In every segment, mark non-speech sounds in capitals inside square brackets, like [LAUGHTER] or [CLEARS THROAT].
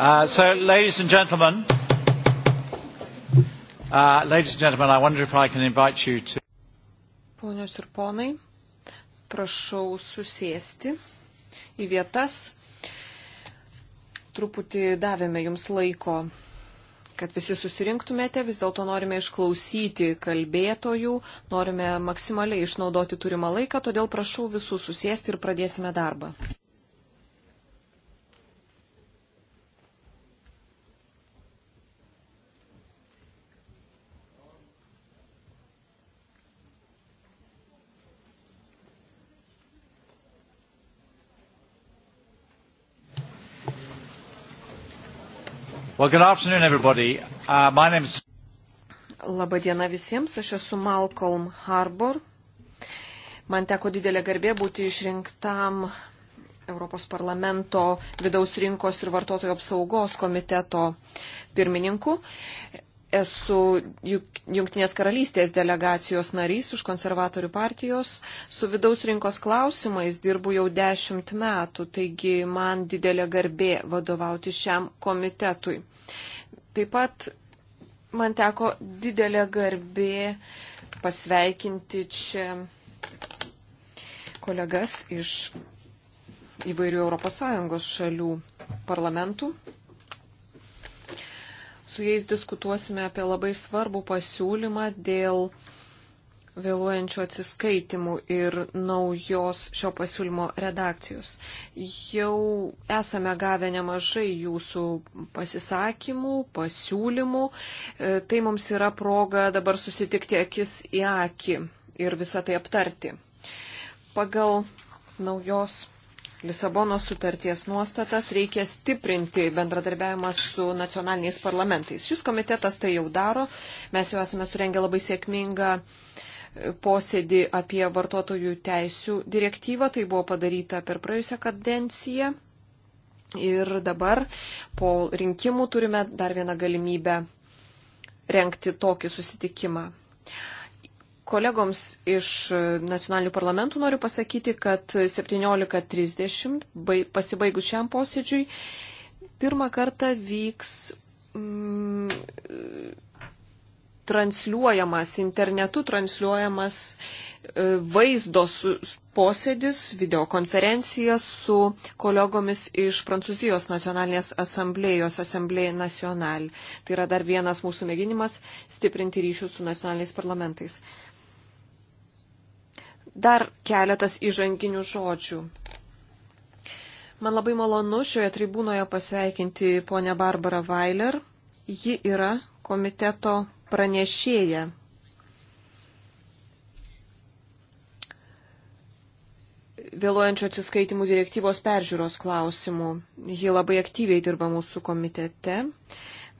Uh, so, ladies and gentlemen, uh, ladies and gentlemen, I wonder if I can invite you to. Ponios ir ponai, prašau susėsti į vietas. Truputį davėme jums laiko, kad visi susirinktumėte, vis dėlto norime išklausyti kalbėtojų, norime maksimaliai išnaudoti turimą laiką, todėl prašau visų susėsti ir pradėsime darbą. Well, good afternoon, everybody. Uh, my name is... Labadiena visiems, aš esu Malcolm Harbour. Man teko didelė garbė būti išrinktam Europos parlamento vidaus rinkos ir vartotojų apsaugos komiteto pirmininku. Esu Junktinės karalystės delegacijos narys iš konservatorių partijos. Su vidaus rinkos klausimais dirbu jau dešimt metų, taigi man didelė garbė vadovauti šiam komitetui. Taip pat man teko didelė garbė pasveikinti čia kolegas iš įvairių ES šalių parlamentų. Su jais diskutuosime apie labai svarbų pasiūlymą dėl vėluojančių atsiskaitimų ir naujos šio pasiūlymo redakcijos. Jau esame gavę nemažai jūsų pasisakymų, pasiūlymų. E, tai mums yra proga dabar susitikti akis į akį ir visą tai aptarti. Pagal naujos Lisabonos sutarties nuostatas reikia stiprinti bendradarbiavimą su nacionaliniais parlamentais. Šis komitetas tai jau daro. Mes jau esame surengę labai sėkmingą e, posėdį apie vartotojų teisų direktyvą. Tai buvo padaryta per praėjusią kadenciją. Ir dabar po rinkimų turime dar vieną galimybę renkti tokį susitikimą. Kolegoms iš nacionalinių parlamentų noriu pasakyti, kad 17.30 pasibaigus šiam posėdžiui pirmą kartą vyks mm, transliuojamas, internetu transliuojamas e, vaizdo posėdis, videokonferencija su kolegomis iš Prancūzijos nacionalinės asamblėjos, asamblėjai nacional. Tai yra dar vienas mūsų mėginimas stiprinti ryšių su nacionaliniais parlamentais. Dar keletas įžanginių žodžių. Man labai malonu šioje tribūnoje pasveikinti ponę Barbarą Vailer. Ji yra komiteto pranešėja. Vėluojančio atsiskaitimų direktyvos peržiūros klausimų. Ji labai aktyviai dirba mūsų komitete.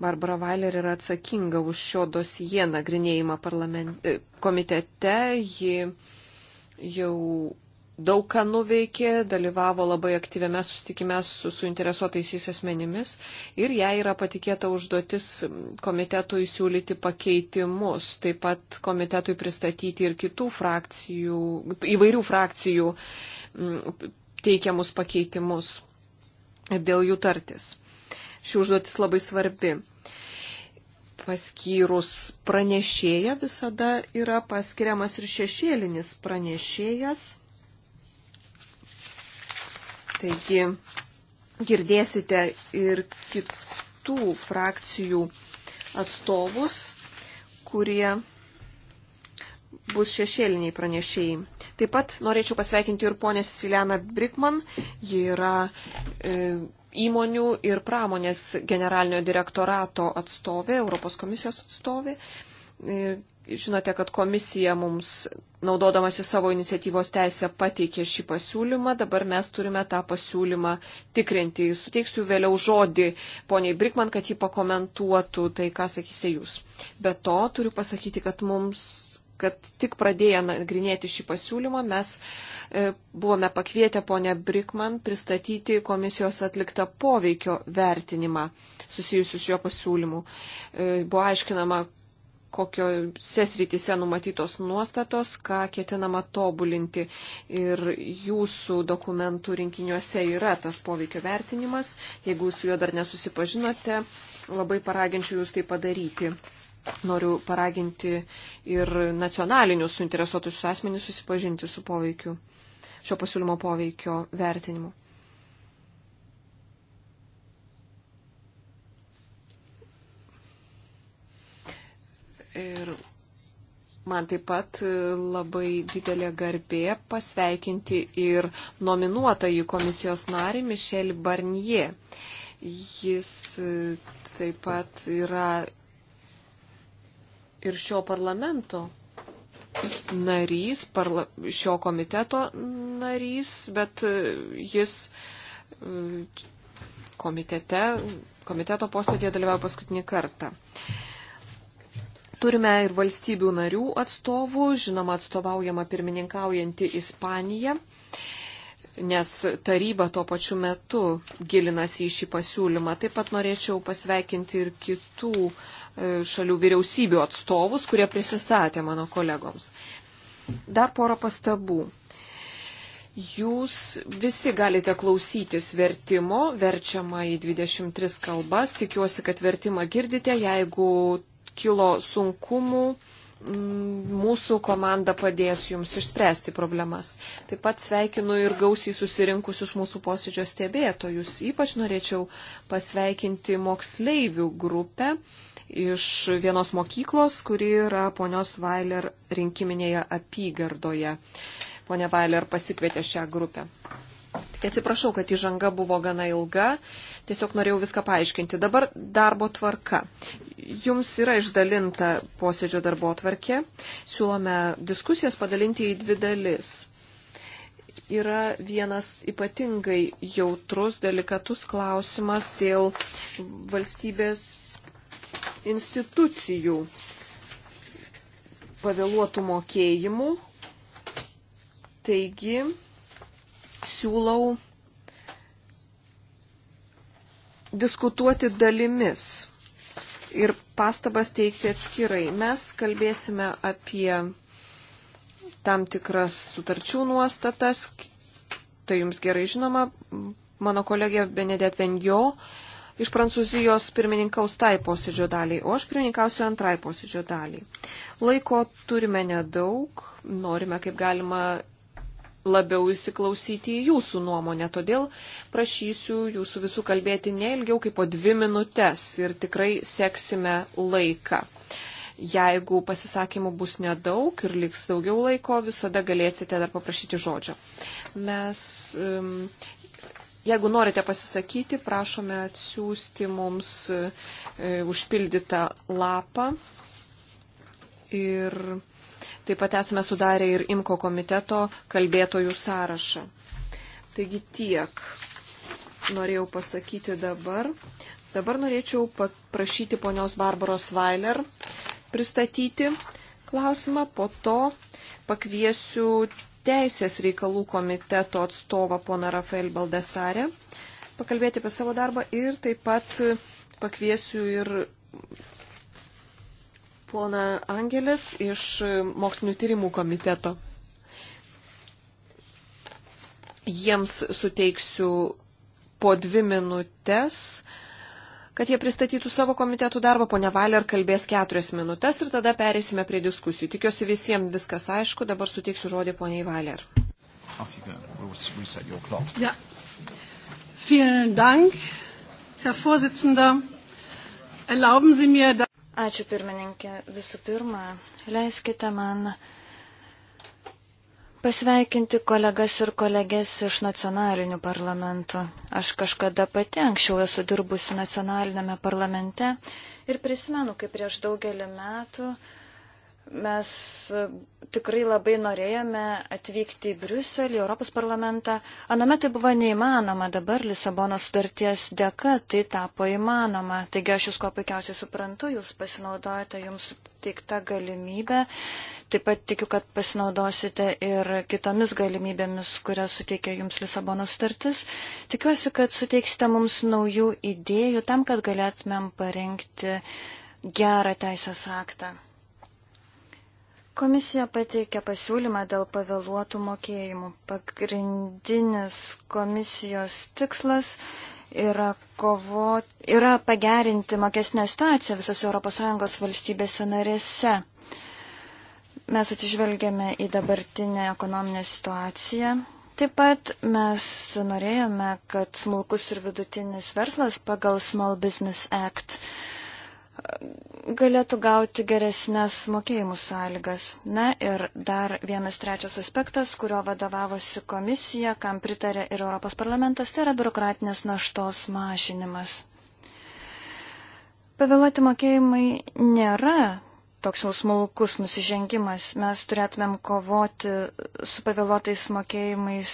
Barbara Vailer yra atsakinga už šio dosiją nagrinėjimą e, komitete. Ji jau daug ką nuveikė, dalyvavo labai aktyviame sustikime su suinteresuotaisiais asmenimis ir jai yra patikėta užduotis komitetui siūlyti pakeitimus, taip pat komitetui pristatyti ir kitų frakcijų, įvairių frakcijų mm, teikiamus pakeitimus ir dėl jų tartis. Ši užduotis labai svarbi paskyrus pranešėją visada yra paskiriamas ir šešėlinis pranešėjas. Taigi girdėsite ir kitų frakcijų atstovus, kurie bus šešėliniai pranešėjai. Taip pat norėčiau pasveikinti ir ponę Silianą Brickman. Ji yra e, įmonių ir pramonės generalinio direktorato atstovė, Europos komisijos atstovė. Ir e, žinote, kad komisija mums, naudodamasi savo iniciatyvos teisę, pateikė šį pasiūlymą. Dabar mes turime tą pasiūlymą tikrinti. Suteiksiu vėliau žodį poniai Brikman, kad ji pakomentuotų tai, ką sakysite jūs. Be to, turiu pasakyti, kad mums kad tik pradėję nagrinėti šį pasiūlymą mes e, buvome pakvietę ponę Brikman pristatyti komisijos atliktą poveikio vertinimą susijusius šio pasiūlymu. E, buvo aiškinama, kokiose srityse numatytos nuostatos, ką ketinama tobulinti. Ir jūsų dokumentų rinkiniuose yra tas poveikio vertinimas. Jeigu su juo dar nesusipažinote, labai paraginčiau jūs tai padaryti. Noriu paraginti ir nacionalinius suinteresuotus asmenys susipažinti su poveikiu, šio pasiūlymo poveikio vertinimu. Ir man taip pat labai didelė garbė pasveikinti ir nominuotąjį komisijos narį Mišelį Barnie. Jis taip pat yra ir šio parlamento narys, parla, šio komiteto narys, bet e, jis e, komitete, komiteto posėdėje dalyvavo paskutinį kartą. Turime ir valstybių narių atstovų, žinoma, atstovaujama pirmininkaujanti Ispanija, nes taryba tuo pačiu metu gilinasi į šį pasiūlymą. Taip pat norėčiau pasveikinti ir kitų uh, E, šalių vyriausybių atstovus, kurie prisistatė mano kolegoms. Dar porą pastabų. Jūs visi galite klausytis vertimo, verčiama į 23 kalbas. Tikiuosi, kad vertimą girdite. Jeigu kilo sunkumų, Mm, mūsų komanda padės jums išspręsti problemas. Taip pat sveikinu ir gausiai susirinkusius mūsų posėdžio stebėtojus. Ypač norėčiau pasveikinti moksleivių grupę iš vienos mokyklos, kuri yra ponios Vailer rinkiminėje apygardoje. Pone Vailer pasikvietė šią grupę. Tai atsiprašau, kad įžanga buvo gana ilga, tiesiog norėjau viską paaiškinti. Dabar darbo tvarka. Jums yra išdalinta posėdžio darbo tvarkė. Siūlome diskusijas padalinti į dvi dalis. Yra vienas ypatingai jautrus, delikatus klausimas dėl valstybės institucijų pavėluotų mokėjimų. Taigi, siūlau diskutuoti dalimis ir pastabas teikti atskirai. Mes kalbėsime apie tam tikras sutarčių nuostatas, tai jums gerai žinoma, mano kolegė Benedet Vengio iš Prancūzijos pirmininkaus tai posėdžio daliai, o aš pirmininkausiu antrai posėdžio daliai. Laiko turime nedaug, norime kaip galima labiau įsiklausyti į jūsų nuomonę. Todėl prašysiu jūsų visų kalbėti ne ilgiau kaip po dvi minutės ir tikrai seksime laiką. Jeigu pasisakymų bus nedaug ir liks daugiau laiko, visada galėsite dar paprašyti žodžio. Mes, um, jeigu norite pasisakyti, prašome atsiųsti mums uh, užpildytą lapą ir Taip pat esame sudarę ir IMKO komiteto kalbėtojų sąrašą. Taigi tiek norėjau pasakyti dabar. Dabar norėčiau paprašyti ponios Barbaros Vailer pristatyti klausimą, po to pakviesiu Teisės reikalų komiteto atstovą poną Rafael Baldesarę pakalbėti apie savo darbą ir taip pat pakviesiu ir poną Angelės iš Mokslinių tyrimų komiteto. Jiems suteiksiu po dvi minutės, kad jie pristatytų savo komitetų darbą. Pone Valer kalbės keturias minutės ir tada perėsime prie diskusijų. Tikiuosi visiems viskas aišku. Dabar suteiksiu žodį poniai Valer. Ja. Vielen Dank, Herr Vorsitzender. Erlauben Sie mir, Ačiū pirmininkė. Visų pirma, leiskite man pasveikinti kolegas ir kolegės iš nacionalinių parlamentų. Aš kažkada pati anksčiau esu dirbusi nacionalinėme parlamente ir prisimenu, kaip prieš daugelį metų uh, Mes e, tikrai labai norėjome atvykti į Briuselį, Europos parlamentą. Aname tai buvo neįmanoma, dabar Lisabono sutarties dėka tai tapo įmanoma. Taigi aš jūs ko puikiausiai suprantu, jūs pasinaudojate jums teikta galimybė. Taip pat tikiu, kad pasinaudosite ir kitomis galimybėmis, kurias suteikia jums Lisabono sutartis. Tikiuosi, kad suteiksite mums naujų idėjų tam, kad galėtumėm parengti gerą teisės aktą. Komisija pateikė pasiūlymą dėl pavėluotų mokėjimų. Pagrindinis komisijos tikslas yra, kovo, yra pagerinti mokesnę situaciją visose ES valstybėse narėse. Mes atsižvelgėme į dabartinę ekonominę situaciją. Taip pat mes norėjome, kad smulkus ir vidutinis verslas pagal Small Business Act uh, galėtų gauti geresnės mokėjimų sąlygas. Na ir dar vienas trečias aspektas, kurio vadovavosi komisija, kam pritarė ir Europos parlamentas, tai yra biurokratinės naštos mažinimas. Pavėluoti mokėjimai nėra toks jau smulkus nusižengimas. Mes turėtumėm kovoti su pavėluotais mokėjimais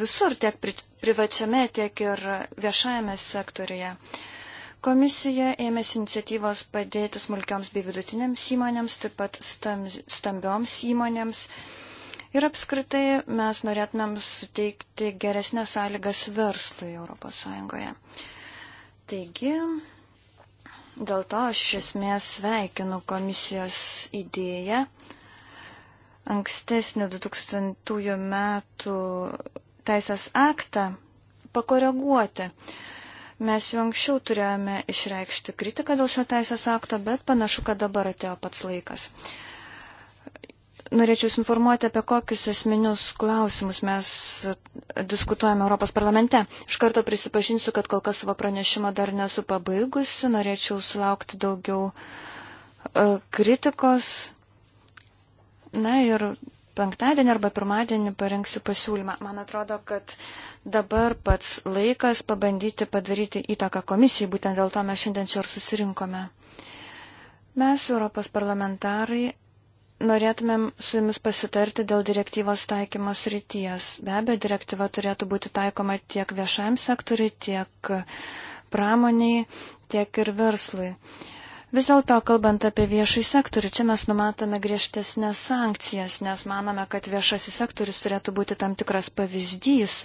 visur, tiek pri privačiame, tiek ir viešajame sektorėje. Uh, Komisija ėmėsi iniciatyvos padėti smulkioms bei vidutinėms įmonėms, taip pat stambioms įmonėms. Ir apskritai mes norėtumėm suteikti geresnės sąlygas verslui ES. Taigi, dėl to aš iš esmės sveikinu komisijos idėją ankstesnį 2000 metų teisės aktą pakoreguoti. Mes jau anksčiau turėjome išreikšti kritiką dėl šio teisės akto, bet panašu, kad dabar atėjo pats laikas. Norėčiau Jūs informuoti, apie kokius esminius klausimus mes diskutuojame Europos parlamente. Iš karto prisipažinsiu, kad kol kas savo pranešimą dar nesu pabaigusi. Norėčiau sulaukti daugiau e, kritikos. Na ir penktadienį arba pirmadienį parengsiu pasiūlymą. Man atrodo, kad dabar pats laikas pabandyti padaryti įtaką komisijai, būtent dėl to mes šiandien čia ir susirinkome. Mes, Europos parlamentarai, norėtumėm su jumis pasitarti dėl direktyvos taikymos ryties. Be abejo, direktyva turėtų būti taikoma tiek viešajam sektoriui, tiek pramoniai, tiek ir verslui. Vis dėlto, kalbant apie viešai sektorių, čia mes numatome griežtesnės sankcijas, nes manome, kad viešasis sektorius turėtų būti tam tikras pavyzdys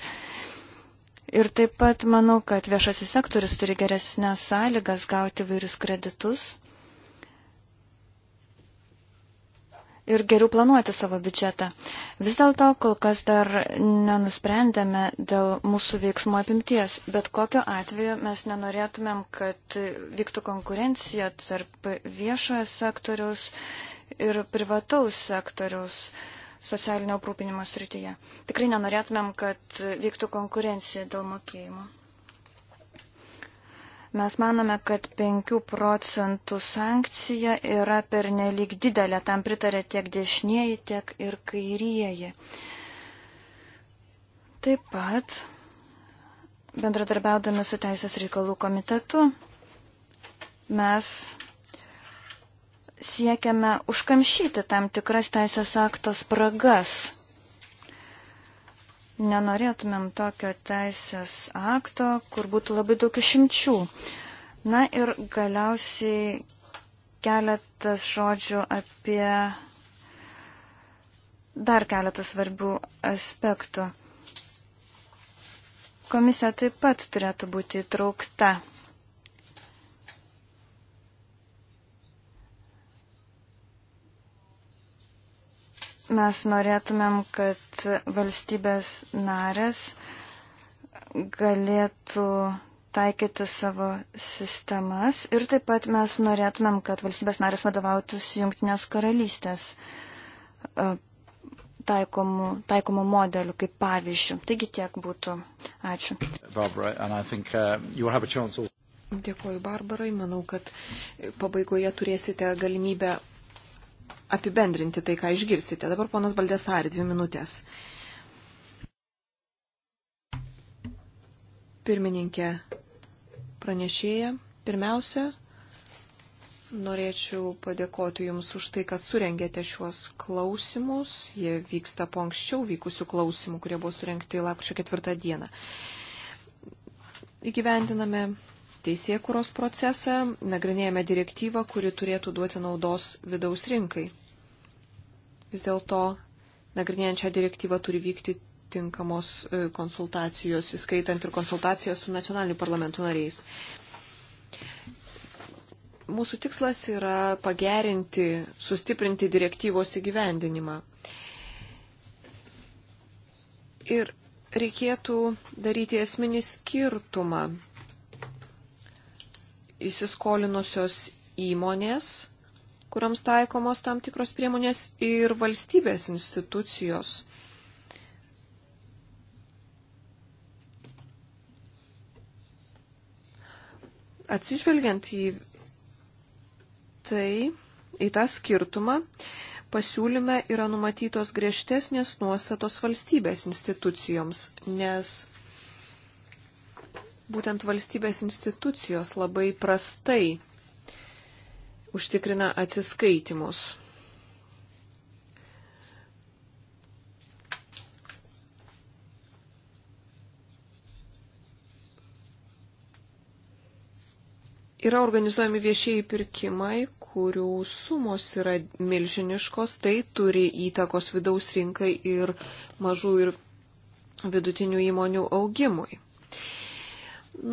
Ir taip pat manau, kad viešasis sektorius turi geresnės sąlygas gauti vairius kreditus ir geriau planuoti savo biudžetą. Vis dėlto kol kas dar nenusprendėme dėl mūsų veiksmų apimties, bet kokiu atveju mes nenorėtumėm, kad vyktų konkurencija tarp viešojo sektoriaus ir privataus sektoriaus. Uh, socialinio aprūpinimo srityje. Tikrai nenorėtumėm, kad vyktų konkurencija dėl mokėjimo. Mes manome, kad 5 procentų sankcija yra pernelyg didelė, tam pritarė tiek dešinieji, tiek ir kairieji. Taip pat, bendradarbiaudami su Teisės reikalų komitetu, mes siekiame užkamšyti tam tikras teisės aktos spragas. Nenorėtumėm tokio teisės akto, kur būtų labai daug išimčių. Na ir galiausiai keletas žodžių apie dar keletą svarbių aspektų. Komisija taip pat turėtų būti įtraukta Mes norėtumėm, kad valstybės narės galėtų taikyti savo sistemas ir taip pat mes norėtumėm, kad valstybės narės vadovautųsi Junktinės karalystės e, taikomų, taikomų modelių kaip pavyzdžių. Taigi tiek būtų. Ačiū. Barbara, think, uh, Dėkuoju Barbarai, manau, kad pabaigoje turėsite galimybę apibendrinti tai, ką išgirsite. Dabar ponas Baldesari, dvi minutės. Pirmininkė pranešėja, pirmiausia, norėčiau padėkoti Jums už tai, kad surengėte šiuos klausimus. Jie vyksta po anksčiau vykusių klausimų, kurie buvo surengti lapkričio ketvirtą dieną. Įgyvendiname teisėkuros procesą, nagrinėjame direktyvą, kuri turėtų duoti naudos vidaus rinkai. Vis dėlto, nagrinėjant šią direktyvą turi vykti tinkamos e, konsultacijos, įskaitant ir konsultacijos su nacionaliniu parlamentu nariais. Mūsų tikslas yra pagerinti, sustiprinti direktyvos įgyvendinimą. Ir reikėtų daryti esminį skirtumą įsiskolinusios įmonės kuriams taikomos tam tikros priemonės ir valstybės institucijos. Atsižvelgiant į tai, į tą skirtumą, pasiūlyme yra numatytos griežtesnės nuostatos valstybės institucijoms, nes būtent valstybės institucijos labai prastai užtikrina atsiskaitimus. Yra organizuojami viešieji pirkimai, kurių sumos yra milžiniškos, tai turi įtakos vidaus rinkai ir mažų ir vidutinių įmonių augimui.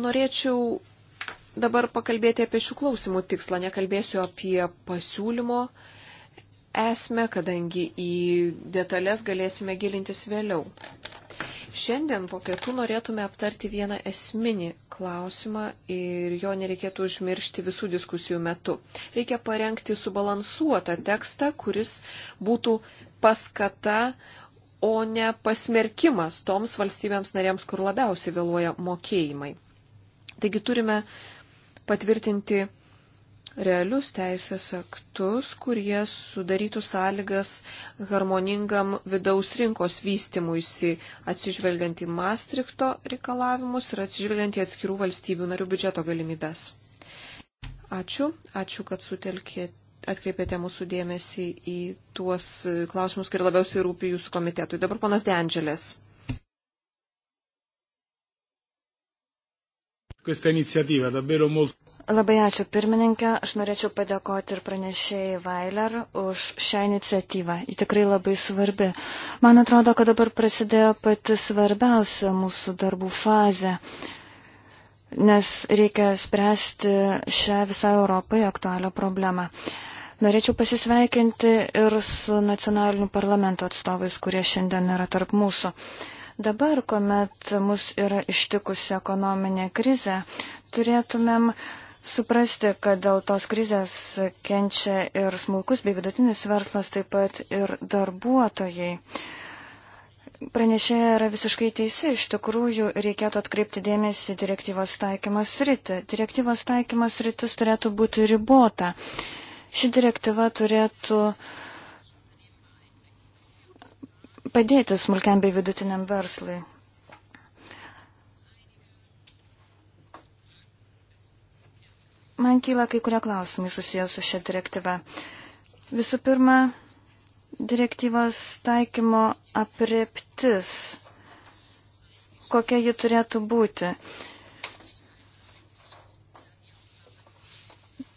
Norėčiau dabar pakalbėti apie šių klausimų tikslą. Nekalbėsiu apie pasiūlymo esmę, kadangi į detalės galėsime gilintis vėliau. Šiandien po pietų norėtume aptarti vieną esminį klausimą ir jo nereikėtų užmiršti visų diskusijų metu. Reikia parengti subalansuotą tekstą, kuris būtų paskata, o ne pasmerkimas toms valstybėms narėms, kur labiausiai vėluoja mokėjimai. Taigi turime patvirtinti realius teisės aktus, kurie sudarytų sąlygas harmoningam vidaus rinkos vystimuisi, atsižvelgiant į Maastrichto reikalavimus ir atsižvelgiant į atskirų valstybių narių biudžeto galimybės. Ačiū, ačiū, kad sutelkėte. Atkreipėte mūsų dėmesį į tuos klausimus, kurie labiausiai rūpi jūsų komitetui. Dabar ponas Dendželės. Questa iniziativa davvero molto. Labai ačiū pirmininkė. Aš norėčiau padėkoti ir pranešėjai Vailer už šią iniciatyvą. Ji tikrai labai svarbi. Man atrodo, kad dabar prasidėjo pati svarbiausia mūsų darbų fazė, nes reikia spręsti šią visą Europai aktualią problemą. Norėčiau pasisveikinti ir su nacionaliniu parlamento atstovais, kurie šiandien yra tarp mūsų. Dabar, kuomet mus yra ištikusi ekonominė krize, turėtumėm uh, suprasti, kad dėl tos krizės kenčia ir smulkus bei vidutinis verslas, taip pat ir darbuotojai. Pranešėja yra visiškai teisi, iš tikrųjų reikėtų atkreipti dėmesį direktyvos taikymas rytį. Direktyvos taikymas rytis turėtų būti ribota. Ši direktyva turėtų padėti smulkiam bei vidutiniam verslui. Man kyla kai kurie klausimai susijęs su šia direktyva. Visų pirma, direktyvos taikymo apreptis. Kokia ji turėtų būti?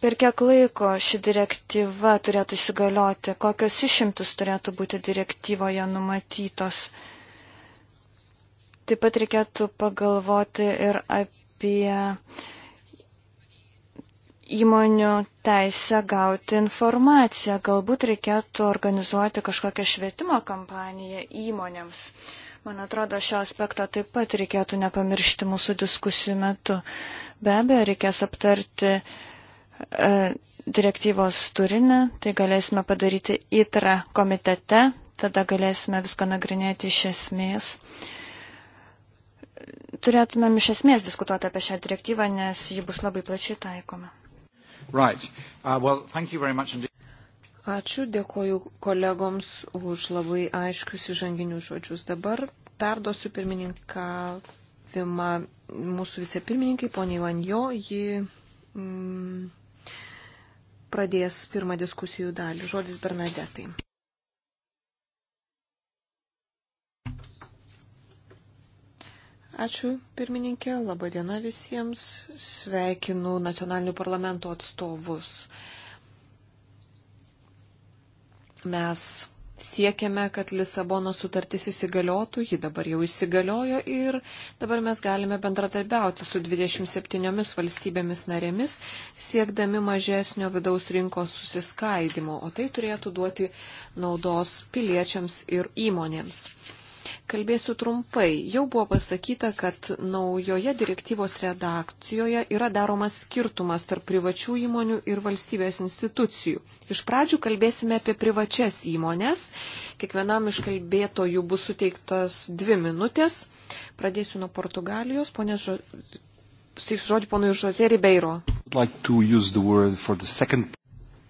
Per kiek laiko ši direktyva turėtų įsigalioti? Kokios išimtis turėtų būti direktyvoje numatytos? Taip pat reikėtų pagalvoti ir apie įmonių teisę gauti informaciją. Galbūt reikėtų organizuoti kažkokią švietimo kampaniją įmonėms. Man atrodo, šio aspekto taip pat reikėtų nepamiršti mūsų diskusijų metu. Be abejo, reikės aptarti e, direktyvos turinį, tai galėsime padaryti įtrą komitete, tada galėsime viską nagrinėti iš esmės. Turėtumėm iš esmės diskutuoti apie šią direktyvą, nes ji bus labai plačiai taikoma. Right. Uh, well, thank you very much indeed. Ačiū, dėkoju kolegoms už labai aiškius įžanginius žodžius. Dabar perduosiu pirmininkavimą mūsų vicepirmininkai, poniai Vanjo, ji mm, pradės pirmą diskusijų dalį. Žodis Bernadetai. Ačiū, pirmininkė. Labadiena visiems. Sveikinu nacionalinių parlamento atstovus. Mes siekiame, kad Lisabono sutartis įsigaliotų, ji dabar jau įsigaliojo ir dabar mes galime bendratarbiauti su 27 valstybėmis narėmis, siekdami mažesnio vidaus rinkos susiskaidimo, o tai turėtų duoti naudos piliečiams ir įmonėms. Kalbėsiu trumpai. Jau buvo pasakyta, kad naujoje direktyvos redakcijoje yra daromas skirtumas tarp privačių įmonių ir valstybės institucijų. Iš pradžių kalbėsime apie privačias įmonės. Kiekvienam iš kalbėtojų bus suteiktas dvi minutės. Pradėsiu nuo Portugalijos. Ponės žo... Suteiksiu žodį ponui Žozė Ribeiro. Like second...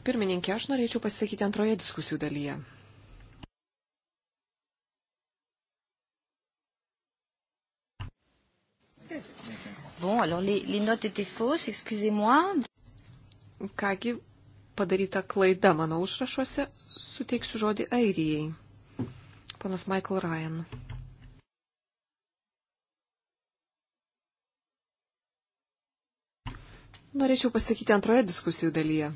Pirmininkė, aš norėčiau pasakyti antroje diskusijų dalyje. Bon, alors les, les notes étaient fausses, excusez-moi. Kągi, padaryta klaida mano užrašuose, suteiksiu žodį Airijai. Ponas Michael Ryan. Norėčiau pasakyti antroje diskusijų dalyje.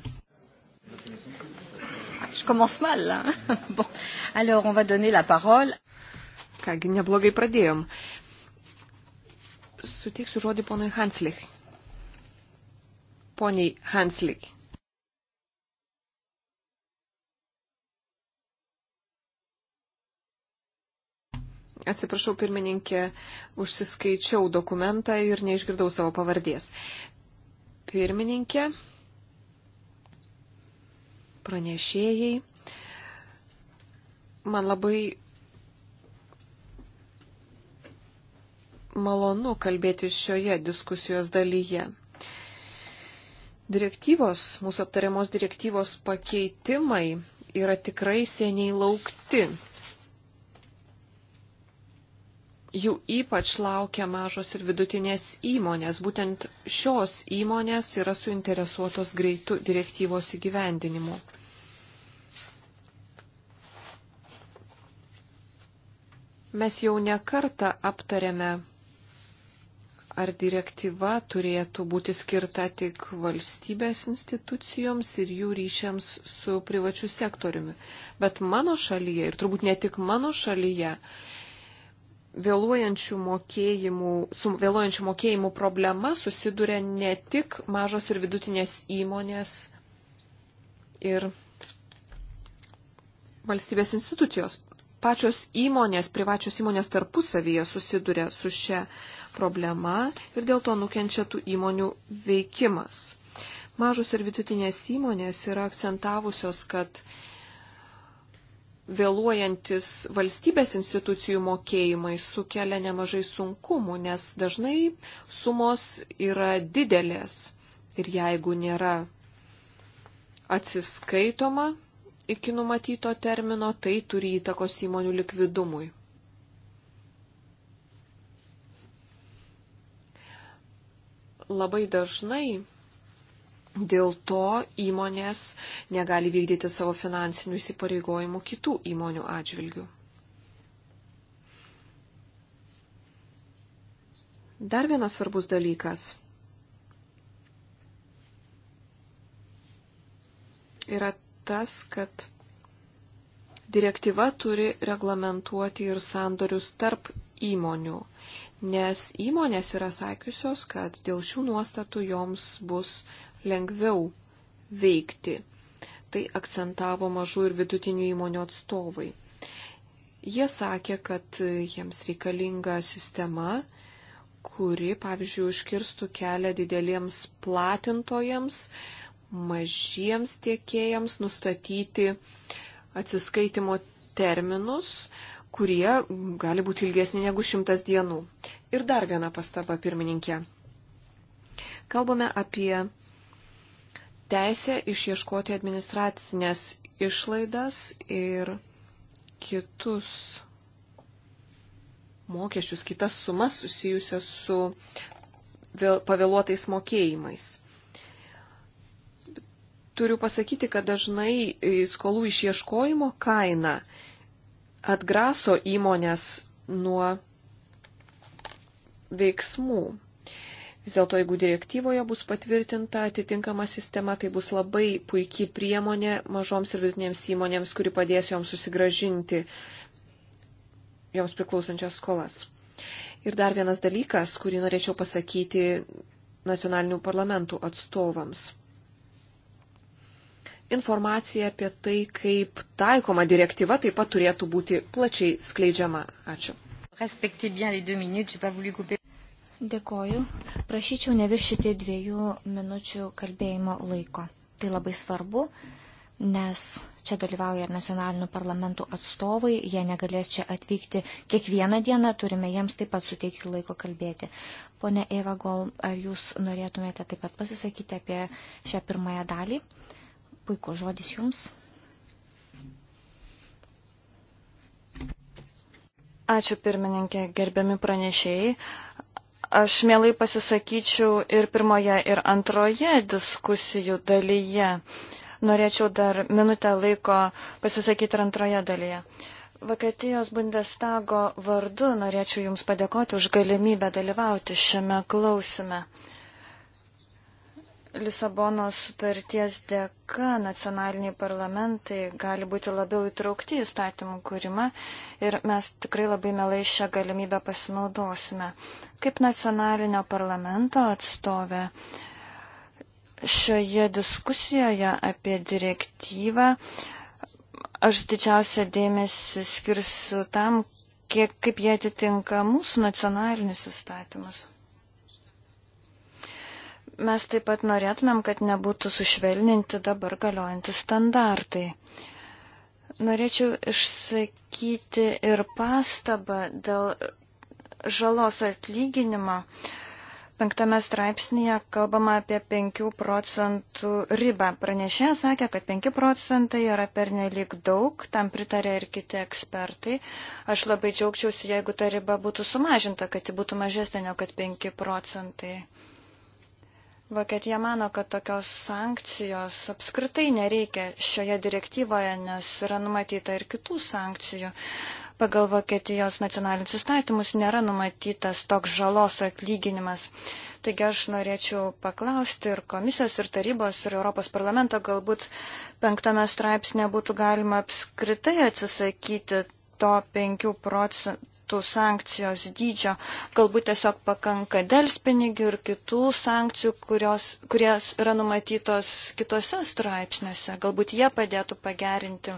Je commence mal, là. [LAUGHS] Bon, alors on va donner la parole. Kągi, neblogai pradėjom. Uh, suteiksiu žodį ponui Hanslich. Poniai Hanslich. Atsiprašau, pirmininkė, užsiskaičiau dokumentą ir neišgirdau savo pavardės. Pirmininkė, pranešėjai, man labai malonu kalbėti šioje diskusijos dalyje. Direktyvos, mūsų aptariamos direktyvos pakeitimai yra tikrai seniai laukti. Jų ypač laukia mažos ir vidutinės įmonės. Būtent šios įmonės yra suinteresuotos greitų direktyvos įgyvendinimu. Mes jau nekartą aptarėme ar direktyva turėtų būti skirta tik valstybės institucijoms ir jų ryšiams su privačiu sektoriumi. Bet mano šalyje, ir turbūt ne tik mano šalyje, vėluojančių mokėjimų, su vėluojančių mokėjimų problema susiduria ne tik mažos ir vidutinės įmonės ir valstybės institucijos. Pačios įmonės, privačios įmonės tarpusavyje susiduria su šia problema problema ir dėl to nukenčia tų įmonių veikimas. Mažos ir vidutinės įmonės yra akcentavusios, kad vėluojantis valstybės institucijų mokėjimai sukelia nemažai sunkumų, nes dažnai sumos yra didelės ir jeigu nėra atsiskaitoma iki numatyto termino, tai turi įtakos įmonių likvidumui. labai dažnai dėl to įmonės negali vykdyti savo finansinių įsipareigojimų kitų įmonių atžvilgių. Dar vienas svarbus dalykas yra tas, kad direktyva turi reglamentuoti ir sandorius tarp įmonių nes įmonės yra sakiusios, kad dėl šių nuostatų joms bus lengviau veikti. Tai akcentavo mažų ir vidutinių įmonių atstovai. Jie sakė, kad jiems reikalinga sistema, kuri, pavyzdžiui, užkirstų kelią dideliems platintojams, mažiems tiekėjams nustatyti atsiskaitimo terminus, kurie gali būti ilgesni negu šimtas dienų. Ir dar viena pastaba, pirmininkė. Kalbame apie teisę išieškoti administracinės išlaidas ir kitus mokesčius, kitas sumas susijusias su pavėluotais mokėjimais turiu pasakyti, kad dažnai skolų išieškojimo kaina atgraso įmonės nuo veiksmų. Vis dėlto, jeigu direktyvoje bus patvirtinta atitinkama sistema, tai bus labai puikiai priemonė mažoms ir vidutinėms įmonėms, kuri padės joms susigražinti joms priklausančias skolas. Ir dar vienas dalykas, kurį norėčiau pasakyti nacionalinių parlamentų atstovams informacija apie tai, kaip taikoma direktyva taip pat turėtų būti plačiai skleidžiama. Ačiū. Dėkoju. Prašyčiau neviršyti dviejų minučių kalbėjimo laiko. Tai labai svarbu, nes čia dalyvauja ir nacionalinių parlamentų atstovai, jie negalės čia atvykti kiekvieną dieną, turime jiems taip pat suteikti laiko kalbėti. Pone Eva Gol, ar jūs norėtumėte taip pat pasisakyti apie šią pirmąją dalį? Puiku žodis jums. Ačiū pirmininkė, gerbiami pranešėjai. Aš mielai pasisakyčiau ir pirmoje, ir antroje diskusijų dalyje. Norėčiau dar minutę laiko pasisakyti ir antroje dalyje. Vokietijos Bundestago vardu norėčiau Jums padėkoti už galimybę dalyvauti šiame klausime. Lisabonos sutarties dėka nacionaliniai parlamentai gali būti labiau įtraukti į statymų kūrimą ir mes tikrai labai melai šią galimybę pasinaudosime. Kaip nacionalinio parlamento atstovė šioje diskusijoje apie direktyvą aš didžiausią dėmesį skirsiu tam, kiek, kaip jie atitinka mūsų nacionalinius įstatymus. Mes taip pat norėtumėm, kad nebūtų sušvelninti dabar galiojantys standartai. Norėčiau išsakyti ir pastabą dėl žalos atlyginimo. Penktame straipsnėje kalbama apie 5 procentų ribą. Pranešė sakė, kad 5 procentai yra pernelik daug, tam pritarė ir kiti ekspertai. Aš labai džiaugčiausi, jeigu ta riba būtų sumažinta, kad ji būtų mažesnė negu kad 5 procentai. Vokietija mano, kad tokios sankcijos apskritai nereikia šioje direktyvoje, nes yra numatyta ir kitų sankcijų. Pagal Vokietijos nacionalinius įstatymus nėra numatytas toks žalos atlyginimas. Taigi aš norėčiau paklausti ir komisijos, ir tarybos, ir Europos parlamento, galbūt penktame straipsnė būtų galima apskritai atsisakyti to 5 procentų nenumatytų sankcijos dydžio, galbūt tiesiog pakanka delspinigių ir kitų sankcijų, kurios, kurios yra numatytos kitose straipsniuose. Galbūt jie padėtų pagerinti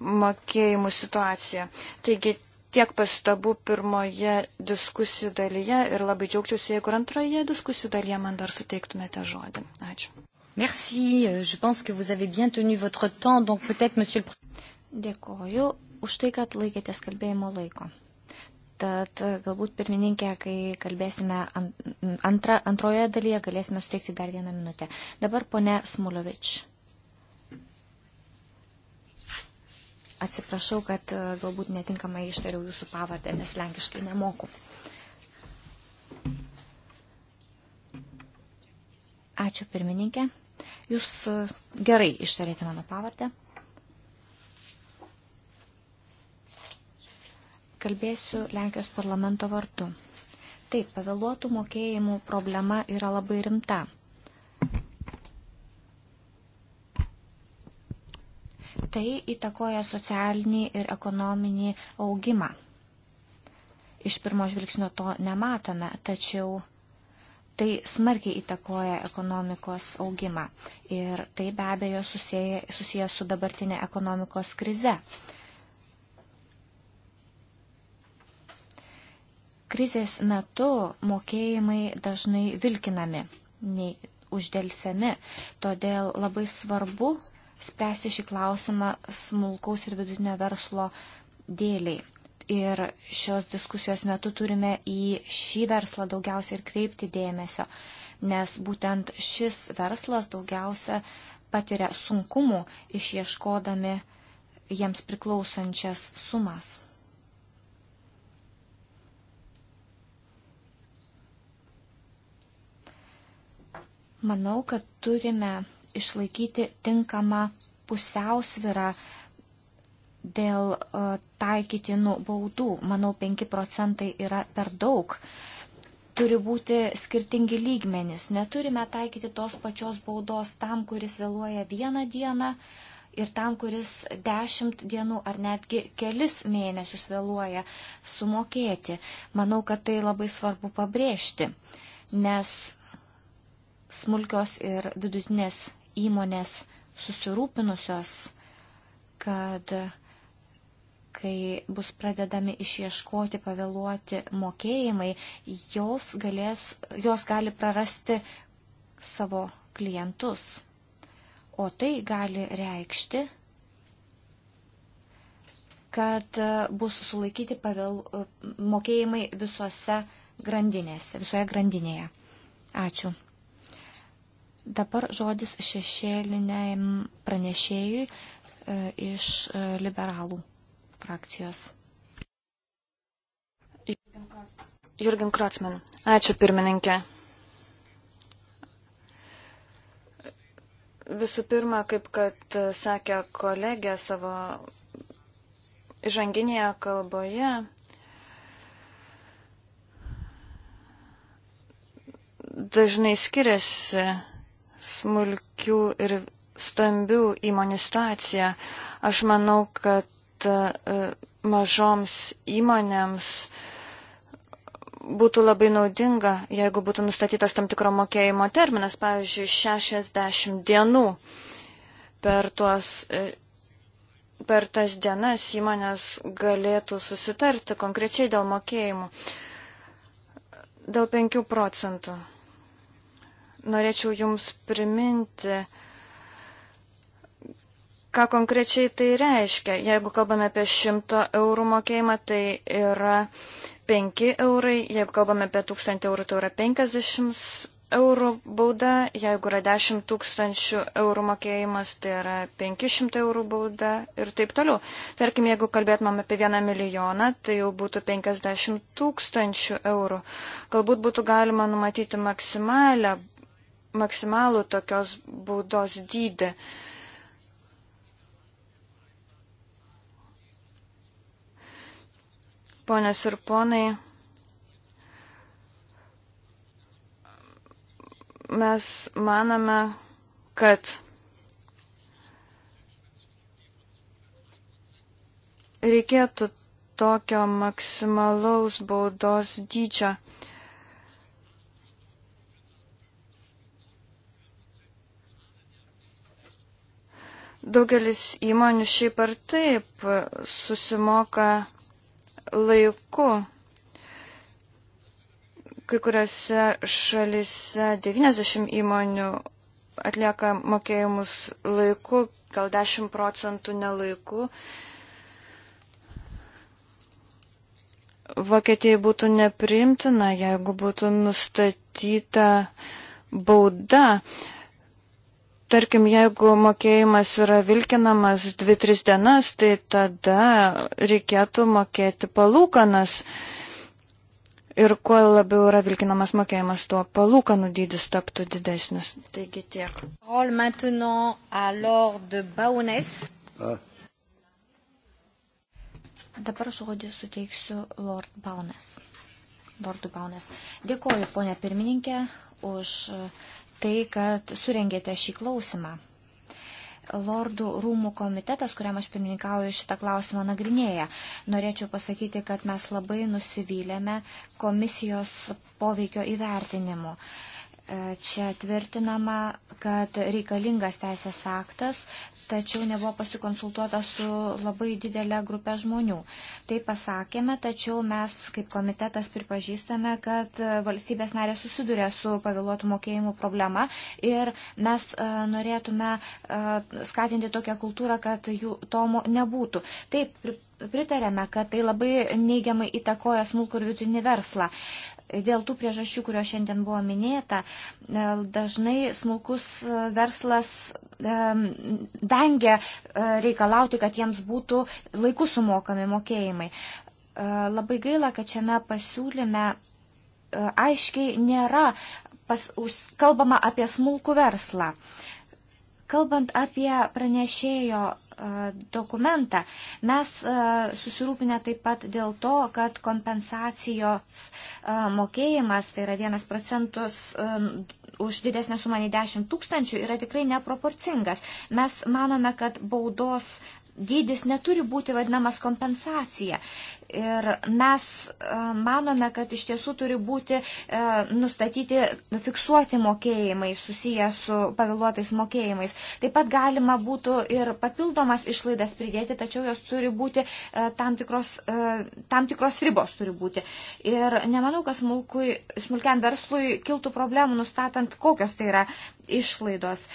mokėjimų situaciją. Taigi tiek pastabų pirmoje diskusijų dalyje ir labai džiaugčiausi, jeigu antroje diskusijų dalyje man dar suteiktumėte žodį. Ačiū. Merci, je pense que vous avez bien tenu votre temps, donc peut-être, monsieur le Président. Dėkoju už tai, kad laikėtės kalbėjimo laiko. Tad e, galbūt pirmininkė, kai kalbėsime antra, antroje dalyje, galėsime suteikti dar vieną minutę. Dabar ponė Smulovič. Atsiprašau, kad e, galbūt netinkamai ištariau jūsų pavardę, nes lenkiškai nemoku. Ačiū pirmininkė. Jūs e, gerai ištarėte mano pavardę. kalbėsiu Lenkijos parlamento vardu. Taip, pavėluotų mokėjimų problema yra labai rimta. Tai įtakoja socialinį ir ekonominį augimą. Iš pirmo žvilgsnio to nematome, tačiau tai smarkiai įtakoja ekonomikos augimą ir tai be abejo susiję, susiję su dabartinė ekonomikos krize. Krizės metu mokėjimai dažnai vilkinami, nei uždėlsiami, todėl labai svarbu spręsti šį klausimą smulkaus ir vidutinio verslo dėliai. Ir šios diskusijos metu turime į šį verslą daugiausia ir kreipti dėmesio, nes būtent šis verslas daugiausia patiria sunkumų išieškodami jiems priklausančias sumas. Manau, kad turime išlaikyti tinkamą pusiausvirą dėl e, taikytinų baudų. Manau, 5 procentai yra per daug. Turi būti skirtingi lygmenys. Neturime taikyti tos pačios baudos tam, kuris vėluoja vieną dieną ir tam, kuris dešimt dienų ar netgi kelis mėnesius vėluoja sumokėti. Manau, kad tai labai svarbu pabrėžti, nes smulkios ir vidutinės įmonės susirūpinusios, kad kai bus pradedami išieškoti pavėluoti mokėjimai, jos, galės, jos gali prarasti savo klientus. O tai gali reikšti, kad bus sulaikyti pavėl, mokėjimai visose grandinėse, visoje grandinėje. Ačiū. Dabar žodis šešėliniam pranešėjui e, iš e, liberalų frakcijos. Jurgin Krotsman. Ačiū pirmininkė. Visų pirma, kaip kad sakė kolegė savo žanginėje kalboje, dažnai skiriasi smulkių ir stambių įmonių situaciją. Aš manau, kad e, mažoms įmonėms būtų labai naudinga, jeigu būtų nustatytas tam tikro mokėjimo terminas, pavyzdžiui, 60 dienų. Per, tuos, e, per tas dienas įmonės galėtų susitarti konkrečiai dėl mokėjimų. Dėl 5 procentų norėčiau Jums priminti, ką konkrečiai tai reiškia. Jeigu kalbame apie 100 eurų mokėjimą, tai yra 5 eurai, jeigu kalbame apie 1000 eurų, tai yra 50 eurų bauda, jeigu yra 10 tūkstančių eurų mokėjimas, tai yra 500 eurų bauda ir taip toliau. Tarkim, jeigu kalbėtumėm apie 1 milijoną, tai jau būtų 50 tūkstančių eurų. Galbūt būtų galima numatyti maksimalę maksimalų tokios baudos dydį. Ponios ir ponai, mes manome, kad reikėtų tokio maksimalaus baudos dydžio. Daugelis įmonių šiaip ar taip susimoka laiku. Kai kuriuose šalise 90 įmonių atlieka mokėjimus laiku, gal 10 procentų nelaiku. Vokietijai būtų neprimtina, jeigu būtų nustatyta bauda. Uh, Tarkim, jeigu mokėjimas yra vilkinamas 2-3 dienas, tai tada reikėtų mokėti palūkanas. Ir kuo labiau yra vilkinamas mokėjimas, tuo palūkanų dydis taptų didesnis. Taigi tiek. Ah. Dabar žodį suteiksiu Lord Baunes. Lordų Baunes. Dėkoju, ponia pirmininkė, už tai, kad surengėte šį klausimą. Lordų rūmų komitetas, kuriam aš pirmininkauju, šitą klausimą nagrinėja. Norėčiau pasakyti, kad mes labai nusivylėme komisijos poveikio įvertinimu. Uh, E, čia tvirtinama, kad reikalingas teisės aktas, tačiau nebuvo pasikonsultuota su labai didelė grupė žmonių. Tai pasakėme, tačiau mes kaip komitetas pripažįstame, kad valstybės narė susiduria su pavėluotų mokėjimų problema ir mes e, norėtume e, skatinti tokią kultūrą, kad jų tomo nebūtų. Taip, pritarėme, kad tai labai neigiamai įtakoja smulkų ir vidutinį verslą dėl tų priežasčių, kurio šiandien buvo minėta, e, dažnai smulkus e, verslas e, vengia reikalauti, kad jiems būtų laiku sumokami mokėjimai. Labai gaila, kad šiame pasiūlyme aiškiai nėra pas, kalbama apie smulkų verslą. Uh, Kalbant apie pranešėjo e, dokumentą, mes e, susirūpinę taip pat dėl to, kad kompensacijos e, mokėjimas, tai yra vienas procentus už didesnę sumą nei 10 tūkstančių, yra tikrai neproporcingas. Mes manome, kad baudos dydis neturi būti vadinamas kompensacija. Ir mes e, manome, kad iš tiesų turi būti e, nustatyti, fiksuoti mokėjimai susiję su pavėluotais mokėjimais. Taip pat galima būtų ir papildomas išlaidas pridėti, tačiau jos turi būti e, tam tikros, tam tikros ribos turi būti. Ir nemanau, kad smulkui, smulkiam verslui kiltų problemų nustatant, kokios tai yra išlaidos.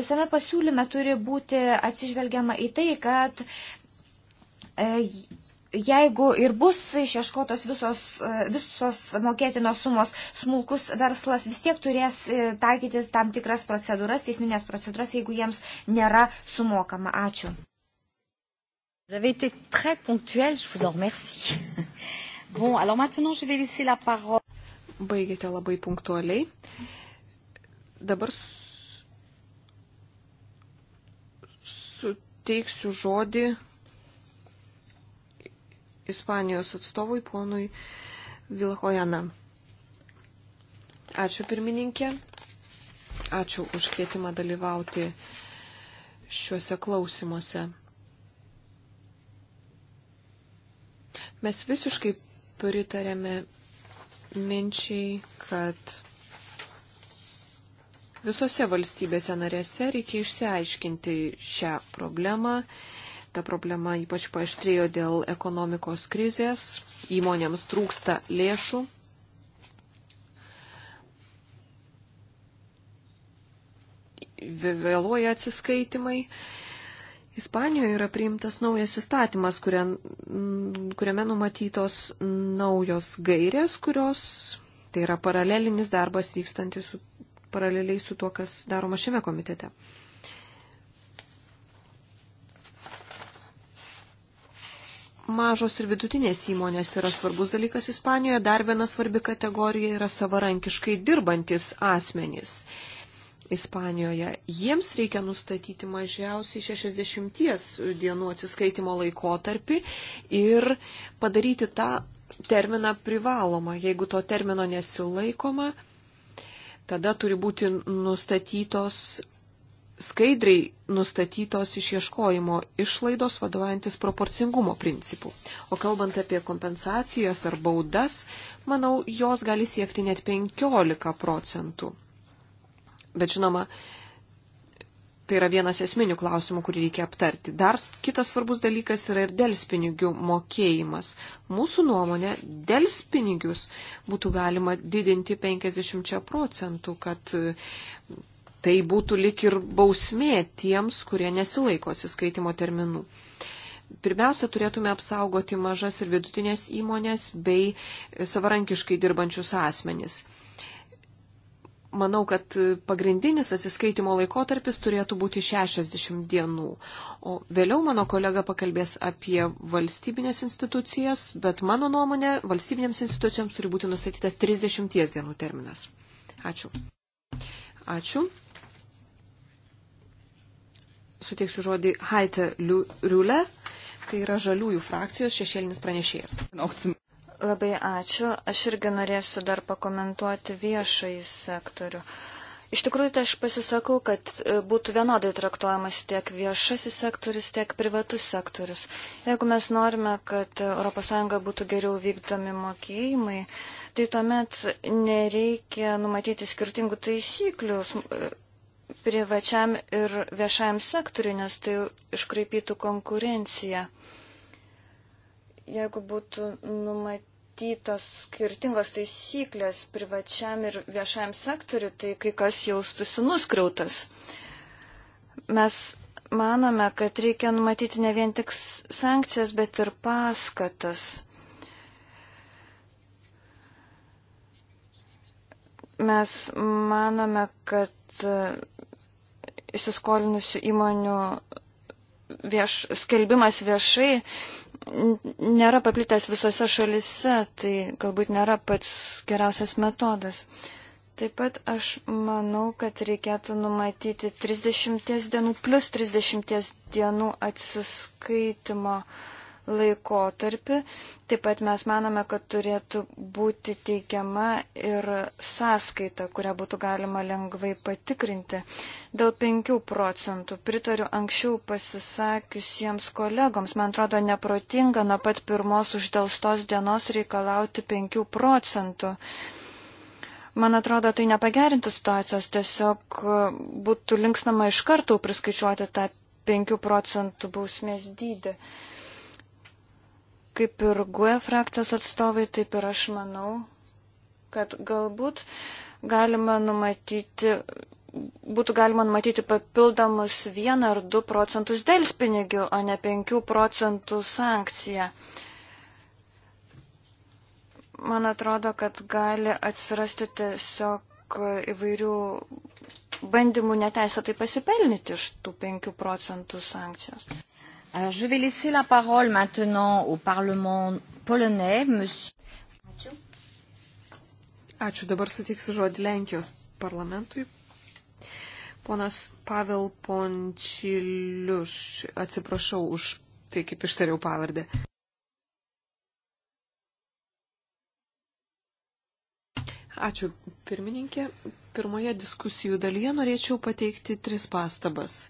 Visame pasiūlyme turi būti atsižvelgiama į tai, kad jeigu ir bus išieškotos visos, e, visos mokėtinos sumos, smulkus verslas vis tiek turės e, taikyti tam tikras procedūras, teisminės procedūras, jeigu jiems nėra sumokama. Ačiū. Vous avez été très ponctuel, je vous en remercie. [LAUGHS] Bon, alors maintenant je vais laisser la parole. Baigėte labai punktualiai. Dabar suteiksiu žodį Ispanijos atstovui ponui Vilhojana. Ačiū pirmininkė, ačiū už kvietimą dalyvauti šiuose klausimuose. Mes visiškai pritarėme minčiai, kad visose valstybėse narėse reikia išsiaiškinti šią problemą ta problema ypač paaštrėjo dėl ekonomikos krizės, įmonėms trūksta lėšų. Vėluoja atsiskaitimai. Ispanijoje yra priimtas naujas įstatymas, kuriam, kuriame numatytos naujos gairės, kurios tai yra paralelinis darbas vykstantis su, paraleliai su tuo, kas daroma šiame komitete. mažos ir vidutinės įmonės yra svarbus dalykas Ispanijoje. Dar viena svarbi kategorija yra savarankiškai dirbantis asmenys. Ispanijoje. Jiems reikia nustatyti mažiausiai 60 dienų atsiskaitimo laikotarpį ir padaryti tą terminą privalomą. Jeigu to termino nesilaikoma, tada turi būti nustatytos skaidriai nustatytos išieškojimo išlaidos vadovantis proporcingumo principu. O kalbant apie kompensacijas ar baudas, manau, jos gali siekti net 15 procentų. Bet žinoma, tai yra vienas esminių klausimų, kurį reikia aptarti. Dar kitas svarbus dalykas yra ir dėlspinigių mokėjimas. Mūsų nuomonė, dėlspinigius būtų galima didinti 50 procentų, kad tai būtų lik ir bausmė tiems, kurie nesilaiko atsiskaitimo terminų. Pirmiausia, turėtume apsaugoti mažas ir vidutinės įmonės bei savarankiškai dirbančius asmenys. Manau, kad pagrindinis atsiskaitimo laikotarpis turėtų būti 60 dienų. O vėliau mano kolega pakalbės apie valstybinės institucijas, bet mano nuomonė, valstybinėms institucijoms turi būti nustatytas 30 dienų terminas. Ačiū. Ačiū suteiksiu žodį Haite Riule, tai yra žaliųjų frakcijos šešėlinis pranešėjas. Labai ačiū. Aš irgi norėsiu dar pakomentuoti viešai sektorių. Iš tikrųjų, tai aš pasisakau, kad e, būtų vienodai traktuojamas tiek viešasis sektorius, tiek privatus sektorius. Jeigu mes norime, kad ES būtų geriau vykdomi mokėjimai, tai tuomet nereikia numatyti skirtingų taisyklių privačiam ir viešajam sektoriui, nes tai iškraipytų konkurenciją. Jeigu būtų numatytos skirtingos taisyklės privačiam ir viešajam sektoriui, tai kai kas jaustųsi nuskriautas. Mes manome, kad reikia numatyti ne vien tik sankcijas, bet ir paskatas. mes manome, kad E, įsiskolinusių įmonių vieš, skelbimas viešai nėra paplitęs visose šalise, tai galbūt nėra pats geriausias metodas. Taip pat aš manau, kad reikėtų numatyti 30 dienų plus 30 dienų atsiskaitimo uh, laikotarpį. Taip pat mes manome, kad turėtų būti teikiama ir sąskaita, kurią būtų galima lengvai patikrinti. Dėl 5 procentų pritariu anksčiau pasisakiusiems kolegoms. Man atrodo neprotinga nuo pat pirmos uždėlstos dienos reikalauti 5 procentų man atrodo, tai nepagerintų situacijos, tiesiog būtų linksnama iš karto priskaičiuoti tą 5 procentų bausmės dydį. Uh, kaip ir GUE frakcijos atstovai, taip ir aš manau, kad galbūt galima numatyti, būtų galima numatyti papildomus 1 ar 2 procentus dėlspinigių, o ne 5 procentų sankciją. Man atrodo, kad gali atsirasti tiesiog įvairių bandymų neteisėtai pasipelnyti iš tų 5 procentų sankcijos. Alors, je vais laisser la parole maintenant au Parlement polonais, monsieur. Ačiū. Ačiū, dabar sutiksiu žodį Lenkijos parlamentui. Ponas Pavel Pončiliuš, atsiprašau už tai, kaip ištariau pavardę. Ačiū, pirmininkė. Pirmoje diskusijų dalyje norėčiau pateikti tris pastabas.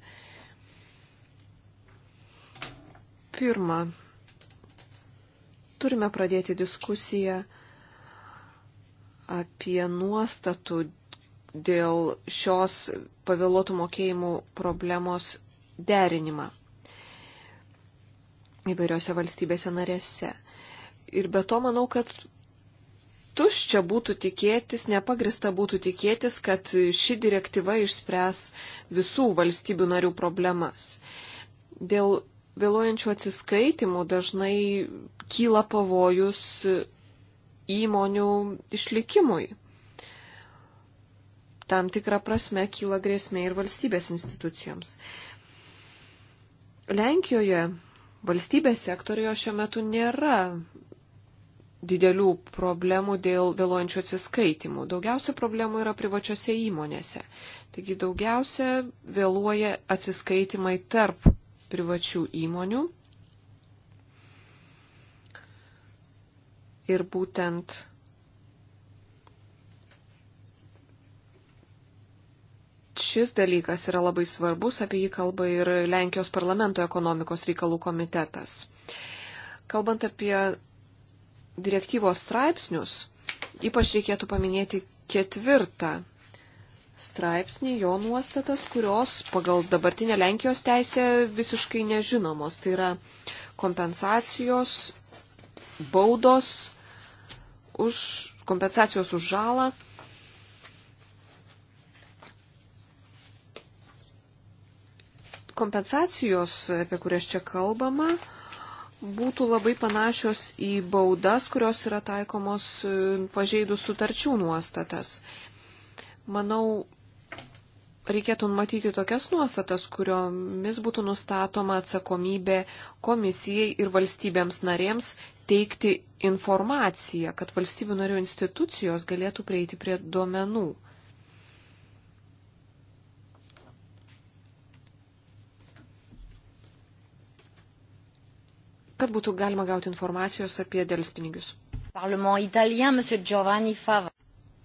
Pirma, turime pradėti diskusiją apie nuostatų dėl šios pavėluotų mokėjimų problemos derinimą įvairiose valstybėse narėse. Ir be to manau, kad tuščia būtų tikėtis, nepagrista būtų tikėtis, kad ši direktyva išspręs visų valstybių narių problemas. Dėl vėluojančių atsiskaitimų dažnai kyla pavojus įmonių išlikimui. Tam tikrą prasme kyla grėsmė ir valstybės institucijoms. Lenkijoje valstybės sektorijoje šiuo metu nėra didelių problemų dėl vėluojančių atsiskaitimų. Daugiausia problemų yra privačiose įmonėse. Taigi daugiausia vėluoja atsiskaitimai tarp privačių įmonių. Ir būtent šis dalykas yra labai svarbus, apie jį kalba ir Lenkijos parlamento ekonomikos reikalų komitetas. Kalbant apie direktyvos straipsnius, ypač reikėtų paminėti ketvirtą straipsnį, jo nuostatas, kurios pagal dabartinę Lenkijos teisę visiškai nežinomos. Tai yra kompensacijos, baudos už kompensacijos už žalą. Kompensacijos, apie kurias čia kalbama, būtų labai panašios į baudas, kurios yra taikomos pažeidus sutarčių nuostatas manau, reikėtų matyti tokias nuostatas, kuriomis būtų nustatoma atsakomybė komisijai ir valstybėms narėms teikti informaciją, kad valstybių narių institucijos galėtų prieiti prie duomenų. kad būtų galima gauti informacijos apie dėlspinigius. Parlamento italien, Giovanni Fava.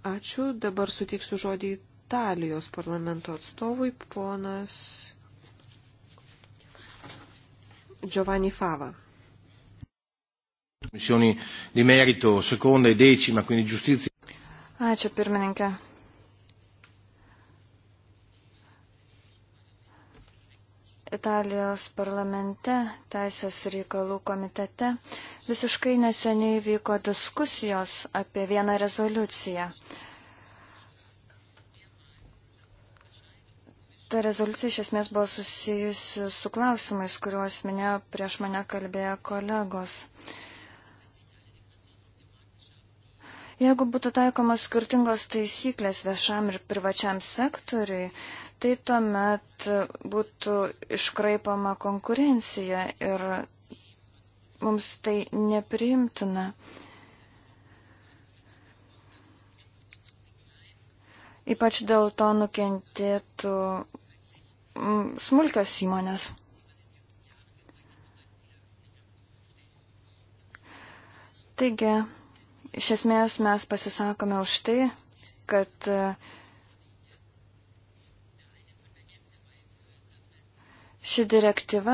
Ačiū. Dabar sutiksiu žodį Italijos parlamento atstovui, ponas Giovanni Fava. E Ačiū pirmininkė. Italijos parlamente, Teisės reikalų komitete visiškai neseniai vyko diskusijos apie vieną rezoliuciją. Ta rezoliucija iš esmės buvo susijusi su klausimais, kuriuos minėjo prieš mane kalbėję kolegos. Jeigu būtų taikomos skirtingos taisyklės viešam ir privačiam sektoriui, tai tuomet būtų iškraipama konkurencija ir mums tai nepriimtina. Ypač dėl to nukentėtų mm, smulkios įmonės. Taigi, iš esmės mes pasisakome už tai, kad uh, Ši direktyva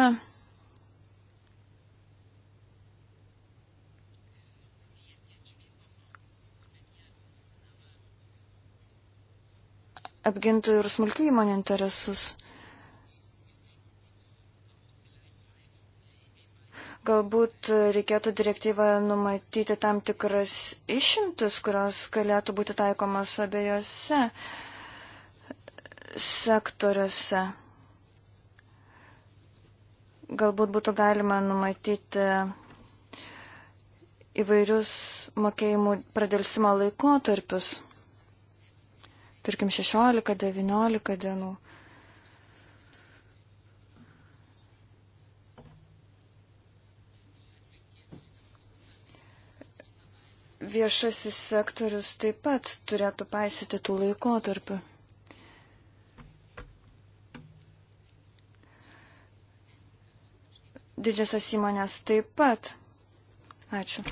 apgintų ir smulkių įmonių interesus. Galbūt reikėtų direktyvoje numatyti tam tikras išimtis, kurios galėtų būti taikomas abiejose sektoriuose. Galbūt būtų galima numatyti įvairius mokėjimų pradelsimo laikotarpius, tarkim 16-19 dienų. Viešasis sektorius taip pat turėtų paisyti tų laikotarpių. didžiosios įmonės taip pat. Ačiū.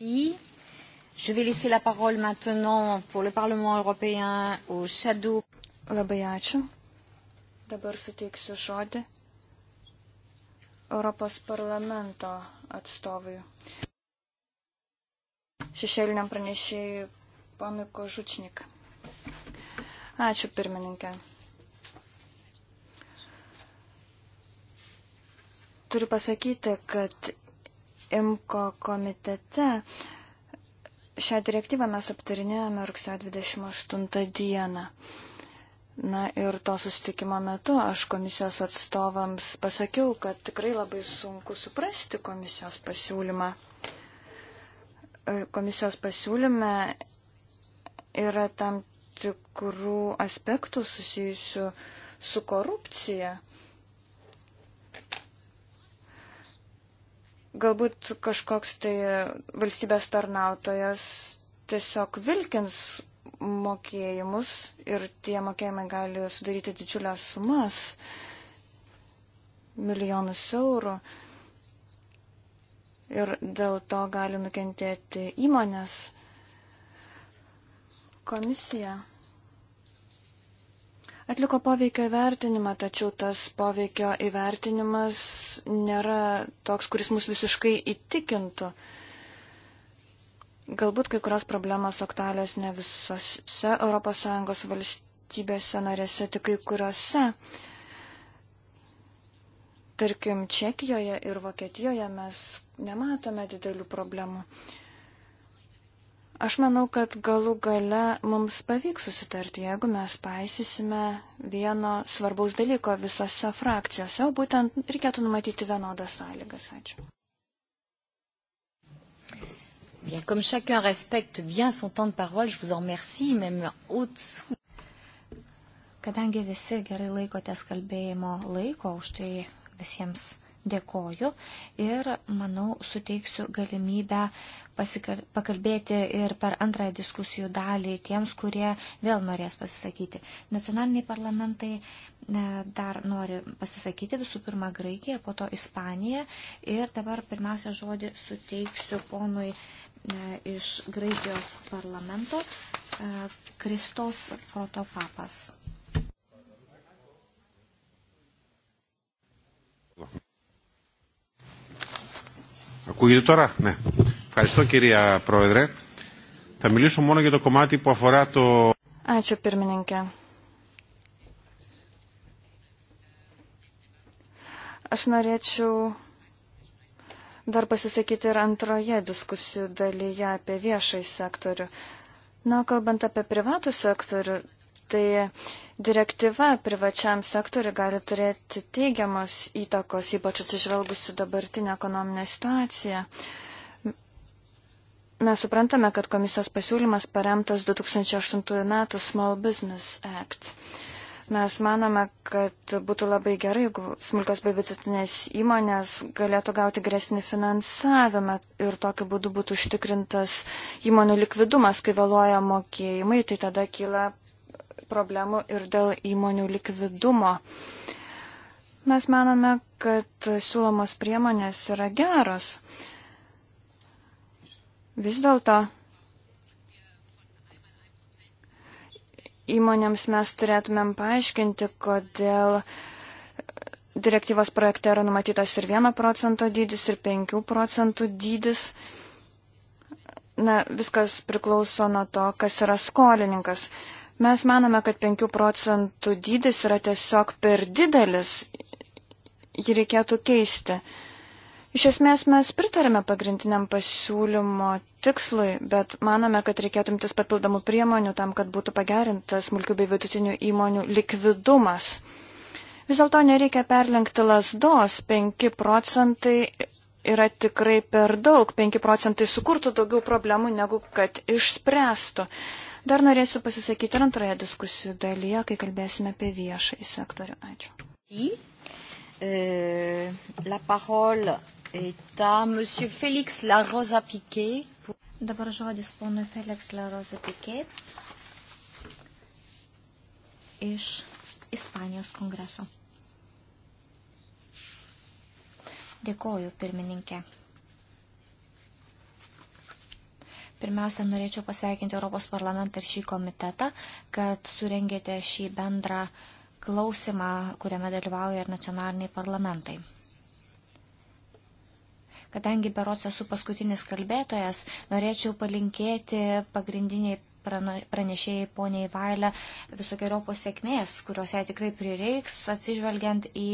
Je vais laisser la parole maintenant pour le Parlement européen au Shadow. Labai ačiū. Dabar suteiksiu žodį Europos parlamento atstovui. Šešėliniam pranešėjui ponui Kožučnik. Ačiū pirmininkė. turiu pasakyti, kad IMKO komitete šią direktyvą mes aptarinėjome rugsėjo 28 dieną. Na ir to sustikimo metu aš komisijos atstovams pasakiau, kad tikrai labai sunku suprasti komisijos pasiūlymą. E, komisijos pasiūlyme yra tam tikrų aspektų susijusių su korupcija. Galbūt kažkoks tai valstybės tarnautojas tiesiog vilkins mokėjimus ir tie mokėjimai gali sudaryti didžiulės sumas, milijonus eurų. Ir dėl to gali nukentėti įmonės komisija atliko poveikio įvertinimą, tačiau tas poveikio įvertinimas nėra toks, kuris mus visiškai įtikintų. Galbūt kai kurios problemos aktualios ne visose ES valstybėse narėse, tik kai kuriuose. Tarkim, Čekijoje ir Vokietijoje mes nematome didelių problemų. Uh, Aš manau, kad galų gale mums pavyks susitarti, jeigu mes paisysime vieno svarbaus dalyko visose frakcijose, o būtent reikėtų numatyti vienodas sąlygas. Ačiū. Bien, comme chacun respecte bien son temps de parole, je vous en remercie, même au-dessous. Kadangi visi gerai laikotės kalbėjimo laiko, už tai visiems dėkoju ir, manau, suteiksiu galimybę pasikal... pakalbėti ir per antrąją diskusijų dalį tiems, kurie vėl norės pasisakyti. Nacionaliniai parlamentai e, dar nori pasisakyti visų pirma Graikiją, po to Ispaniją ir dabar pirmiausia žodį suteiksiu ponui e, iš Graikijos parlamento e, Kristos protopapas. Ακούγεται τώρα, ναι. Ευχαριστώ κυρία Πρόεδρε. Θα μιλήσω μόνο για το κομμάτι που αφορά το... Ačiū pirmininkė. Aš norėčiau dar pasisakyti ir antroje diskusijų dalyje apie viešai sektorių. Na, kalbant apie privatų sektorių, tai direktyva privačiam sektoriu gali turėti teigiamos įtakos, ypač atsižvelgusi dabartinę ekonominę situaciją. Mes suprantame, kad komisijos pasiūlymas paremtas 2008 metų Small Business Act. Mes manome, kad būtų labai gerai, jeigu smulkios bei vidutinės įmonės galėtų gauti geresnį finansavimą ir tokiu būdu būtų užtikrintas įmonių likvidumas, kai vėluoja mokėjimai, tai tada kyla problemų ir dėl įmonių likvidumo. Mes manome, kad siūlomos priemonės yra geros. Vis dėlto įmonėms mes turėtumėm paaiškinti, kodėl direktyvos projekte yra numatytas ir 1 procento dydis, ir 5 procentų dydis. Na, viskas priklauso nuo to, kas yra skolininkas. Mes manome, kad 5 procentų dydis yra tiesiog per didelis, jį reikėtų keisti. Iš esmės mes pritarėme pagrindiniam pasiūlymo tikslui, bet manome, kad reikėtų imtis papildomų priemonių tam, kad būtų pagerintas smulkių bei vidutinių įmonių likvidumas. Vis dėlto nereikia perlenkti lasdos, 5 procentai yra tikrai per daug, 5 procentai sukurtų daugiau problemų negu kad išspręstų. Dar norėsiu pasisakyti ir antroje diskusijų dalyje, kai kalbėsime apie viešąjį sektorių. Ačiū. Euh, la parole est à monsieur Félix Larosa Piquet. Dabar žodis ponui Félix Larosa Piquet iš Ispanijos kongreso. Dėkoju, pirmininkė. Pirmiausia, norėčiau pasveikinti Europos parlamentą ir šį komitetą, kad surengėte šį bendrą klausimą, kuriame dalyvauja ir nacionaliniai parlamentai. Kadangi berots esu paskutinis kalbėtojas, norėčiau palinkėti pagrindiniai pranešėjai poniai Vailę visokiojopos sėkmės, kurios jai tikrai prireiks, atsižvelgiant į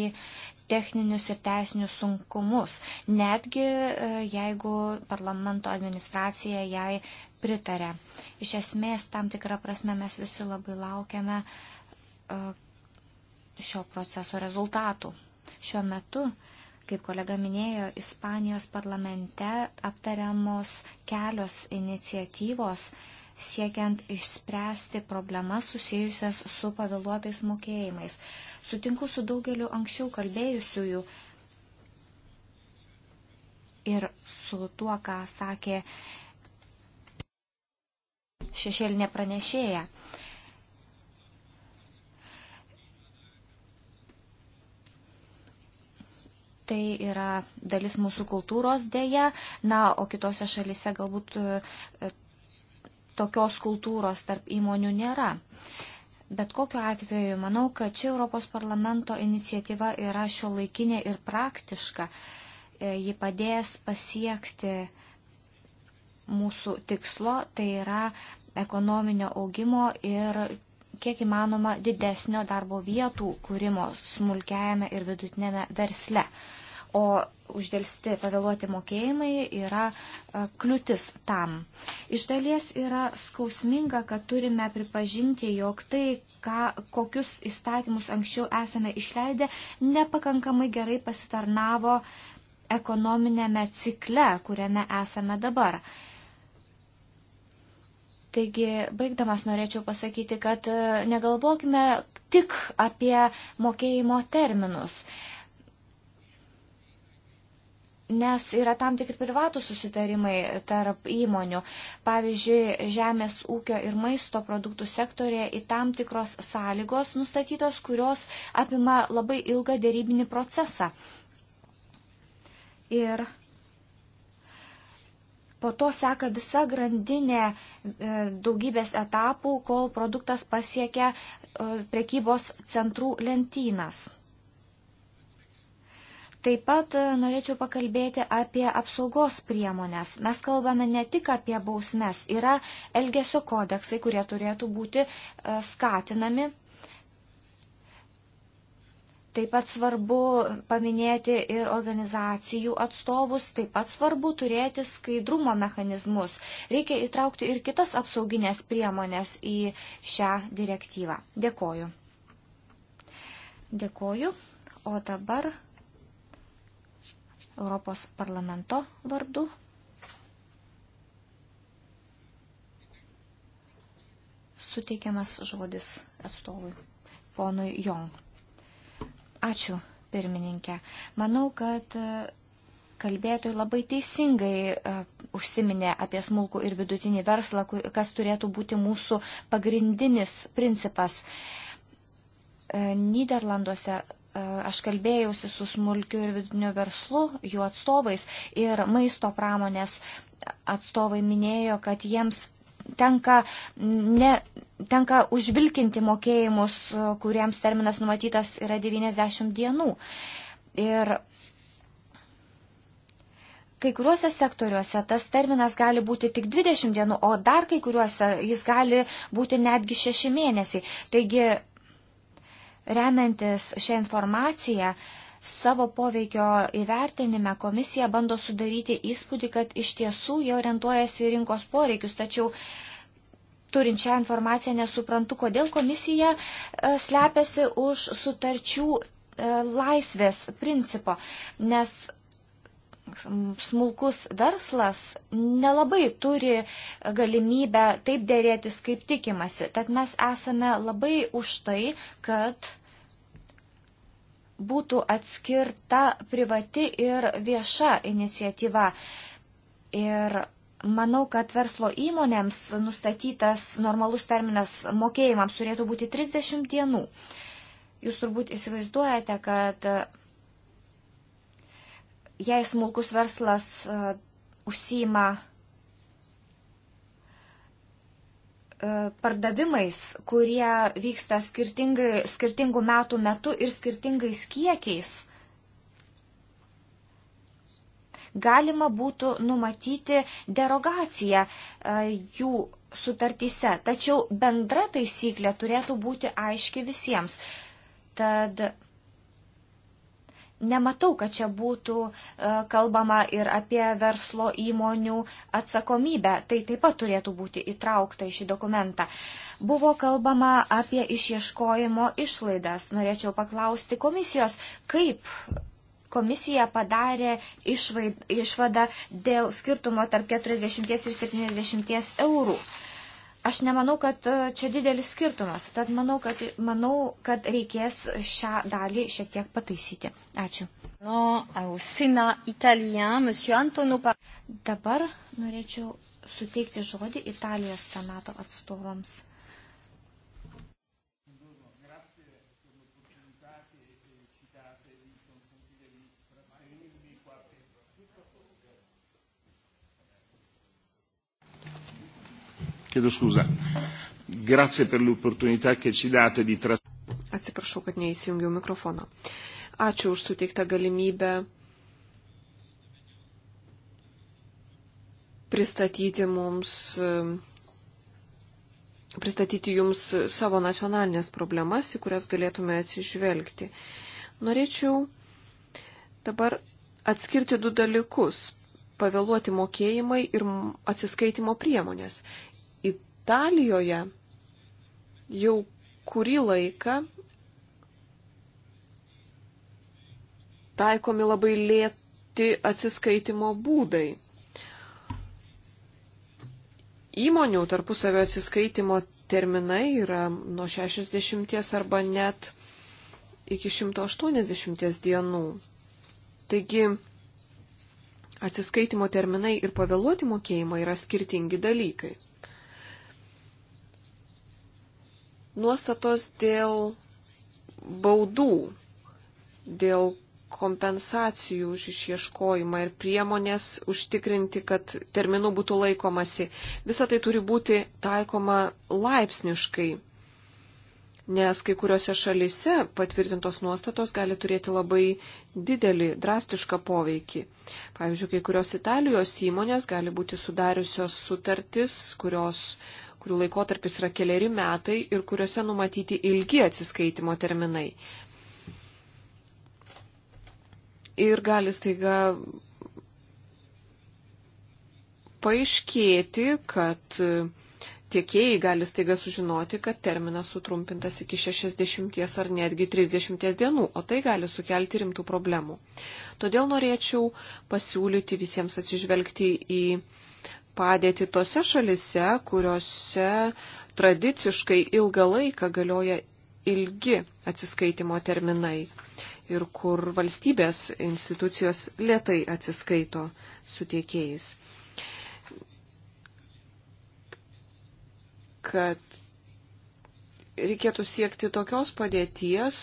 techninius ir teisinius sunkumus, netgi e, jeigu parlamento administracija jai pritarė. Iš esmės, tam tikrą prasme mes visi labai laukiame e, šio proceso rezultatų. Šiuo metu Kaip kolega minėjo, Ispanijos parlamente aptariamos kelios iniciatyvos, uh, siekiant išspręsti problemas susijusias su pavėluotais mokėjimais. Sutinku su daugeliu anksčiau kalbėjusiųjų ir su tuo, ką sakė šešėlinė pranešėja. tai yra dalis mūsų kultūros dėja, na, o kitose šalise galbūt tokios kultūros tarp įmonių nėra. Bet kokiu atveju, manau, kad čia Europos parlamento iniciatyva yra šio laikinė ir praktiška. E, ji padės pasiekti mūsų tikslo, tai yra ekonominio augimo ir kiek įmanoma didesnio darbo vietų kūrimo smulkiajame ir vidutinėme versle o uždėlsti pavėluoti mokėjimai yra e, kliūtis tam. Iš dalies yra skausminga, kad turime pripažinti, jog tai, ką, kokius įstatymus anksčiau esame išleidę, nepakankamai gerai pasitarnavo ekonominėme cikle, kuriame esame dabar. Taigi, baigdamas norėčiau pasakyti, kad e, negalvokime tik apie mokėjimo terminus. Uh, nes yra tam tikri privatų susitarimai tarp įmonių. Pavyzdžiui, žemės ūkio ir maisto produktų sektorėje į tam tikros sąlygos nustatytos, kurios apima labai ilgą dėrybinį procesą. Ir po to seka visa grandinė e, daugybės etapų, kol produktas pasiekia e, prekybos centrų lentynas. Taip pat e, norėčiau pakalbėti apie apsaugos priemonės. Mes kalbame ne tik apie bausmes, yra elgesio kodeksai, kurie turėtų būti e, skatinami. Taip pat svarbu paminėti ir organizacijų atstovus, taip pat svarbu turėti skaidrumo mechanizmus. Reikia įtraukti ir kitas apsauginės priemonės į šią direktyvą. Dėkoju. Dėkoju. O dabar Europos parlamento vardu. Suteikiamas žodis atstovui, ponui Jong. Ačiū, pirmininkė. Manau, kad e, kalbėtojai labai teisingai e, užsiminė apie smulkų ir vidutinį verslą, kas turėtų būti mūsų pagrindinis principas. E, Niderlanduose E, aš kalbėjausi su smulkiu ir vidiniu verslu, jų atstovais ir maisto pramonės atstovai minėjo, kad jiems tenka, ne, tenka užvilkinti mokėjimus, e, kuriems terminas numatytas yra 90 dienų. Ir kai kuriuose sektoriuose tas terminas gali būti tik 20 dienų, o dar kai kuriuose jis gali būti netgi 6 mėnesiai. Taigi Remiantis šią informaciją, savo poveikio įvertinime komisija bando sudaryti įspūdį, kad iš tiesų jie orientuojasi į rinkos poreikius, tačiau turint šią informaciją nesuprantu, kodėl komisija e, slepiasi už sutarčių e, laisvės principo, nes smulkus verslas nelabai turi galimybę taip dėrėtis, kaip tikimasi. Tad mes esame labai už tai, kad būtų atskirta privati ir vieša iniciatyva. Ir Manau, kad verslo įmonėms nustatytas normalus terminas mokėjimams turėtų būti 30 dienų. Jūs turbūt įsivaizduojate, kad jei smulkus verslas uh, užsima uh, pardavimais, kurie vyksta skirtingų metų metu ir skirtingais kiekiais, galima būtų numatyti derogaciją uh, jų sutartyse. Tačiau bendra taisyklė turėtų būti aiški visiems. Tad nematau, kad čia būtų e, kalbama ir apie verslo įmonių atsakomybę. Tai taip pat turėtų būti įtraukta į šį dokumentą. Buvo kalbama apie išieškojimo išlaidas. Norėčiau paklausti komisijos, kaip komisija padarė išvaid, išvadą dėl skirtumo tarp 40 ir 70 eurų. Aš nemanau, kad e, čia didelis skirtumas, tad manau, kad, manau, kad reikės šią dalį šiek tiek pataisyti. Ačiū. No, Italien, Dabar norėčiau suteikti žodį Italijos senato atstovams. Chiedo scusa. Grazie per l'opportunità che ci date di trasportare. Atsiprašau, kad neįsijungiau mikrofono. Ačiū už suteiktą galimybę pristatyti mums, e, pristatyti jums savo nacionalinės problemas, į kurias galėtume atsižvelgti. Norėčiau dabar atskirti du dalykus - pavėluoti mokėjimai ir atsiskaitimo priemonės. Italijoje jau kurį laiką taikomi labai lėti atsiskaitimo būdai. Įmonių tarpusavio atsiskaitimo terminai yra nuo 60 arba net iki 180 dienų. Taigi atsiskaitimo terminai ir pavėluoti mokėjimai yra skirtingi dalykai. Nuostatos dėl baudų, dėl kompensacijų už išieškojimą ir priemonės užtikrinti, kad terminų būtų laikomasi. Visa tai turi būti taikoma laipsniškai, nes kai kuriuose šalise patvirtintos nuostatos gali turėti labai didelį, drastišką poveikį. Pavyzdžiui, kai kurios Italijos įmonės gali būti sudariusios sutartis, kurios uh, kurių laikotarpis yra keliari metai ir kuriuose numatyti ilgi atsiskaitimo terminai. Ir gali staiga paaiškėti, kad e, tiekėjai gali staiga sužinoti, kad terminas sutrumpintas iki 60 ar netgi 30 dienų, o tai gali sukelti rimtų problemų. Todėl norėčiau pasiūlyti visiems atsižvelgti į padėtį tose šalise, kuriuose tradiciškai ilgą laiką galioja ilgi atsiskaitimo terminai ir kur valstybės institucijos lietai atsiskaito su tiekėjais. Kad reikėtų siekti tokios padėties,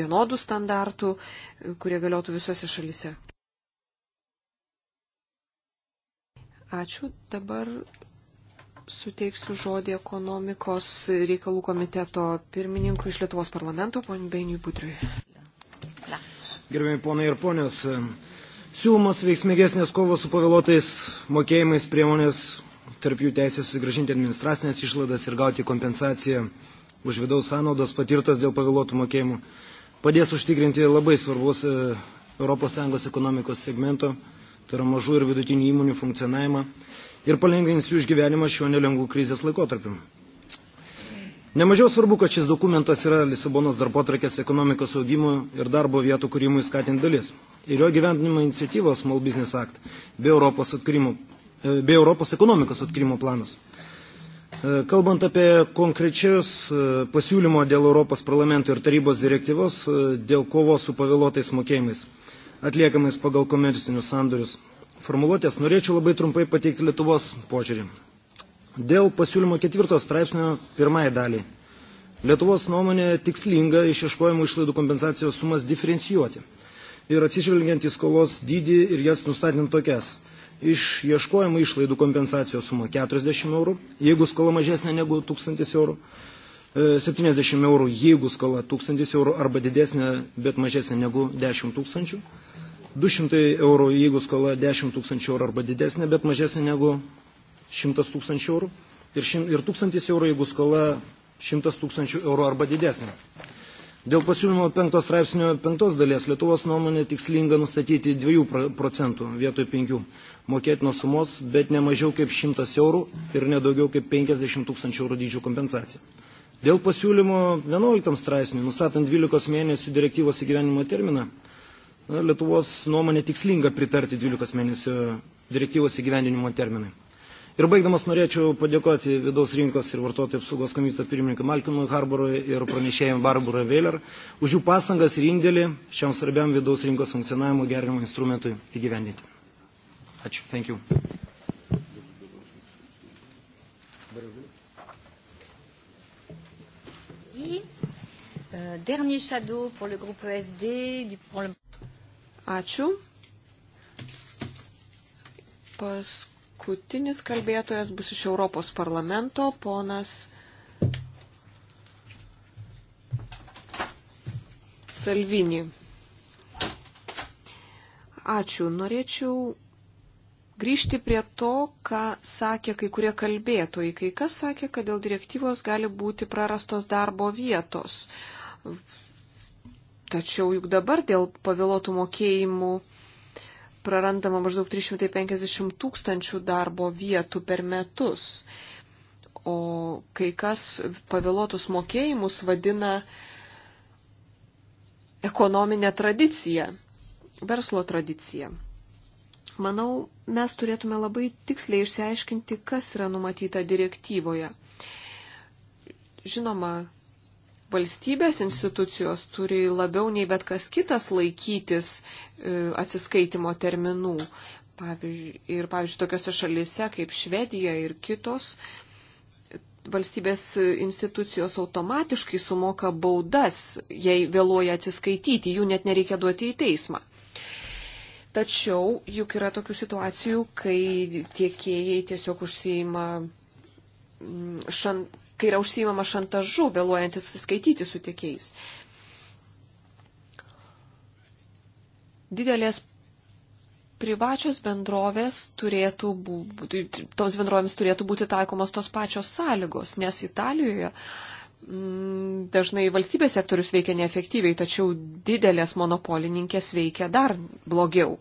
vienodų standartų, kurie galiotų visose šalise. Ačiū. Dabar suteiksiu žodį ekonomikos reikalų komiteto pirmininkui iš Lietuvos parlamento, ponui Dainiui Butriui. Gerbėjai ponai ir ponios, siūlomas veiksmėgesnės kovos su pavėluotais mokėjimais priemonės, tarp jų teisė susigražinti administracinės išlaidas ir gauti kompensaciją už vidaus sąnaudas patirtas dėl pavėluotų mokėjimų, padės užtikrinti labai svarbus ES ekonomikos segmento tai yra mažų ir vidutinių įmonių funkcionavimą ir palengvins jų išgyvenimą šiuo nelengvų krizės laikotarpiu. Nemažiau svarbu, kad šis dokumentas yra Lisabonos darbotrakės ekonomikos augimo ir darbo vietų kūrimui skatinti dalis. Ir jo gyvendinimo iniciatyvos Small Business Act bei Europos, atkrimo, e, bei Europos ekonomikos atkrimo planas. E, kalbant apie konkrečius e, pasiūlymo dėl Europos parlamento ir tarybos direktyvos dėl kovos su pavėluotais mokėjimais atliekamais pagal komercinius sandorius. Formuluotės norėčiau labai trumpai pateikti Lietuvos požiūrį. Dėl pasiūlymo ketvirto straipsnio pirmai daliai. Lietuvos nuomonė tikslinga išieškojimų išlaidų kompensacijos sumas diferencijuoti ir atsižvelgiant į skolos dydį ir jas nustatant tokias. Iš ieškojimų išlaidų kompensacijos suma 40 eurų, jeigu skola mažesnė negu 1000 eurų, 70 e, eurų, jeigu skola 1000 eurų arba didesnė, bet mažesnė negu 10 tūkstančių, 200 eurų, jeigu skola 10 tūkstančių eurų arba didesnė, bet mažesnė negu 100 tūkstančių eurų. Ir, šim, ir 1000 eurų, jeigu skola 100 tūkstančių eurų arba didesnė. Dėl pasiūlymo 5 straipsnio 5 dalies Lietuvos nuomonė tikslinga nustatyti 2 procentų vietoj 5 mokėtinos sumos, bet ne mažiau kaip 100 eurų ir nedaugiau kaip 50 tūkstančių eurų dydžių kompensacija. Dėl pasiūlymo 11 straipsnių, nustatant 12 mėnesių direktyvos įgyvenimo terminą, Lietuvos nuomonė tikslinga pritarti 12 mėnesių direktyvos įgyvendinimo terminai. Ir baigdamas norėčiau padėkoti vidaus rinkos ir vartotojų apsaugos komiteto pirmininkui Malkinui Harborui ir pranešėjim Barbarai Veiler už jų pastangas ir indėlį šiam svarbiam vidaus rinkos funkcionavimo gerinimo instrumentui įgyvendinti. Ačiū. Thank you. Euh, dernier shadow pour le groupe EFD. Pour le... Ačiū. Paskutinis kalbėtojas bus iš Europos parlamento, ponas Salvini. Ačiū. Norėčiau grįžti prie to, ką sakė kai kurie kalbėtojai. Kai kas sakė, kad dėl direktyvos gali būti prarastos darbo vietos. Tačiau juk dabar dėl pavėlotų mokėjimų prarandama maždaug 350 tūkstančių darbo vietų per metus. O kai kas pavėlotus mokėjimus vadina ekonominė tradicija, verslo tradicija. Manau, mes turėtume labai tiksliai išsiaiškinti, kas yra numatyta direktyvoje. Žinoma, valstybės institucijos turi labiau nei bet kas kitas laikytis e, atsiskaitimo terminų. Pavyzdžiui, ir, pavyzdžiui, tokiose šalise kaip Švedija ir kitos e, valstybės institucijos automatiškai sumoka baudas, jei vėluoja atsiskaityti, jų net nereikia duoti į teismą. Tačiau juk yra tokių situacijų, kai tiekėjai tiesiog užsieima šan, kai yra užsijimama šantažu, vėluojantis skaityti su tiekėjais. Didelės privačios bendrovės turėtų būti, toms bendrovėms turėtų būti taikomos tos pačios sąlygos, nes Italijoje m, mm, dažnai valstybės sektorius veikia neefektyviai, tačiau didelės monopolininkės veikia dar blogiau.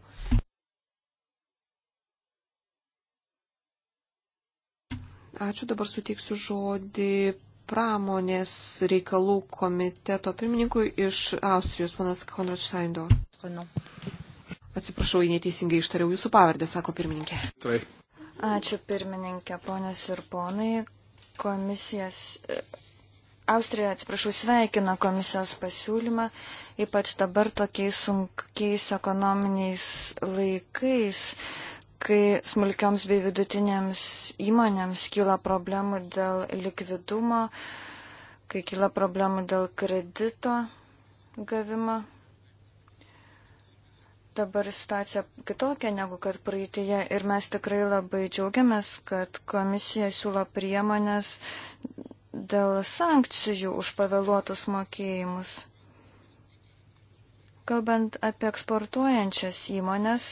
Ačiū, dabar suteiksiu žodį pramonės reikalų komiteto pirmininkui iš Austrijos, panas Konrad Steindor. Atsiprašau, jei neteisingai ištariau jūsų pavardę, sako pirmininkė. Trai. Ačiū pirmininkė, ponės ir ponai. Komisijas. Austrija, atsiprašau, sveikina komisijos pasiūlymą, ypač dabar tokiais sunkiais ekonominiais laikais. Uh, kai smulkioms bei vidutinėms įmonėms kyla problemų dėl likvidumo, kai kyla problemų dėl kredito gavimo. Dabar situacija kitokia negu kad praeitėje ir mes tikrai labai džiaugiamės, kad komisija siūlo priemonės dėl sankcijų už pavėluotus mokėjimus. Kalbant apie eksportuojančias įmonės,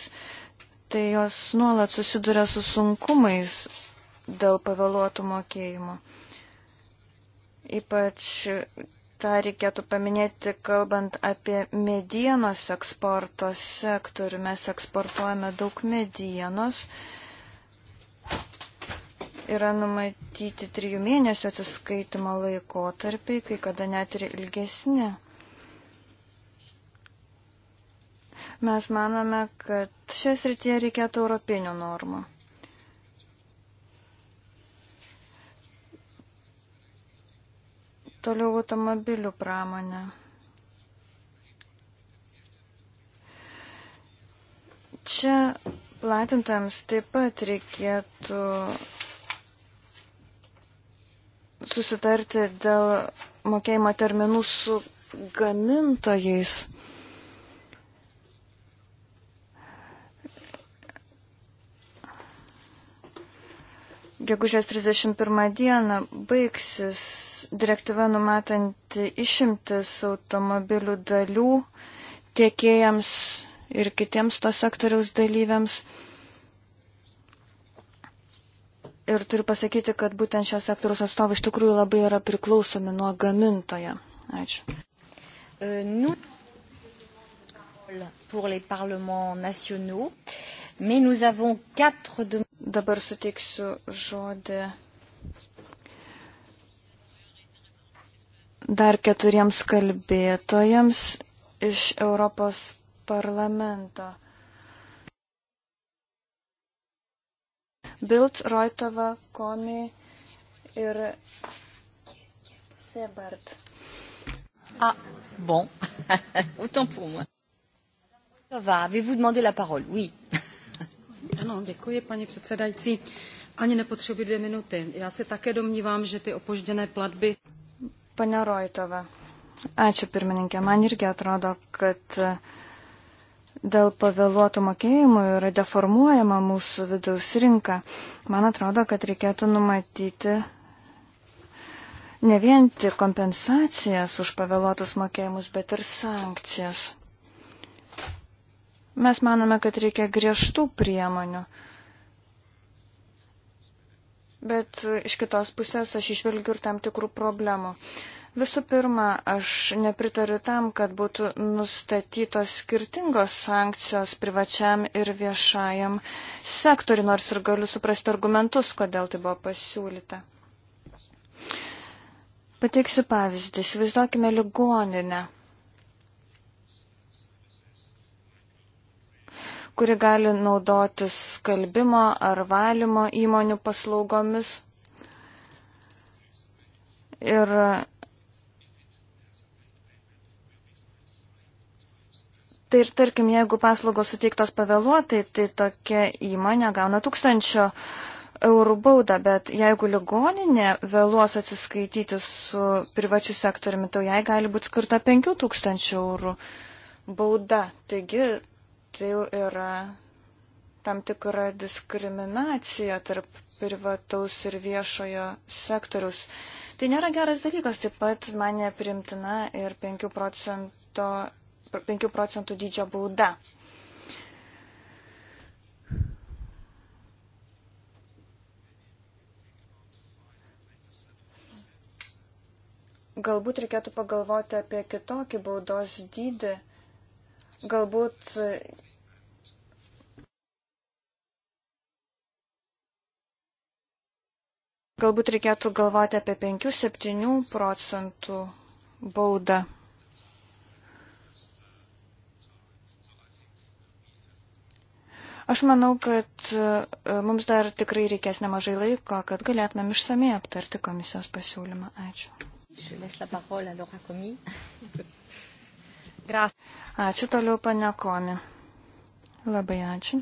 tai jos nuolat susiduria su sunkumais dėl pavėluotų mokėjimų. Ypač tą reikėtų paminėti, kalbant apie medienos eksporto sektorių. Mes eksportuojame daug medienos. Yra numatyti trijų mėnesių atsiskaitimo laikotarpiai, kai kada net ir ilgesni. Mes manome, kad šias rytyje reikėtų europinių normų. Toliau automobilių pramonė. Čia platintams taip pat reikėtų susitarti dėl mokėjimo terminų su gamintojais. gegužės 31 dieną baigsis direktyva numatanti išimtis automobilių dalių tiekėjams ir kitiems to sektoriaus dalyviams. Ir turiu pasakyti, kad būtent šios sektoriaus atstovai iš tikrųjų labai yra priklausomi nuo gamintoje. Ačiū. Euh, nous, pour les parlements nationaux, euh, Dabar suteiksiu žodį dar keturiems kalbėtojams iš Europos parlamento. Bild, Roitova, Komi ir Sebart. Ah, bon. [LAUGHS] Autant pour moi. Roitova, avez-vous demandé la parole Oui. Ano, děkuji, paní předsedající. Ani nepotřebuji dvě minuty. Já se také domnívám, že ty opožděné platby. Pane Rojtova, ačiū pirmininkė. Man irgi atrodo, kad dėl pavėluotų mokėjimų yra deformuojama mūsų vidaus rinka. Man atrodo, kad reikėtų numatyti ne vien tik kompensacijas už pavėluotus mokėjimus, bet ir sankcijas. Mes manome, kad reikia griežtų priemonių. Bet iš kitos pusės aš išvelgiu ir tam tikrų problemų. Visų pirma, aš nepritariu tam, kad būtų nustatytos skirtingos sankcijos privačiam ir viešajam sektoriu, nors ir galiu suprasti argumentus, kodėl tai buvo pasiūlyta. Pateiksiu pavyzdį. Įsivaizduokime ligoninę. kuri gali naudotis skalbimo ar valymo įmonių paslaugomis. Ir Tai ir tarkim, jeigu paslaugos suteiktos pavėluotai, tai tokia įmonė gauna tūkstančio eurų baudą, bet jeigu ligoninė vėluos atsiskaityti su privačiu sektoriumi, tai jai gali būti skirta 5000 eurų bauda. Taigi tai jau yra tam tikra diskriminacija tarp privataus ir viešojo sektoriaus. Tai nėra geras dalykas, taip pat man neprimtina ir 5 procentų, 5 procentų dydžio bauda. Galbūt reikėtų pagalvoti apie kitokį baudos dydį Galbūt galbūt reikėtų galvoti apie 5-7 procentų baudą. Aš manau, kad e, mums dar tikrai reikės nemažai laiko, kad galėtumėm išsamei aptarti komisijos pasiūlymą. Ačiū. [LAUGHS] Ačiū toliau, panekonė. Labai ačiū.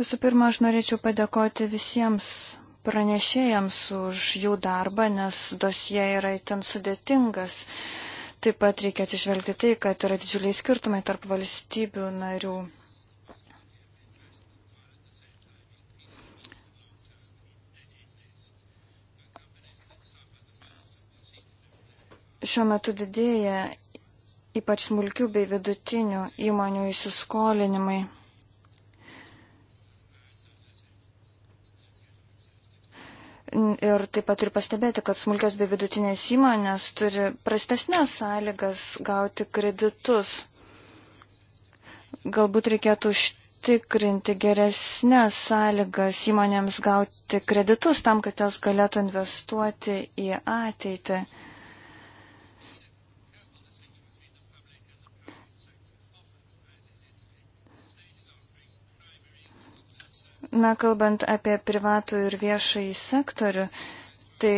Visų pirma, aš norėčiau padėkoti visiems pranešėjams už jų darbą, nes dosie yra itin sudėtingas. Taip pat reikia atsižvelgti tai, kad yra didžiuliai skirtumai tarp valstybių narių. šiuo metu didėja ypač smulkių bei vidutinių įmonių įsiskolinimai. Ir taip pat turiu pastebėti, kad smulkios bei vidutinės įmonės turi prastesnės sąlygas gauti kreditus. Galbūt reikėtų užtikrinti geresnės sąlygas įmonėms gauti kreditus tam, kad jos galėtų investuoti į ateitį. Na, kalbant apie privatų ir viešąjį sektorių, tai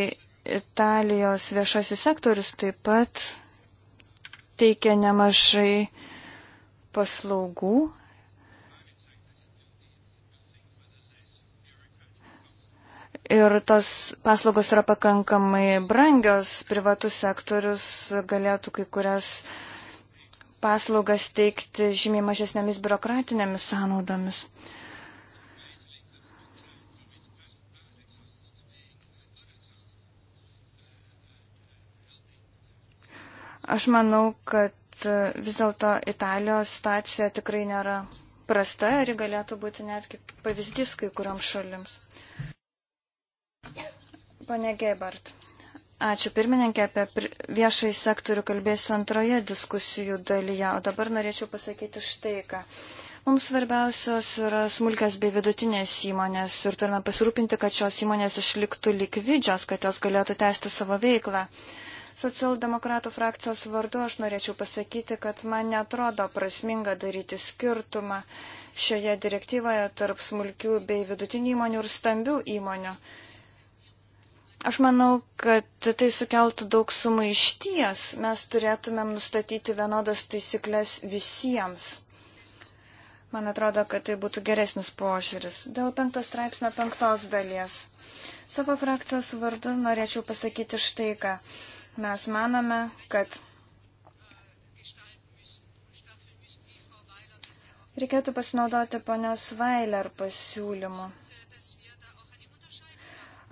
Italijos viešasis sektorius taip pat teikia nemažai paslaugų. Ir tos paslaugos yra pakankamai brangios, privatus sektorius galėtų kai kurias paslaugas teikti žymiai mažesnėmis biurokratinėmis sąnaudomis. Aš manau, kad e, vis dėlto Italijos situacija tikrai nėra prasta ir galėtų būti netgi pavyzdys kai kurioms šalims. Pane Gebart, ačiū pirmininkė, apie viešai sektorių kalbėsiu antroje diskusijų dalyje, o dabar norėčiau pasakyti štai ką. Mums svarbiausios yra smulkės bei vidutinės įmonės ir turime pasirūpinti, kad šios įmonės išliktų likvidžios, kad jos galėtų tęsti savo veiklą. Socialdemokratų frakcijos vardu aš norėčiau pasakyti, kad man netrodo prasminga daryti skirtumą šioje direktyvoje tarp smulkių bei vidutinių įmonių ir stambių įmonių. Aš manau, kad tai sukeltų daug sumaišties. Mes turėtumėm nustatyti vienodas taisyklės visiems. Man atrodo, kad tai būtų geresnis požiūris. Dėl penktos straipsnio penktos dalies. Savo frakcijos vardu norėčiau pasakyti štai ką. Mes manome, kad reikėtų pasinaudoti ponios Vailer pasiūlymu.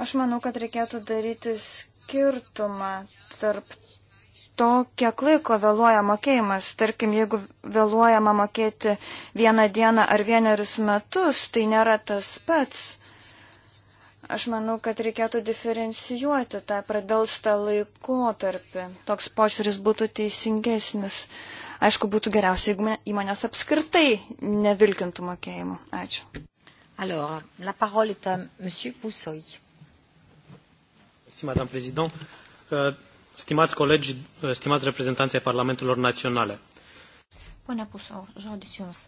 Aš manau, kad reikėtų daryti skirtumą tarp to, kiek laiko vėluoja mokėjimas. Tarkim, jeigu vėluojama mokėti vieną dieną ar vienerius metus, tai nėra tas pats. Aš manau, kad reikėtų diferencijuoti tą pradalstą laikotarpį. Toks požiūris būtų teisingesnis. Aišku, būtų geriausia, jeigu įmonės apskritai nevilkintų mokėjimų. Ačiū. Alors, la parole est à Monsieur Boussoy. Merci, Madame Président. Euh, stimați colegi, euh, stimați reprezentanții Parlamentelor Naționale. Pone Pusau, žodis Jums.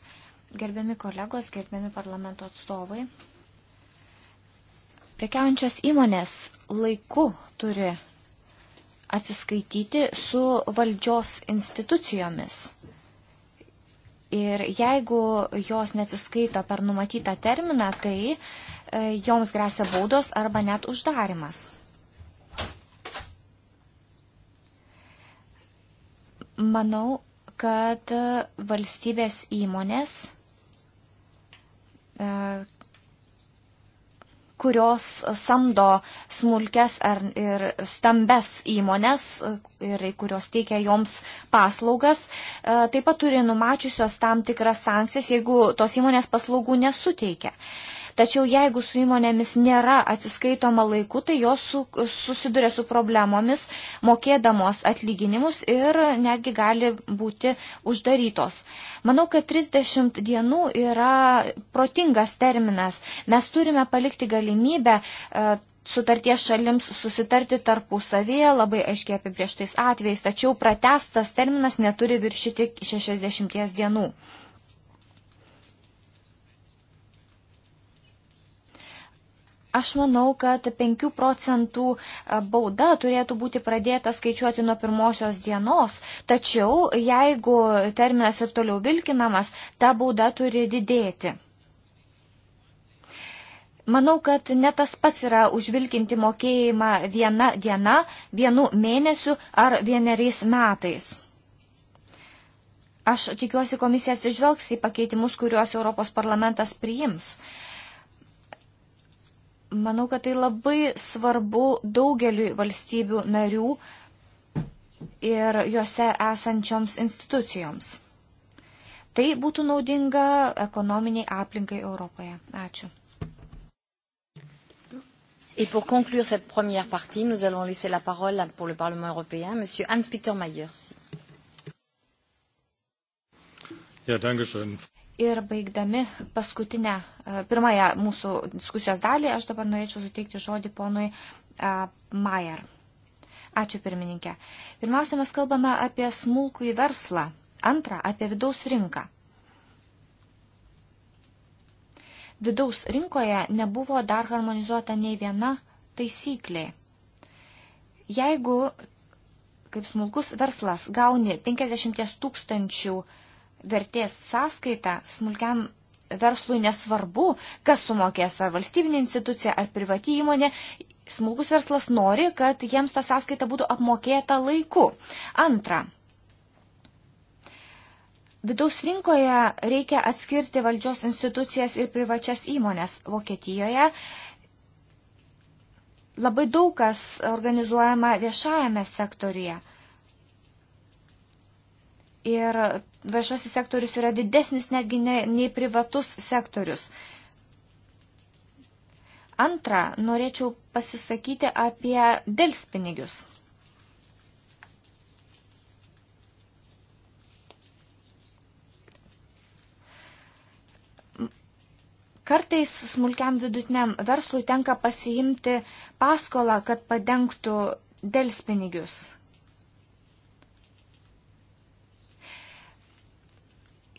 Gerbiami kolegos, gerbiami parlamento atstovai, Prekiaujančios įmonės laiku turi atsiskaityti su valdžios institucijomis. Ir jeigu jos neatsiskaito per numatytą terminą, tai e, joms grėsia baudos arba net uždarimas. Manau, kad e, valstybės įmonės e, kurios samdo smulkes ar, ir stambes įmonės e, ir kurios teikia joms paslaugas. E, taip pat turi numačiusios tam tikras sankcijas, jeigu tos įmonės paslaugų nesuteikia. Tačiau jeigu su įmonėmis nėra atsiskaitoma laiku, tai jos su, susiduria su problemomis, mokėdamos atlyginimus ir netgi gali būti uždarytos. Manau, kad 30 dienų yra protingas terminas. Mes turime palikti galimybę. E, sutarties šalims susitarti tarpusavėje labai aiškiai apibrieštais atvejais, tačiau pratestas terminas neturi viršyti 60 dienų. Aš manau, kad 5 procentų e, bauda turėtų būti pradėta skaičiuoti nuo pirmosios dienos, tačiau jeigu terminas ir toliau vilkinamas, ta bauda turi didėti. Manau, kad ne tas pats yra užvilkinti mokėjimą viena diena, vienu mėnesiu ar vieneriais metais. Aš tikiuosi, komisija atsižvelgs į pakeitimus, kuriuos Europos parlamentas priims. Uh, Manau, kad tai labai svarbu daugeliu valstybių narių ir juose esančioms institucijoms. Tai būtų naudinga ekonominiai aplinkai Europoje. Ačiū. Et pour conclure cette première partie, nous allons laisser la parole pour le Parlement européen, M. Hans-Peter Mayer. Ja, danke schön. Ir baigdami paskutinę, e, pirmąją mūsų diskusijos dalį, aš dabar norėčiau suteikti žodį ponui e, Mayer. Ačiū pirmininkė. Pirmiausia, mes kalbame apie smulkų į verslą. Antra, apie vidaus rinką. Vidaus rinkoje nebuvo dar harmonizuota nei viena taisyklė. Jeigu, kaip smulkus verslas, gauni 50 tūkstančių 000 vertės sąskaitą smulkiam verslui nesvarbu, kas sumokės ar valstybinė institucija, ar privati įmonė, smulkus verslas nori, kad jiems ta sąskaita būtų apmokėta laiku. Antra. Vidaus rinkoje reikia atskirti valdžios institucijas ir privačias įmonės. Vokietijoje labai daug kas organizuojama viešajame sektoriuje. Ir viešasis sektorius yra didesnis netgi ne, nei privatus sektorius. Antra, norėčiau pasisakyti apie dėlspinigius. Kartais smulkiam vidutiniam verslui tenka pasiimti paskolą, kad padengtų dėlspinigius.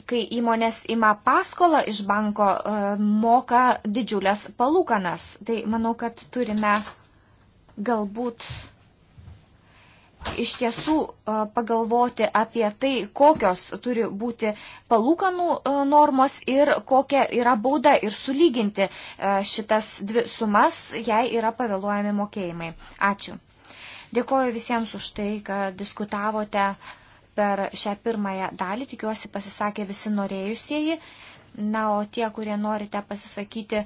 kai įmonės ima paskolą iš banko, e, moka didžiulės palūkanas. Tai manau, kad turime galbūt iš tiesų e, pagalvoti apie tai, kokios turi būti palūkanų e, normos ir kokia yra bauda ir sulyginti šitas dvi sumas, jei yra pavėluojami mokėjimai. Ačiū. Dėkoju visiems už tai, kad diskutavote per šią pirmąją dalį. Tikiuosi pasisakė visi norėjusieji. Na, o tie, kurie norite pasisakyti e,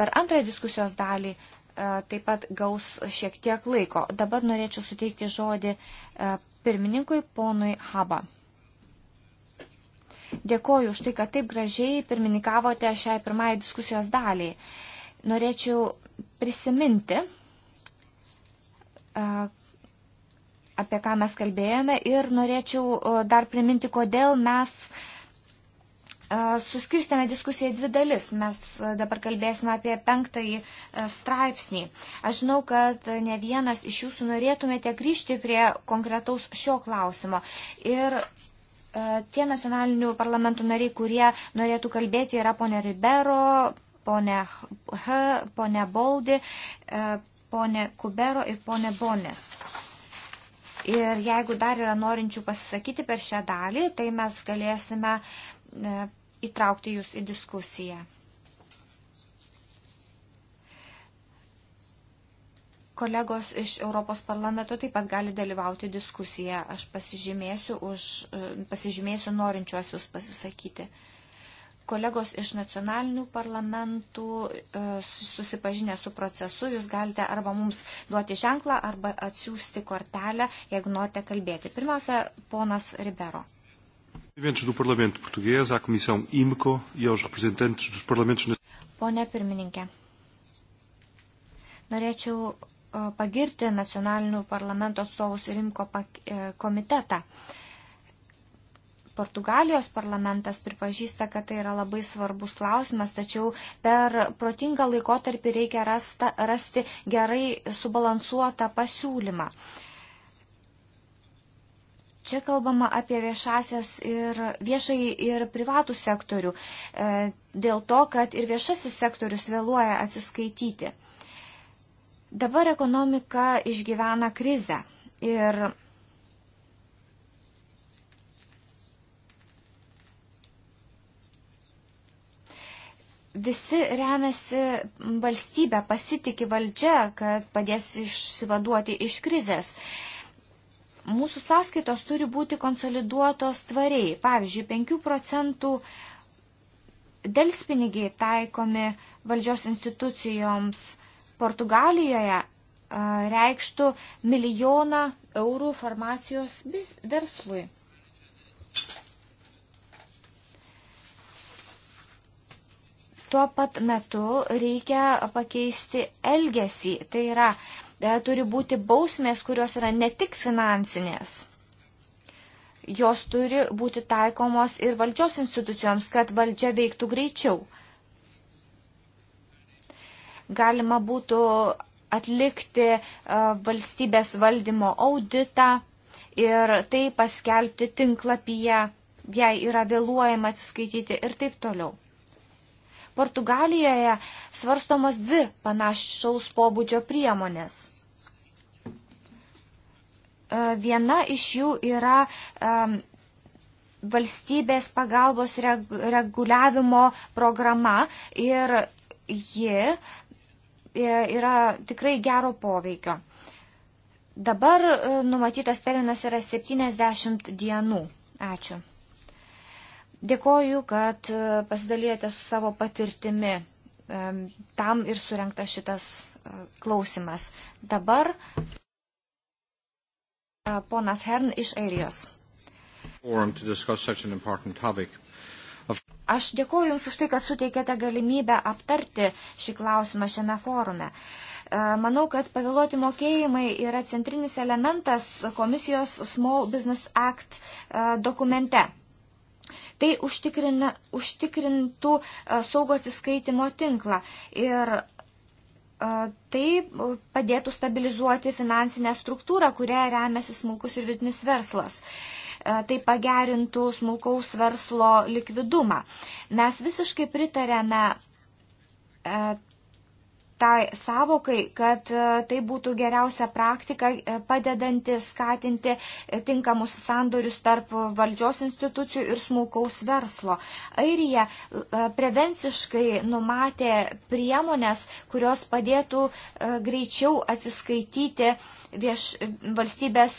per antrąją diskusijos dalį, e, taip pat gaus šiek tiek laiko. Dabar norėčiau suteikti žodį e, pirmininkui ponui Haba. Dėkoju už tai, kad taip gražiai pirmininkavote šiai pirmąją diskusijos daliai. Norėčiau prisiminti, apie ką mes kalbėjome ir norėčiau dar priminti, kodėl mes suskirstėme diskusiją į dvi dalis. Mes dabar kalbėsime apie penktąjį straipsnį. Aš žinau, kad ne vienas iš jūsų norėtumėte grįžti prie konkretaus šio klausimo. Ir tie nacionalinių parlamentų nariai, kurie norėtų kalbėti, yra ponė Ribero, ponė H, ponė Boldi, ponė Kubero ir ponė Bonės. Ir jeigu dar yra norinčių pasisakyti per šią dalį, tai mes galėsime e, įtraukti jūs į diskusiją. Kolegos iš Europos parlamento taip pat gali dalyvauti diskusiją. Aš pasižymėsiu, už, e, pasižymėsiu norinčiuosius pasisakyti kolegos iš nacionalinių parlamentų e, susipažinę su procesu, jūs galite arba mums duoti ženklą, arba atsiųsti kortelę, jeigu norite kalbėti. Pirmiausia, ponas Ribero. E Pone pirmininkė, norėčiau e, pagirti nacionalinių parlamento atstovus ir imko komitetą. Uh, Portugalijos parlamentas pripažįsta, kad tai yra labai svarbus klausimas, tačiau per protingą laikotarpį reikia rasta, rasti gerai subalansuotą pasiūlymą. Čia kalbama apie viešasias ir viešai ir privatų sektorių, e, dėl to, kad ir viešasis sektorius vėluoja atsiskaityti. Dabar ekonomika išgyvena krizę ir visi remiasi valstybę, pasitiki valdžia, kad padės išsivaduoti iš krizės. Mūsų sąskaitos turi būti konsoliduotos tvariai. Pavyzdžiui, 5 procentų delspinigiai taikomi valdžios institucijoms Portugalijoje reikštų milijoną eurų farmacijos verslui. tuo pat metu reikia pakeisti elgesį. Tai yra, e, turi būti bausmės, kurios yra ne tik finansinės. Jos turi būti taikomos ir valdžios institucijoms, kad valdžia veiktų greičiau. Galima būtų atlikti e, valstybės valdymo auditą ir tai paskelbti tinklapyje, jei yra vėluojama atsiskaityti ir taip toliau. Portugalijoje svarstomos dvi panašaus pobūdžio priemonės. E, viena iš jų yra valstybės pagalbos reguliavimo programa ir ji e, yra tikrai gero poveikio. Dabar e, numatytas terminas yra 70 dienų. Ačiū. Dėkoju, kad e, pasidalėjote su savo patirtimi. E, tam ir surinkta šitas e, klausimas. Dabar ponas Hern iš Airijos. Aš dėkoju Jums už tai, kad suteikėte galimybę aptarti šį klausimą šiame forume. Manau, kad pavėluoti mokėjimai yra centrinis elementas komisijos Small Business Act dokumente. Tai užtikrintų e, saugo atsiskaitimo tinklą ir e, tai padėtų stabilizuoti finansinę struktūrą, kurią remiasi smulkus ir vidinis verslas e, tai pagerintų smulkaus verslo likvidumą. Mes visiškai pritarėme tai savokai, kad e, tai būtų geriausia praktika e, padedanti skatinti e, tinkamus sandorius tarp valdžios institucijų ir smulkaus verslo. Airija prevenciškai numatė priemonės, kurios padėtų greičiau atsiskaityti vieš, valstybės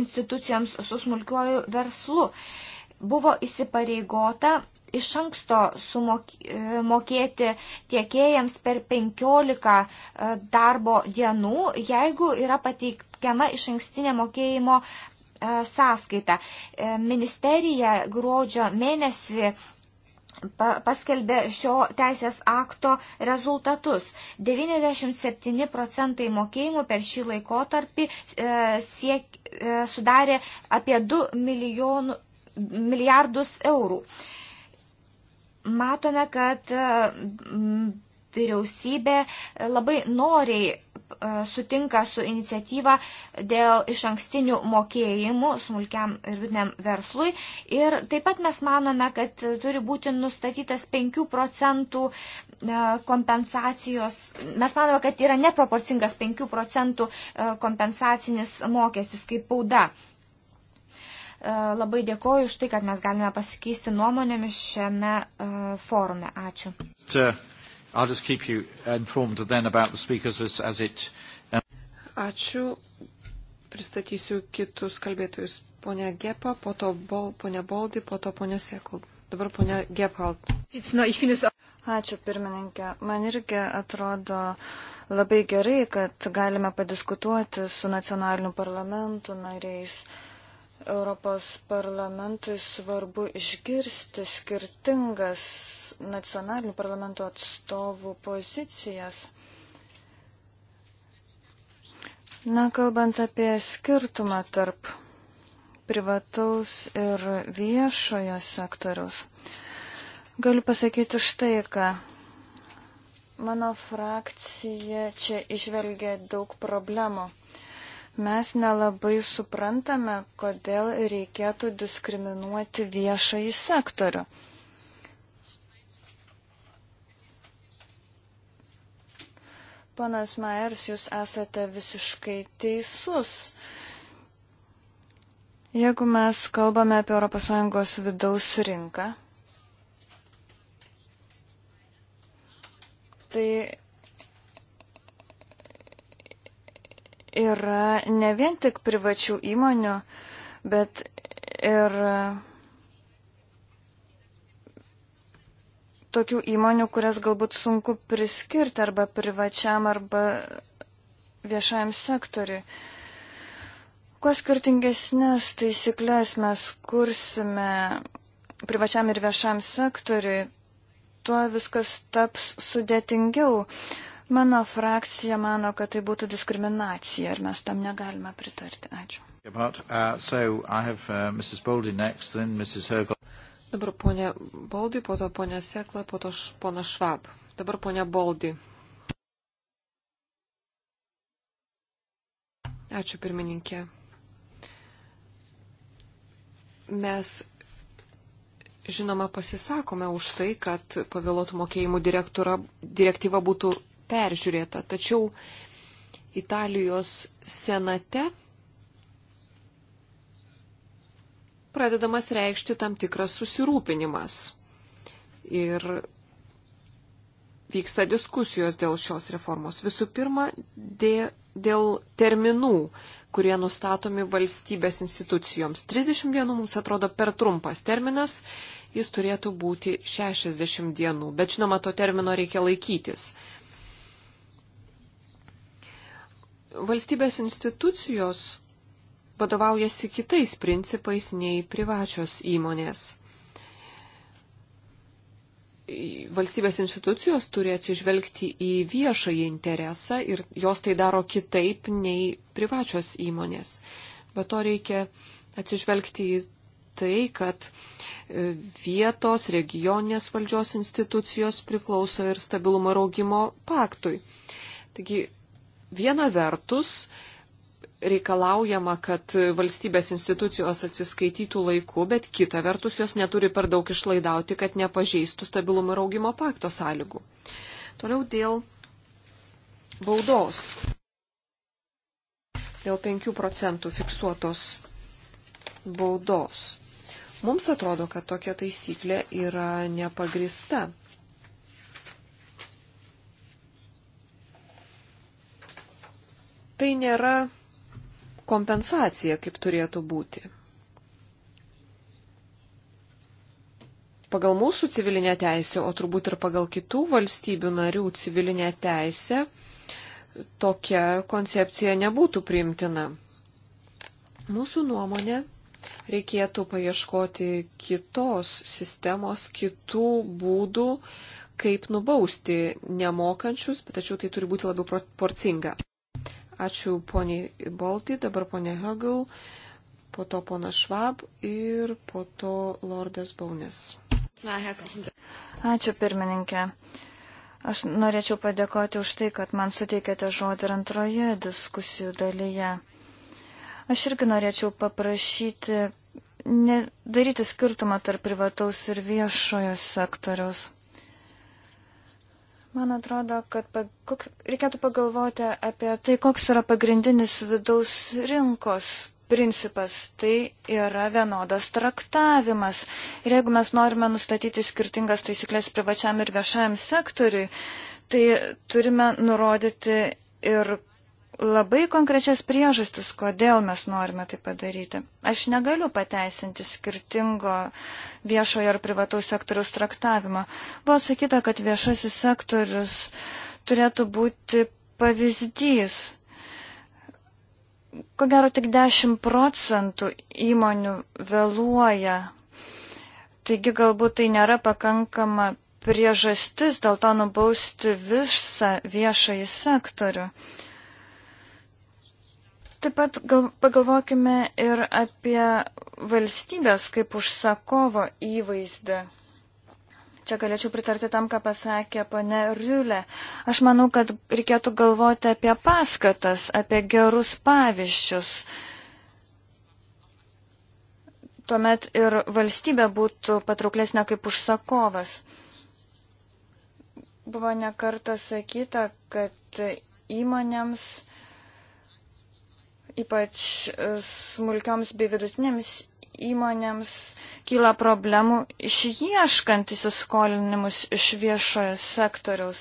institucijoms su smulkiuoju verslu. Buvo įsipareigota iš anksto sumokėti e, tiekėjams per 15 e, darbo dienų, jeigu yra pateikiama iš ankstinė mokėjimo e, sąskaita. Ministerija gruodžio mėnesį paskelbė šio teisės akto rezultatus. 97 procentai mokėjimų per šį laikotarpį siek, sudarė apie 2 milijonų, milijardus eurų. E, matome, kad e, vyriausybė labai noriai e, sutinka su iniciatyva dėl iš ankstinių mokėjimų smulkiam ir vidiniam verslui. Ir taip pat mes manome, kad turi būti nustatytas 5 procentų e, kompensacijos. Mes manome, kad yra neproporcingas 5 procentų kompensacinis mokestis kaip bauda E, labai dėkoju už tai, kad mes galime pasikeisti nuomonėmis šiame e, forume. Ačiū. Um, Ačiū. Pristatysiu kitus kalbėtojus. Pone Gepa, po to bol, pone Boldi, po to pone Sekul. Dabar pone Gepalt. Ačiū pirmininkė. Man irgi atrodo labai gerai, kad galime padiskutuoti su nacionaliniu parlamentu nariais. Uh, Europos parlamentui svarbu išgirsti skirtingas nacionalinių parlamento atstovų pozicijas. Na, kalbant apie skirtumą tarp privataus ir viešojo sektoriaus, galiu pasakyti štai ką. Mano frakcija čia išvelgia daug problemų. Mes nelabai suprantame, kodėl reikėtų diskriminuoti viešąjį sektorių. Panas Maers, jūs esate visiškai teisus. Jeigu mes kalbame apie ES vidaus rinką, tai yra ne vien tik privačių įmonių, bet ir tokių įmonių, kurias galbūt sunku priskirti arba privačiam arba viešajam sektoriui. Kuo skirtingesnės taisyklės mes kursime privačiam ir viešam sektoriui, tuo viskas taps sudėtingiau. Mano frakcija mano, kad tai būtų diskriminacija ir mes tam negalime pritarti. Ačiū. But, uh, so have, uh, Boldy next, Dabar ponė Boldy, po to ponė Sekla, po to ponė Švab. Dabar ponė Boldy. Ačiū pirmininkė. Mes žinoma pasisakome už tai, kad pavėlotų mokėjimų direktyva būtų peržiūrėta. Tačiau Italijos senate pradedamas reikšti tam tikras susirūpinimas. Ir vyksta diskusijos dėl šios reformos. Visų pirma, dėl terminų, kurie nustatomi valstybės institucijoms. 30 dienų mums atrodo per trumpas terminas, jis turėtų būti 60 dienų, bet žinoma, to termino reikia laikytis. valstybės institucijos vadovaujasi kitais principais nei privačios įmonės. Valstybės institucijos turi atsižvelgti į viešąjį interesą ir jos tai daro kitaip nei privačios įmonės. Bet to reikia atsižvelgti į tai, kad e, vietos regioninės valdžios institucijos priklauso ir stabilumo raugimo paktui. Taigi Viena vertus, reikalaujama, kad valstybės institucijos atsiskaitytų laiku, bet kita vertus jos neturi per daug išlaidauti, kad nepažeistų stabilumo ir augimo pakto sąlygų. Toliau dėl baudos. Dėl 5 procentų fiksuotos baudos. Mums atrodo, kad tokia taisyklė yra nepagrista. tai nėra kompensacija, kaip turėtų būti. Pagal mūsų civilinę teisę, o turbūt ir pagal kitų valstybių narių civilinę teisę, tokia koncepcija nebūtų primtina. Mūsų nuomonė reikėtų paieškoti kitos sistemos, kitų būdų, kaip nubausti nemokančius, tačiau tai turi būti labiau proporcinga. Ačiū poniai Boltai, dabar ponė Hegel, po to pona Švab ir po to Lordas Baunis. Ačiū pirmininkė. Aš norėčiau padėkoti už tai, kad man suteikėte žodį ir antroje diskusijų dalyje. Aš irgi norėčiau paprašyti nedaryti skirtumą tarp privataus ir viešojo sektoriaus. Man atrodo, kad kok, reikėtų pagalvoti apie tai, koks yra pagrindinis vidaus rinkos principas. Tai yra vienodas traktavimas. Ir jeigu mes norime nustatyti skirtingas taisyklės privačiam ir viešajam sektoriui, tai turime nurodyti ir labai konkrečias priežastis, kodėl mes norime tai padaryti. Aš negaliu pateisinti skirtingo viešojo ir privataus sektoriaus traktavimo. Buvo sakyta, kad viešasis sektorius turėtų būti pavyzdys. Ko gero tik 10 procentų įmonių vėluoja. Taigi galbūt tai nėra pakankama priežastis dėl to nubausti visą viešąjį sektorių. Uh, Taip pat gal, pagalvokime ir apie valstybės kaip užsakovo įvaizdį. Čia galėčiau pritarti tam, ką pasakė pane Riulė. Aš manau, kad reikėtų galvoti apie paskatas, apie gerus pavyzdžius. Tuomet ir valstybė būtų patrauklesnė kaip užsakovas. Buvo nekarta sakyta, kad įmonėms ypač e, smulkioms bei vidutinėms įmonėms kyla problemų išieškant įsiskolinimus iš viešojo sektoriaus.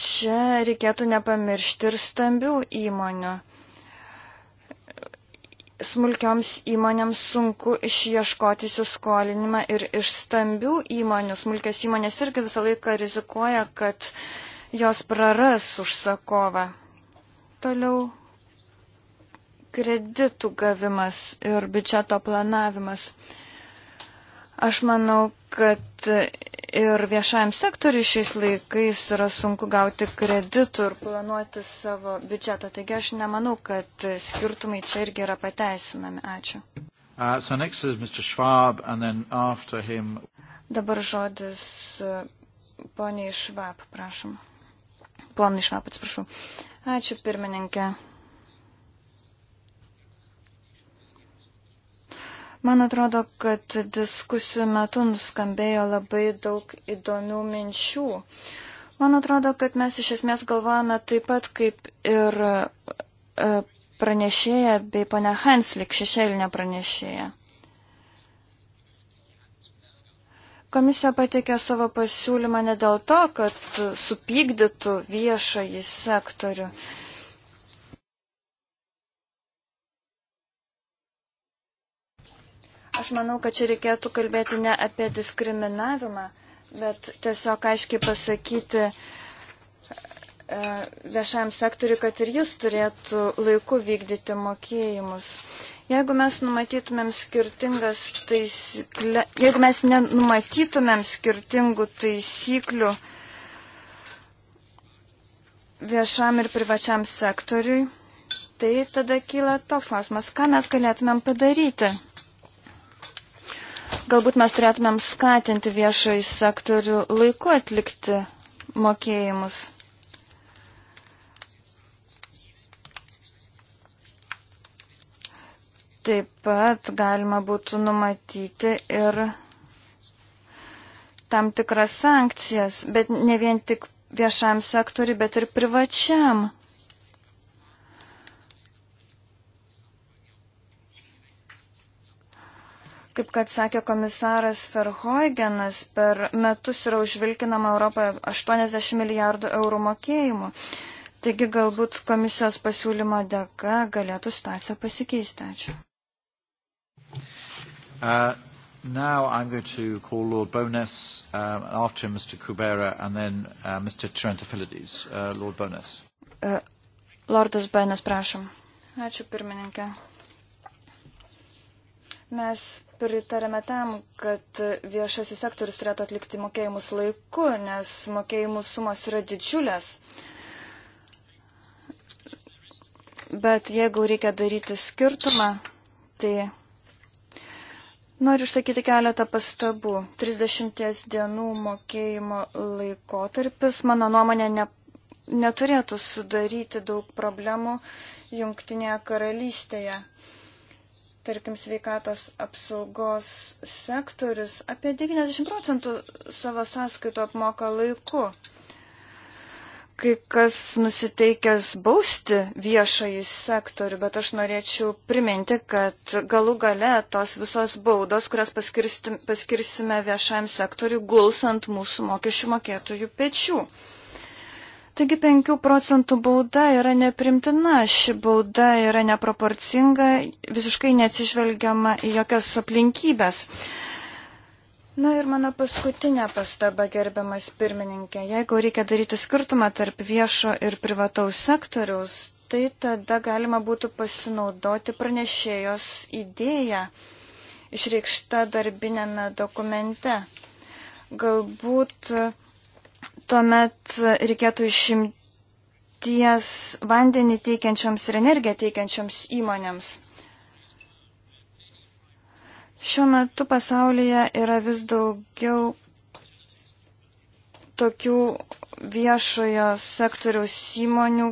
Čia reikėtų nepamiršti ir stambių įmonių. Smulkioms įmonėms sunku išieškoti įsiskolinimą ir iš stambių įmonių. Smulkios įmonės irgi visą laiką rizikuoja, kad jos praras užsakovą. Toliau kreditų gavimas ir biudžeto planavimas. Aš manau, kad ir viešajam sektoriui šiais laikais yra sunku gauti kreditų ir planuoti savo biudžetą. Taigi aš nemanau, kad skirtumai čia irgi yra pateisinami. Ačiū. Uh, so Schwab, him... Dabar žodis uh, poniai Švab, prašom. Ponai Švab, atsiprašau. Uh, Ačiū pirmininkė. Man atrodo, kad diskusijų metu nuskambėjo labai daug įdomių minčių. Man atrodo, kad mes iš esmės galvojame taip pat kaip ir e, pranešėja bei pane Hanslik šešėlinė pranešėja. Komisija pateikė savo pasiūlymą ne dėl to, kad supykdytų viešąjį sektorių. Aš manau, kad čia reikėtų kalbėti ne apie diskriminavimą, bet tiesiog aiškiai pasakyti e, viešajam sektoriu, kad ir jis turėtų laiku vykdyti mokėjimus. Jeigu mes numatytumėm skirtingas taisyklė, jeigu mes nenumatytumėm skirtingų taisyklių viešam ir privačiam sektoriui, tai tada kyla toks klausimas, ką mes galėtumėm padaryti. Galbūt mes turėtumėm skatinti viešai sektorių laiku atlikti mokėjimus. Taip pat galima būtų numatyti ir tam tikras sankcijas, bet ne vien tik viešam sektoriui, bet ir privačiam. Kaip kad sakė komisaras Ferhoigenas, per metus yra užvilkinama Europoje 80 milijardų eurų mokėjimų. Taigi galbūt komisijos pasiūlymo dėka galėtų situacija pasikeisti. Ačiū. Uh, now I'm going to call Lord Bonus, um, after Mr. Kubera, and then uh, Mr. Trentafilides. Uh, Lord Bonus. Uh, Lordas Bonus, prašom. Ačiū, pirmininkė. Mes pritarėme tam, kad viešasis sektorius turėtų atlikti mokėjimus laiku, nes mokėjimų sumos yra didžiulės. Bet jeigu reikia daryti skirtumą, tai Noriu išsakyti keletą pastabų. 30 dienų mokėjimo laikotarpis, mano nuomonė, ne, neturėtų sudaryti daug problemų jungtinėje karalystėje. Tarkim, sveikatos apsaugos sektorius apie 90 procentų savo sąskaitų apmoka laiku kai kas nusiteikęs bausti viešąjį sektorių, bet aš norėčiau priminti, kad galų gale tos visos baudos, kurias paskirsime viešajam sektoriu, guls ant mūsų mokesčių mokėtojų pečių. Taigi 5 procentų bauda yra neprimtina, ši bauda yra neproporcinga, visiškai neatsižvelgiama į jokias aplinkybės. Na ir mano paskutinė pastaba, gerbiamas pirmininkė. Jeigu reikia daryti skirtumą tarp viešo ir privataus sektoriaus, tai tada galima būtų pasinaudoti pranešėjos idėją išreikšta darbinėme dokumente. Galbūt tuomet reikėtų išimties vandenį teikiančioms ir energiją teikiančioms įmonėms. Šiuo metu pasaulyje yra vis daugiau tokių viešojo sektoriaus įmonių,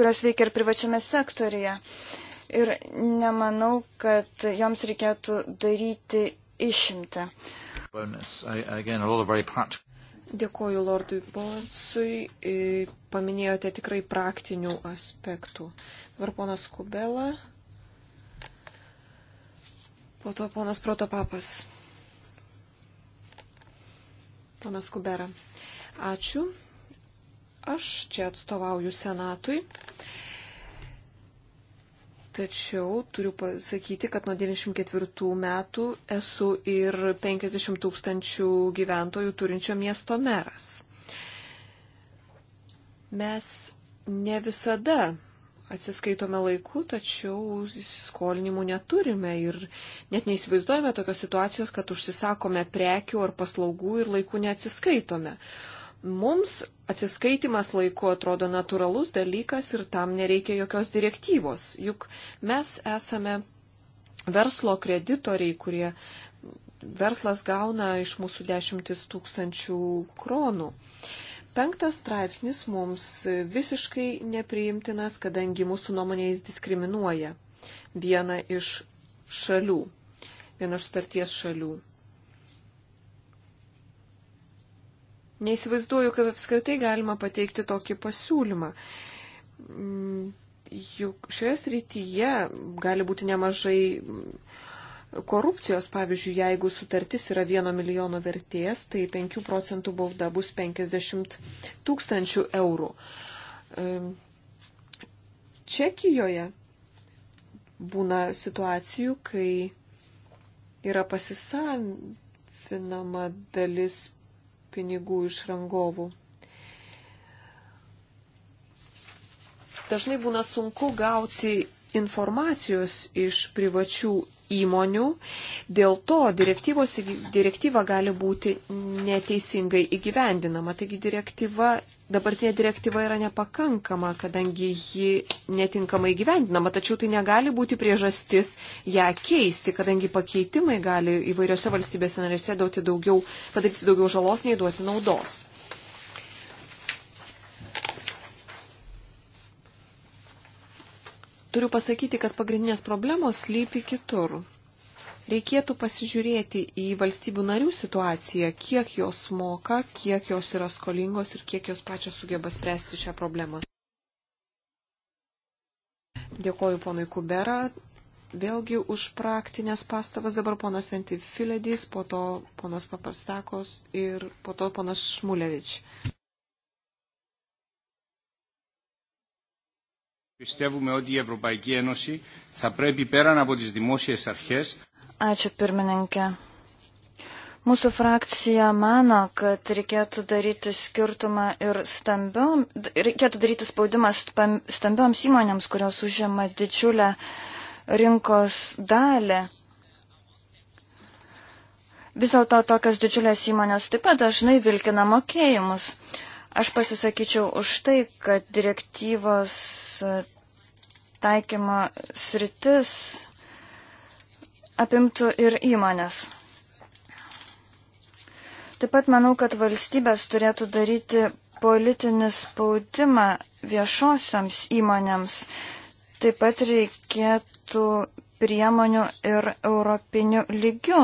kurios veikia ir privačiame sektorija. Ir nemanau, kad joms reikėtų daryti išimtą. Dėkoju Lordui Bonsui, paminėjote tikrai praktinių aspektų. Dabar ponas Kubela. Po to ponas Protopapas. Ponas Kubera. Ačiū. Aš čia atstovauju Senatui. Tačiau turiu pasakyti, kad nuo 94 metų esu ir 50 tūkstančių gyventojų turinčio miesto meras. Mes ne visada atsiskaitome laiku, tačiau įsiskolinimų neturime ir net neįsivaizduojame tokios situacijos, kad užsisakome prekių ar paslaugų ir laiku neatsiskaitome. Mums atsiskaitimas laiku atrodo natūralus dalykas ir tam nereikia jokios direktyvos, juk mes esame verslo kreditoriai, kurie verslas gauna iš mūsų dešimtis tūkstančių kronų. Uh, Penktas straipsnis mums visiškai nepriimtinas, kadangi mūsų nuomonė jis diskriminuoja vieną iš šalių, vieną iš starties šalių. Neįsivaizduoju, kaip apskritai galima pateikti tokį pasiūlymą. Mm, juk šioje srityje gali būti nemažai korupcijos, pavyzdžiui, jeigu sutartis yra 1 milijono vertės, tai 5 procentų bauda bus 50 tūkstančių eurų. Čekijoje būna situacijų, kai yra pasisavinama dalis pinigų iš rangovų. Dažnai būna sunku gauti informacijos iš privačių įmonių. Dėl to direktyva gali būti neteisingai įgyvendinama. Taigi direktyva, dabartinė direktyva yra nepakankama, kadangi ji netinkamai įgyvendinama. Tačiau tai negali būti priežastis ją keisti, kadangi pakeitimai gali įvairiose valstybėse narėse duoti daugiau, padaryti daugiau žalos nei duoti naudos. turiu pasakyti, kad pagrindinės problemos lypi kitur. Reikėtų pasižiūrėti į valstybių narių situaciją, kiek jos moka, kiek jos yra skolingos ir kiek jos pačios sugeba spręsti šią problemą. Dėkoju ponui Kubera, vėlgi už praktinės pastabas dabar ponas Ventifiledis, po to ponas Paparstakos ir po to ponas Šmulevič. Πιστεύουμε ότι η Ευρωπαϊκή Ένωση θα πρέπει πέραν από τις δημόσιες αρχές... Ačiū pirmininkė. Mūsų frakcija mano, kad reikėtų daryti skirtumą ir stambiom, reikėtų daryti spaudimą stambioms įmonėms, kurios užima didžiulę rinkos dalį. Vis dėlto tokios didžiulės įmonės taip pat dažnai vilkina mokėjimus. Uh, Aš pasisakyčiau už tai, kad direktyvos e, taikymo sritis apimtų ir įmonės. Taip pat manau, kad valstybės turėtų daryti politinį spaudimą viešosioms įmonėms. Taip pat reikėtų priemonių ir europinių lygių.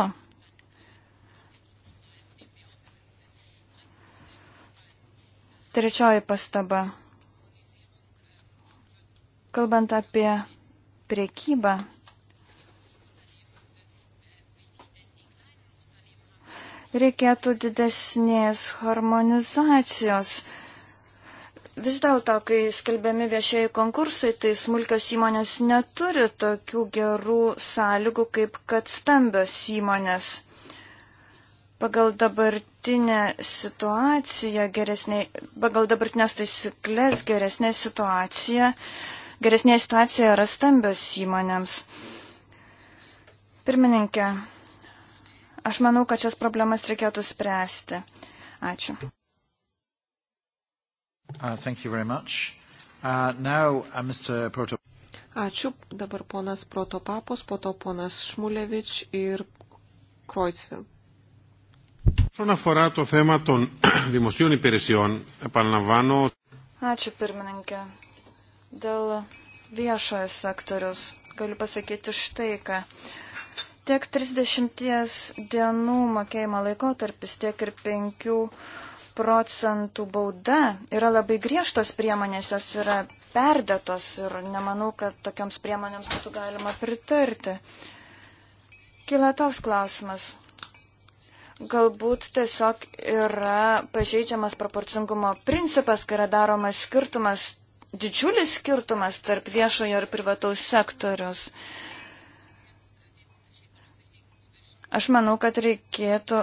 Trečioji pastaba. Kalbant apie priekybą, reikėtų didesnės harmonizacijos. Vis dėlto, kai skelbiami viešieji konkursai, tai smulkios įmonės neturi tokių gerų sąlygų, kaip kad stambios įmonės. Pagal dabar dabartinę situaciją, geresnė, pagal dabartinės taisyklės, geresnė situacija, geresnė situacija yra stambios įmonėms. Pirmininkė, aš manau, kad šias problemas reikėtų spręsti. Ačiū. Uh, uh, now, uh, Proto... Ačiū. Dabar ponas Protopapos, po to ponas Šmulevič ir Kreuzfeld. Στον αφορά το θέμα των [CLEARS THROAT] δημοσίων υπηρεσιών, επαναλαμβάνω. Ačiū pirmininkė. Dėl viešojo sektorius galiu pasakyti štai ką. Tiek 30 dienų mokėjimo laikotarpis, tiek ir 5 procentų bauda yra labai griežtos priemonės, jos yra perdėtos ir nemanau, kad tokiams priemonėms būtų galima pritarti. Kila toks klausimas galbūt tiesiog yra pažeidžiamas proporcingumo principas, kai yra daromas skirtumas, didžiulis skirtumas tarp viešojo ir privataus sektorius. Aš manau, kad reikėtų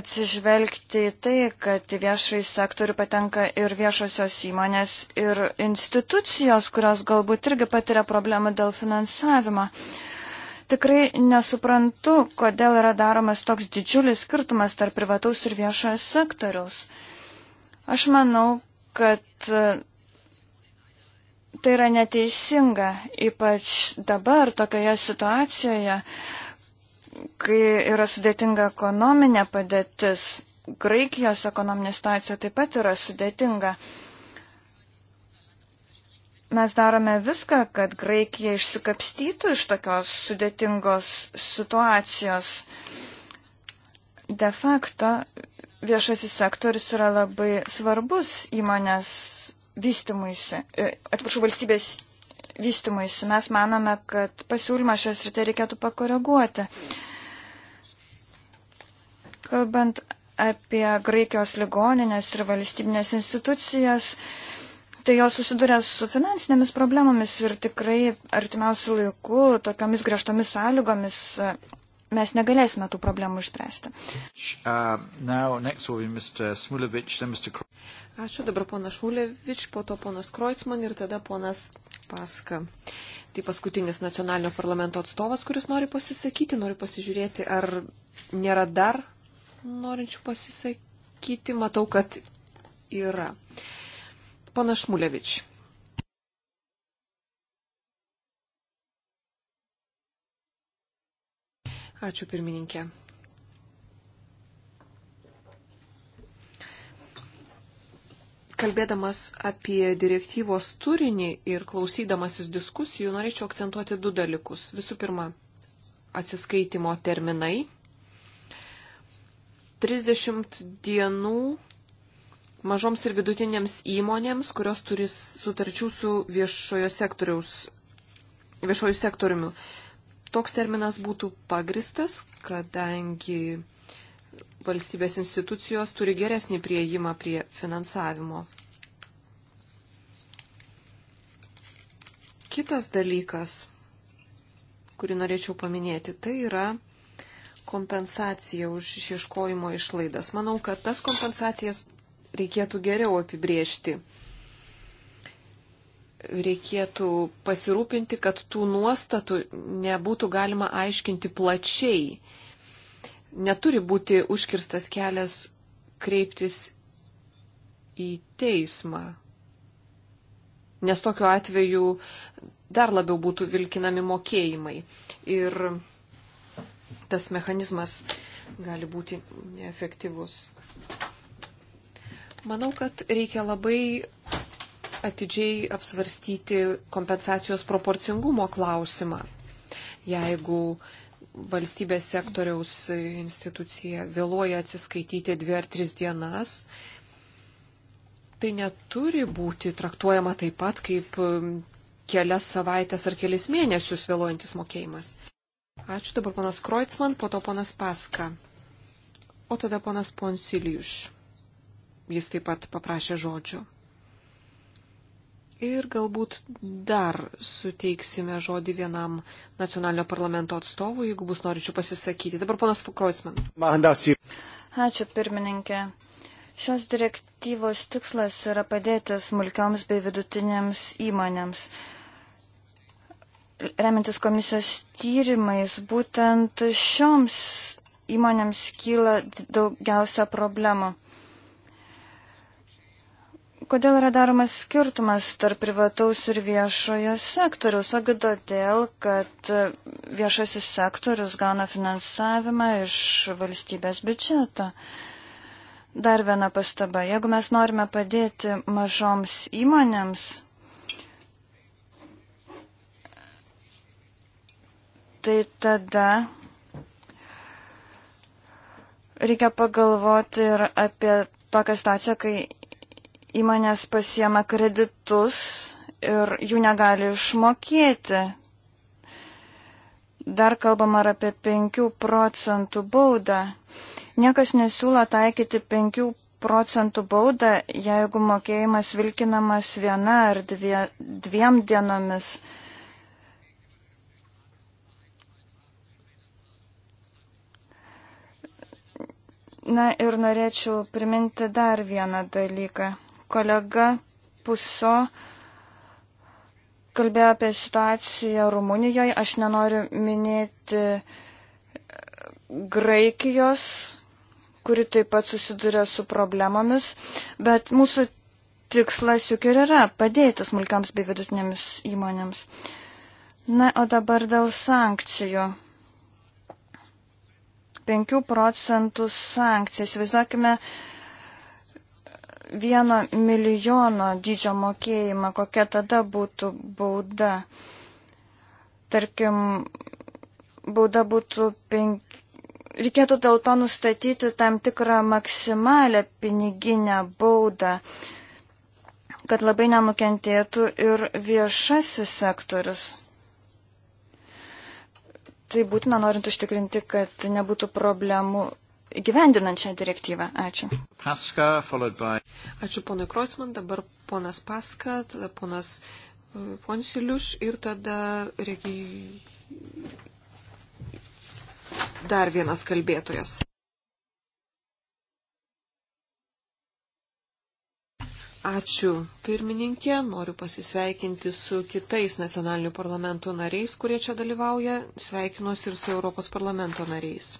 atsižvelgti į tai, kad į viešai sektorių patenka ir viešosios įmonės, ir institucijos, kurios galbūt irgi patiria problemą dėl finansavimo. Uh, Tikrai nesuprantu, kodėl yra daromas toks didžiulis skirtumas tarp privataus ir viešojo sektoriaus. Aš manau, kad e, tai yra neteisinga, ypač dabar tokioje situacijoje, kai yra sudėtinga ekonominė padėtis. Graikijos ekonominė situacija taip pat yra sudėtinga mes darome viską, kad Graikija išsikapstytų iš tokios sudėtingos situacijos. De facto viešasis sektorius yra labai svarbus įmonės vystimuisi, e, atsiprašau, valstybės vystimuisi. Mes manome, kad pasiūlymą šios rytė reikėtų pakoreguoti. Kalbant apie Graikijos ligoninės ir valstybinės institucijas, uh, tai jos susiduria su finansinėmis problemomis ir tikrai artimiausių laikų tokiomis griežtomis sąlygomis e, mes negalėsime tų problemų išspręsti. Uh, Ačiū dabar ponas Šulevič, po to ponas Kroitsman ir tada ponas Paska. Tai paskutinis nacionalinio parlamento atstovas, kuris nori pasisakyti, nori pasižiūrėti, ar nėra dar norinčių pasisakyti. Matau, kad yra. Uh, Pana Šmulevič. Ačiū pirmininkė. Kalbėdamas apie direktyvos turinį ir klausydamasis diskusijų, norėčiau akcentuoti du dalykus. Visų pirma, atsiskaitimo terminai. 30 dienų mažoms ir vidutinėms įmonėms, kurios turi sutarčių su viešojo viešoju sektoriumi. Toks terminas būtų pagristas, kadangi valstybės institucijos turi geresnį prieimą prie finansavimo. Kitas dalykas, kurį norėčiau paminėti, tai yra kompensacija už išieškojimo išlaidas. Manau, kad tas kompensacijas reikėtų geriau apibriežti. Reikėtų pasirūpinti, kad tų nuostatų nebūtų galima aiškinti plačiai. Neturi būti užkirstas kelias kreiptis į teismą. Nes tokiu atveju dar labiau būtų vilkinami mokėjimai. Ir tas mechanizmas gali būti neefektyvus. Manau, kad reikia labai atidžiai apsvarstyti kompensacijos proporcingumo klausimą. Jeigu valstybės sektoriaus institucija vėluoja atsiskaityti dvi ar tris dienas, tai neturi būti traktuojama taip pat kaip kelias savaitės ar kelis mėnesius vėluojantis mokėjimas. Ačiū dabar ponas Kreutzmann, po to ponas Paska, o tada ponas Ponsilijus jis taip pat paprašė žodžio. Ir galbūt dar suteiksime žodį vienam nacionalinio parlamento atstovui, jeigu bus norinčių pasisakyti. Dabar ponas Fukroitsman. Ačiū, pirmininkė. Šios direktyvos tikslas yra padėti smulkioms bei vidutinėms įmonėms remiantis komisijos tyrimais, būtent šioms įmonėms kyla daugiausia problemų. Kodėl yra daromas skirtumas tarp privataus ir viešojo sektoriaus? Ogi todėl, kad viešasis sektorius gauna finansavimą iš valstybės biudžeto. Dar viena pastaba. Jeigu mes norime padėti mažoms įmonėms, tai tada reikia pagalvoti ir apie tokią situaciją, kai Įmonės pasiema kreditus ir jų negali išmokėti. Dar kalbama apie 5 procentų baudą. Niekas nesiūlo taikyti 5 procentų baudą, jeigu mokėjimas vilkinamas viena ar dvie, dviem dienomis. Na ir norėčiau priminti dar vieną dalyką. Kolega Puso kalbėjo apie situaciją Rumunijoje. Aš nenoriu minėti Graikijos, kuri taip pat susiduria su problemomis, bet mūsų tikslas juk ir yra padėti smulkiams bei vidutinėms įmonėms. Na, o dabar dėl sankcijų. 5 procentų sankcijas. Įsivaizduokime, vieno milijono dydžio mokėjimą, kokia tada būtų bauda. Tarkim, bauda būtų penki. Reikėtų dėl to nustatyti tam tikrą maksimalę piniginę baudą, kad labai nenukentėtų ir viešasis sektorius. Tai būtina norint užtikrinti, kad nebūtų problemų gyvendinant šią direktyvą. Ačiū. Paska, by... Ačiū ponui Krosman, dabar ponas Paska, tada ponas e, Ponsiliuš ir tada regi... dar vienas kalbėtojas. Ačiū pirmininkė, noriu pasisveikinti su kitais nacionalinių parlamentų nariais, kurie čia dalyvauja, sveikinuosi ir su Europos parlamento nariais.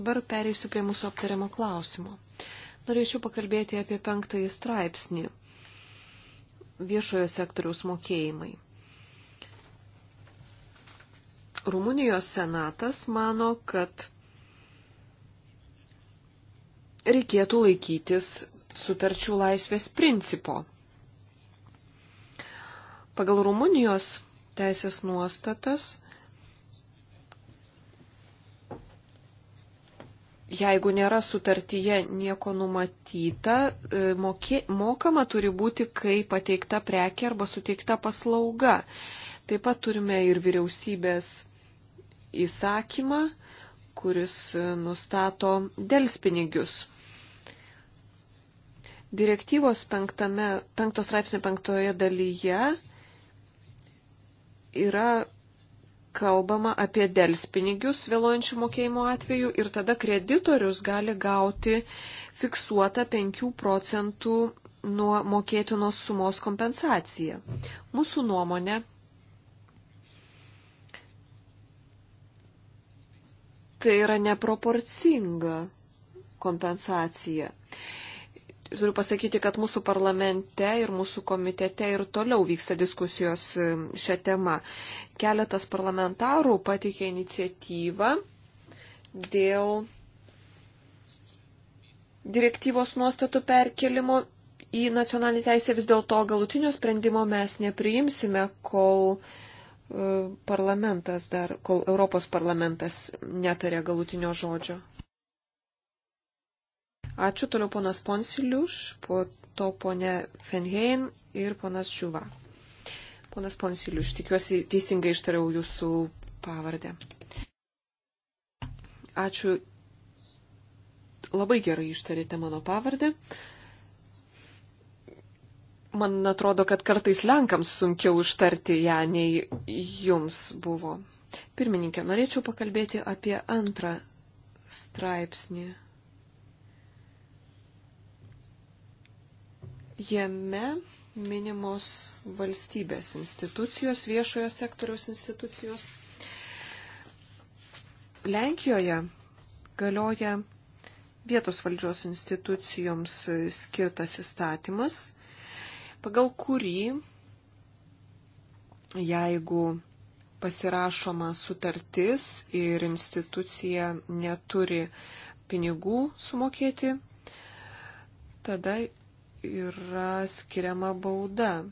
Dabar pereisiu prie mūsų aptariamo klausimo. Norėčiau pakalbėti apie penktąjį straipsnį - viešojo sektoriaus mokėjimai. Rumunijos senatas mano, kad reikėtų laikytis sutarčių laisvės principo. Pagal Rumunijos teisės nuostatas jeigu nėra sutartyje nieko numatyta, e, mokė, mokama turi būti, kai pateikta prekia arba suteikta paslauga. Taip pat turime ir vyriausybės įsakymą, kuris e, nustato dėlspinigius. Direktyvos penktame, penktos straipsnio penktoje dalyje yra kalbama apie delspinigius vėluojančių mokėjimo atveju ir tada kreditorius gali gauti fiksuotą 5 procentų nuo mokėtinos sumos kompensaciją. Mūsų nuomonė. Tai yra neproporcinga kompensacija turiu pasakyti, kad mūsų parlamente ir mūsų komitete ir toliau vyksta diskusijos e, šią temą. Keletas parlamentarų pateikė iniciatyvą dėl direktyvos nuostatų perkelimo į nacionalinį teisę. Vis dėlto galutinio sprendimo mes nepriimsime, kol e, parlamentas dar, kol Europos parlamentas netarė galutinio žodžio. Ačiū toliau ponas Ponsiliuš, po to ponė Fenhein ir ponas Žiuva. Ponas Ponsiliuš, tikiuosi teisingai ištariau jūsų pavardę. Ačiū. Labai gerai ištarėte mano pavardę. Man atrodo, kad kartais lenkams sunkiau ištarti ją nei jums buvo. Pirmininkė, norėčiau pakalbėti apie antrą straipsnį. Jame minimos valstybės institucijos, viešojo sektoriaus institucijos. Lenkijoje galioja vietos valdžios institucijoms skirtas įstatymas, pagal kurį, jeigu pasirašoma sutartis ir institucija neturi pinigų sumokėti, tada yra skiriama bauda.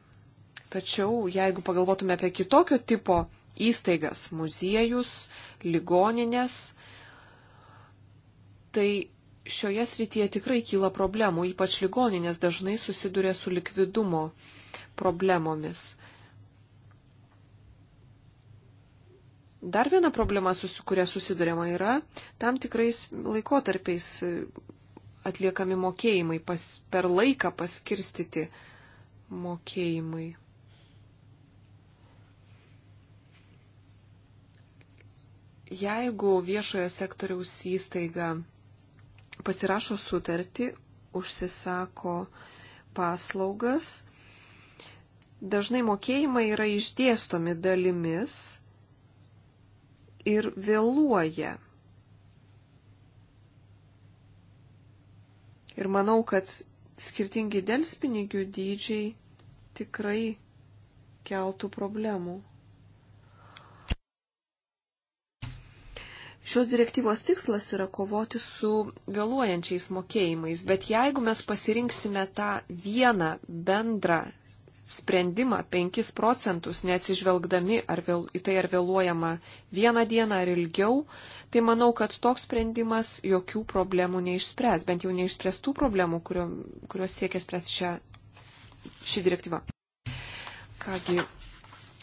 Tačiau jeigu pagalvotume apie kitokio tipo įstaigas, muziejus, ligoninės, tai šioje srityje tikrai kyla problemų, ypač ligoninės dažnai susiduria su likvidumo problemomis. Dar viena problema, su kuria susidurėma, yra tam tikrais laikotarpiais atliekami mokėjimai, pas, per laiką paskirstyti mokėjimai. Jeigu viešojo sektoriaus įstaiga pasirašo sutartį, užsisako paslaugas, dažnai mokėjimai yra išdėstomi dalimis ir vėluoja Ir manau, kad skirtingi dėlspinigių dydžiai tikrai keltų problemų. Šios direktyvos tikslas yra kovoti su vėluojančiais mokėjimais, bet jeigu mes pasirinksime tą vieną bendrą sprendimą 5 procentus, neatsižvelgdami ar vėl, į tai, ar vėluojama vieną dieną ar ilgiau, tai manau, kad toks sprendimas jokių problemų neišspręs, bent jau neišspręstų problemų, kurio, kurios siekia spręsti šią, šį direktyvą. Kągi,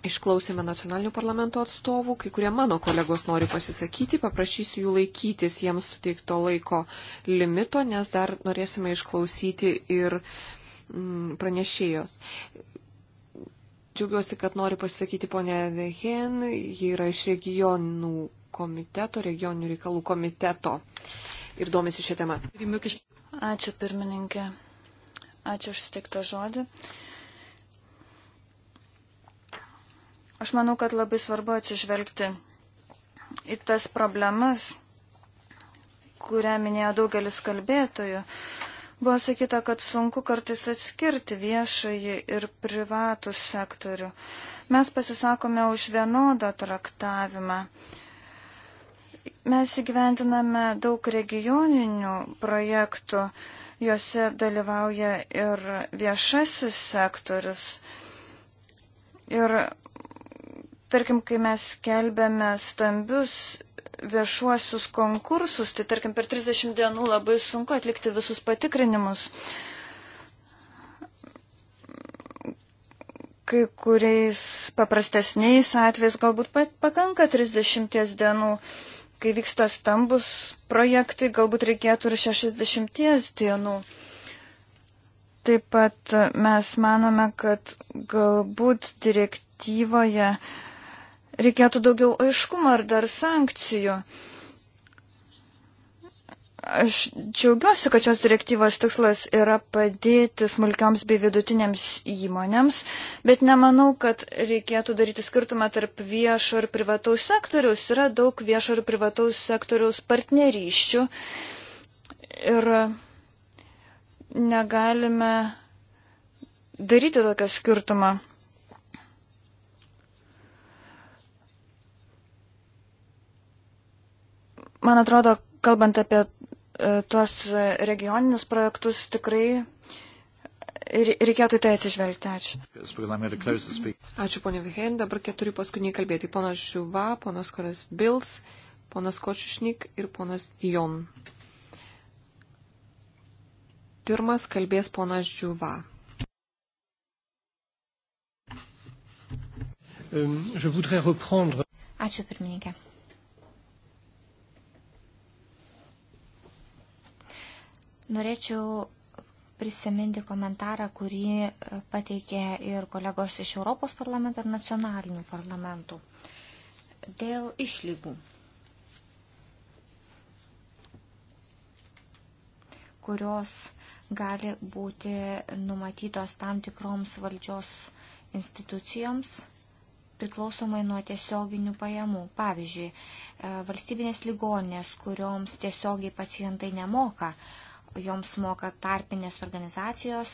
Išklausėme nacionalinių parlamento atstovų, kai kurie mano kolegos nori pasisakyti, paprašysiu jų laikytis jiems suteikto laiko limito, nes dar norėsime išklausyti ir mm, pranešėjos. Džiaugiuosi, kad nori pasisakyti ponė Hen, ji yra iš regionų komiteto, regioninių reikalų komiteto ir domisi šią temą. Ačiū pirmininkė, ačiū už sutiktą žodį. Aš manau, kad labai svarbu atsižvelgti į tas problemas, kurią minėjo daugelis kalbėtojų. Buvo sakyta, kad sunku kartais atskirti viešąjį ir privatų sektorių. Mes pasisakome už vienodą traktavimą. Mes įgyventiname daug regioninių projektų, juose dalyvauja ir viešasis sektorius. Ir tarkim, kai mes kelbėme stambius viešuosius konkursus, tai tarkim per 30 dienų labai sunku atlikti visus patikrinimus. Kai kuriais paprastesniais atvejais galbūt pakanka 30 dienų, kai vyksta stambus projektai, galbūt reikėtų ir 60 dienų. Taip pat mes manome, kad galbūt direktyvoje uh, reikėtų daugiau aiškumo ir dar sankcijų. Aš džiaugiuosi, kad šios direktyvos tikslas yra padėti smulkiams bei vidutinėms įmonėms, bet nemanau, kad reikėtų daryti skirtumą tarp viešo ir privataus sektoriaus. Yra daug viešo ir privataus sektoriaus partneryščių ir negalime daryti tokią skirtumą. Man atrodo, kalbant apie e, tuos regioninius projektus, tikrai reikėtų tai atsižvelgti. Ačiū. Ačiū, ponė Vihen. Dabar keturi paskutiniai kalbėti. Ponas Žuva, ponas Koras Bils, ponas Kočišnik ir ponas Dion. Pirmas kalbės ponas Žuva. Euh, Ačiū pirmininkė. Norėčiau prisiminti komentarą, kurį e, pateikė ir kolegos iš Europos parlamento ir nacionalinių parlamentų dėl išlygų, kurios gali būti numatytos tam tikroms valdžios institucijoms priklausomai nuo tiesioginių pajamų. Pavyzdžiui, e, valstybinės ligoninės, kurioms tiesiogiai pacientai nemoka, joms moka tarpinės organizacijos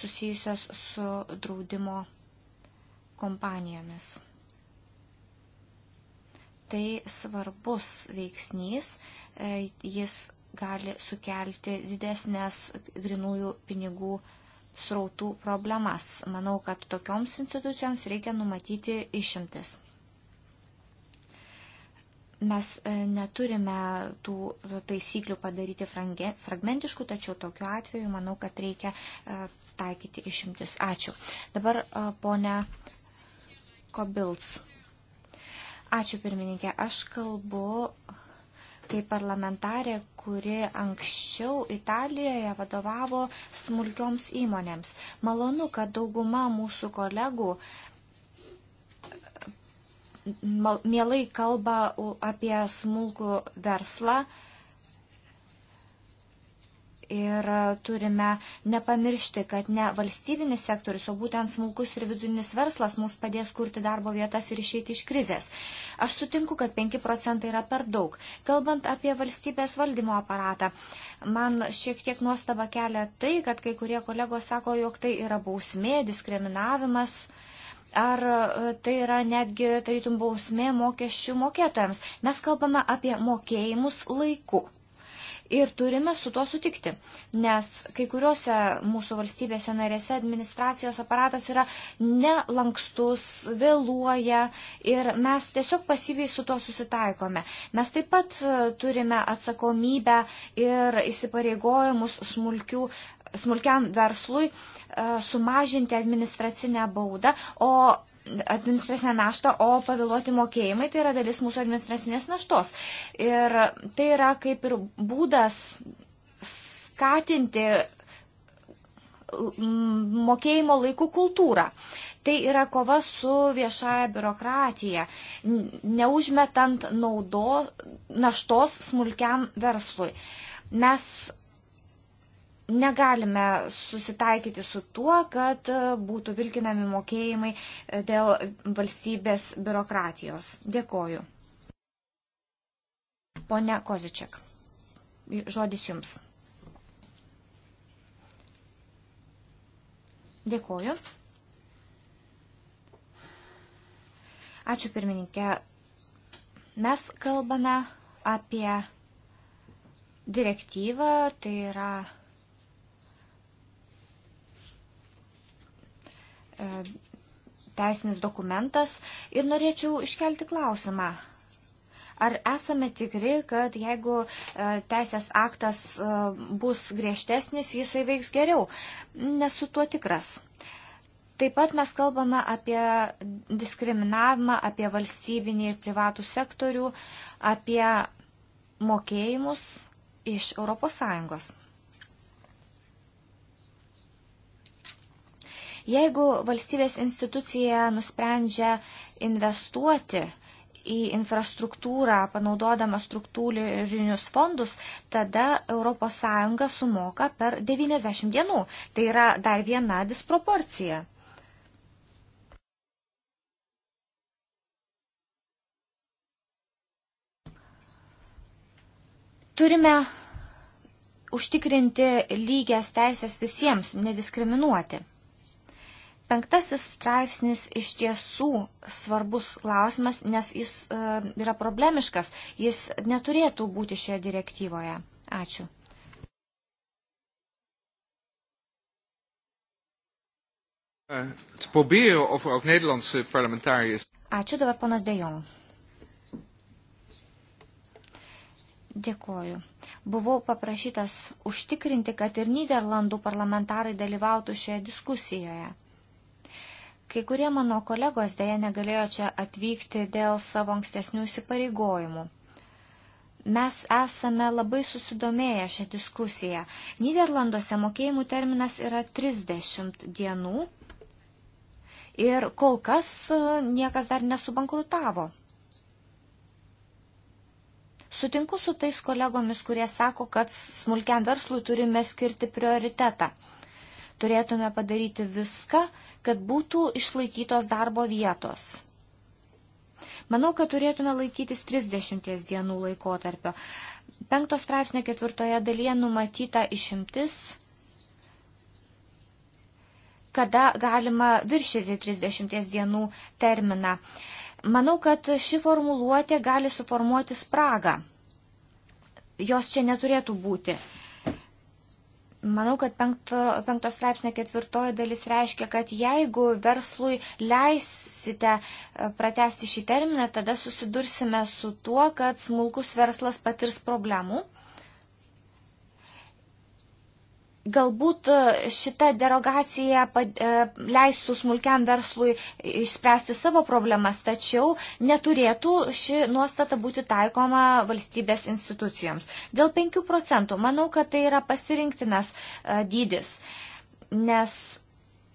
susijusios su draudimo kompanijomis. Tai svarbus veiksnys, e, jis gali sukelti didesnės grinųjų pinigų srautų problemas. Manau, kad tokioms institucijoms reikia numatyti išimtis. Mes e, neturime tų taisyklių padaryti fragmentiškų, tačiau tokiu atveju manau, kad reikia e, taikyti išimtis. Ačiū. Dabar e, ponia Kobils. Ačiū pirmininkė. Aš kalbu kaip parlamentarė, kuri anksčiau Italijoje vadovavo smulkioms įmonėms. Malonu, kad dauguma mūsų kolegų uh, mielai kalba apie smulkų verslą. Ir turime nepamiršti, kad ne valstybinis sektorius, o būtent smulkus ir vidutinis verslas mums padės kurti darbo vietas ir išeiti iš krizės. Aš sutinku, kad 5 procentai yra per daug. Kalbant apie valstybės valdymo aparatą, man šiek tiek nuostaba kelia tai, kad kai kurie kolegos sako, jog tai yra bausmė, diskriminavimas. Uh, ar e, tai yra netgi tarytum bausmė mokesčių mokėtojams. Mes kalbame apie mokėjimus laiku. Ir turime su tuo sutikti, nes kai kuriuose mūsų valstybėse narėse administracijos aparatas yra nelankstus, vėluoja ir mes tiesiog pasyviai su tuo susitaikome. Mes taip pat e, turime atsakomybę ir įsipareigojimus smulkių smulkiam verslui e, sumažinti administracinę baudą, o administracinę naštą, o pavėluoti mokėjimai tai yra dalis mūsų administracinės naštos. Ir tai yra kaip ir būdas skatinti mokėjimo laikų kultūrą. Tai yra kova su viešaja biurokratija, neužmetant naudo, naštos smulkiam verslui. Mes negalime susitaikyti su tuo, kad e, būtų vilkinami mokėjimai e, dėl valstybės biurokratijos. Dėkoju. Pone Kozičiak, žodis jums. Dėkoju. Ačiū pirmininkė. Mes kalbame apie direktyvą, tai yra E, teisinis dokumentas ir norėčiau iškelti klausimą. Ar esame tikri, kad jeigu e, teisės aktas e, bus griežtesnis, jisai veiks geriau? Nesu tuo tikras. Taip pat mes kalbame apie diskriminavimą, apie valstybinį ir privatų sektorių, apie mokėjimus iš ES. Jeigu valstybės institucija nusprendžia investuoti į infrastruktūrą, panaudodama struktūrinius fondus, tada ES sumoka per 90 dienų. Tai yra dar viena disproporcija. Turime užtikrinti lygias teisės visiems, nediskriminuoti. Penktasis straipsnis iš tiesų svarbus klausimas, nes jis e, yra problemiškas, jis neturėtų būti šioje direktyvoje. Ačiū. Eh, te proberen of er ook Nederlandse parlementariërs. Ačiū dabar ponas Dejong. Dėkoju. Buvau paprašytas užtikrinti, kad ir Niderlandų parlamentarai dalyvautų šioje diskusijoje. Kai kurie mano kolegos dėja negalėjo čia atvykti dėl savo ankstesnių įsipareigojimų. Mes esame labai susidomėję šią diskusiją. Niderlanduose mokėjimų terminas yra 30 dienų ir kol kas e, niekas dar nesubankrutavo. Sutinku su tais kolegomis, kurie sako, kad smulkiam verslui turime skirti prioritetą. Turėtume padaryti viską, kad būtų išlaikytos darbo vietos. Manau, kad turėtume laikytis 30 dienų laikotarpio. Penktos straipsnio ketvirtoje dalyje numatyta išimtis, kada galima viršyti 30 dienų terminą. Manau, kad ši formuluotė gali suformuoti spragą. Jos čia neturėtų būti. Manau, kad penkto, penktos straipsnio ketvirtoji dalis reiškia, kad jeigu verslui leisite e, pratesti šį terminą, tada susidursime su tuo, kad smulkus verslas patirs problemų. Galbūt e, šita derogacija e, leistų smulkiam verslui išspręsti savo problemas, tačiau neturėtų ši nuostata būti taikoma valstybės institucijoms. Dėl 5 procentų manau, kad tai yra pasirinktinas e, dydis, nes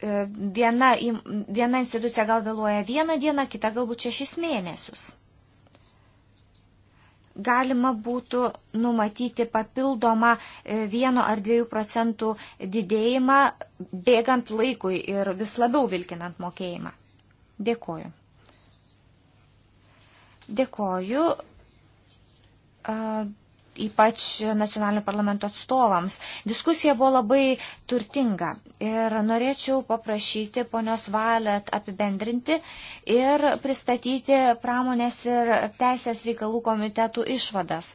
viena, viena institucija gal vėluoja vieną dieną, kita galbūt šešis mėnesius galima būtų numatyti papildomą 1 e, ar 2 procentų didėjimą bėgant laikui ir vis labiau vilkinant mokėjimą. Dėkoju. Dėkoju. Uh, ypač nacionalinių parlamento atstovams. Diskusija buvo labai turtinga ir norėčiau paprašyti ponios Valet apibendrinti ir pristatyti pramonės ir teisės reikalų komitetų išvadas.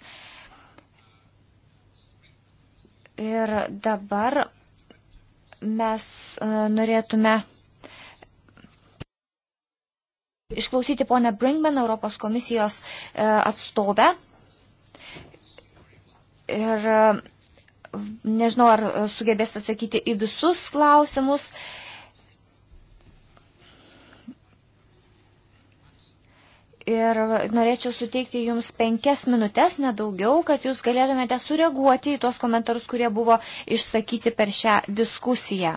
Ir dabar mes e, norėtume išklausyti ponę Brinkman, Europos komisijos e, atstovę. Ir e, nežinau, ar e, sugebės atsakyti į visus klausimus. Ir e, norėčiau suteikti Jums penkias minutės, nedaugiau, kad Jūs galėtumėte sureaguoti į tuos komentarus, kurie buvo išsakyti per šią diskusiją.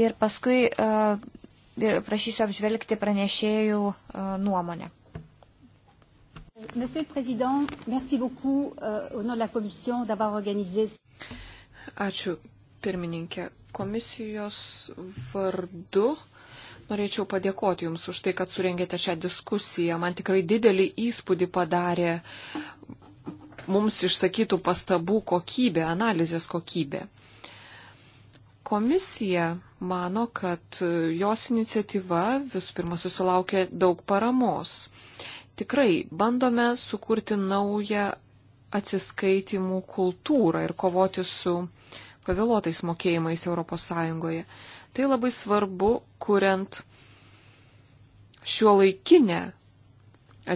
Ir paskui uh, prašysiu apžvelgti pranešėjų uh, nuomonę. Monsieur le Président, merci beaucoup euh, au nom de la Commission d'avoir organisé. Ačiū, pirmininkė. Komisijos vardu norėčiau padėkoti Jums už tai, kad surengėte šią diskusiją. Man tikrai didelį įspūdį padarė mums išsakytų pastabų kokybė, analizės kokybė. Komisija mano, kad jos iniciatyva visų pirma susilaukė daug paramos tikrai bandome sukurti naują atsiskaitimų kultūrą ir kovoti su pavėluotais mokėjimais ES. Tai labai svarbu, kuriant šio laikinę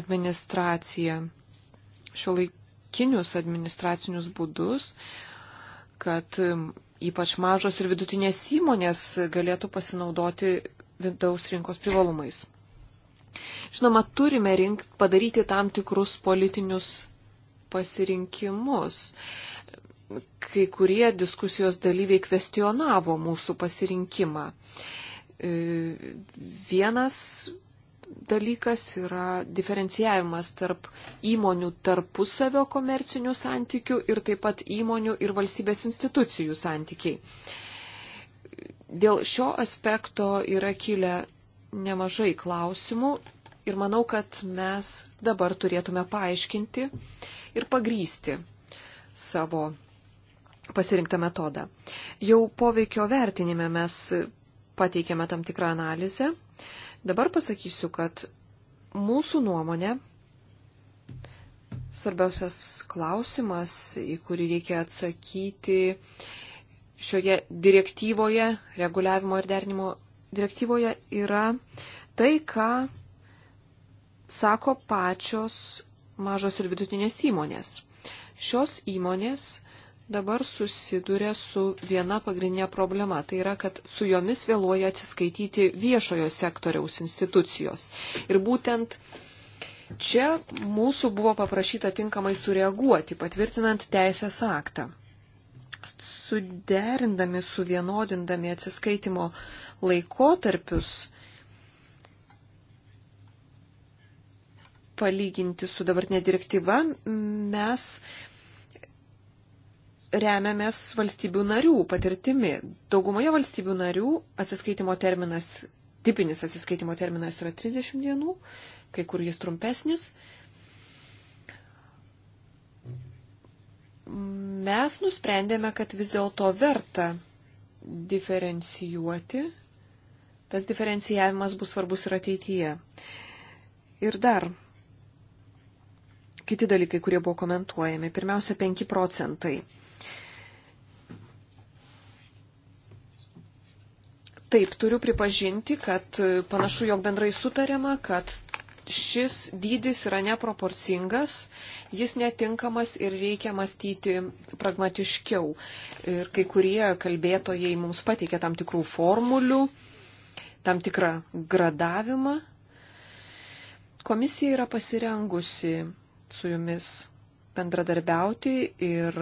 administraciją, šio laikinius administracinius būdus, kad um, ypač mažos ir vidutinės įmonės galėtų pasinaudoti vidaus rinkos privalumais. Žinoma, turime rink, padaryti tam tikrus politinius pasirinkimus. Kai kurie diskusijos dalyviai kvestionavo mūsų pasirinkimą. E, vienas dalykas yra diferencijavimas tarp įmonių tarpusavio komercinių santykių ir taip pat įmonių ir valstybės institucijų santykiai. Dėl šio aspekto yra kilę nemažai klausimų ir manau, kad mes dabar turėtume paaiškinti ir pagrysti savo pasirinktą metodą. Jau poveikio vertinime mes pateikėme tam tikrą analizę. Dabar pasakysiu, kad mūsų nuomonė svarbiausias klausimas, į kurį reikia atsakyti šioje direktyvoje, reguliavimo ir derinimo direktyvoje yra tai, ką sako pačios mažos ir vidutinės įmonės. Šios įmonės dabar susiduria su viena pagrindinė problema. Tai yra, kad su jomis vėluoja atsiskaityti viešojo sektoriaus institucijos. Ir būtent čia mūsų buvo paprašyta tinkamai sureaguoti, patvirtinant teisės aktą. Suderindami, suvienodindami atsiskaitimo uh, laikotarpius palyginti su dabartinė direktyva, mes remiamės valstybių narių patirtimi. Daugumoje valstybių narių atsiskaitimo terminas, tipinis atsiskaitimo terminas yra 30 dienų, kai kur jis trumpesnis. Mes nusprendėme, kad vis dėlto verta diferencijuoti tas diferencijavimas bus svarbus ir ateityje. Ir dar kiti dalykai, kurie buvo komentuojami. Pirmiausia, 5 procentai. Taip, turiu pripažinti, kad panašu, jog bendrai sutarėma, kad šis dydis yra neproporcingas, jis netinkamas ir reikia mąstyti pragmatiškiau. Ir kai kurie kalbėtojai mums pateikė tam tikrų formulių, tam tikrą gradavimą. Komisija yra pasirengusi su jumis bendradarbiauti ir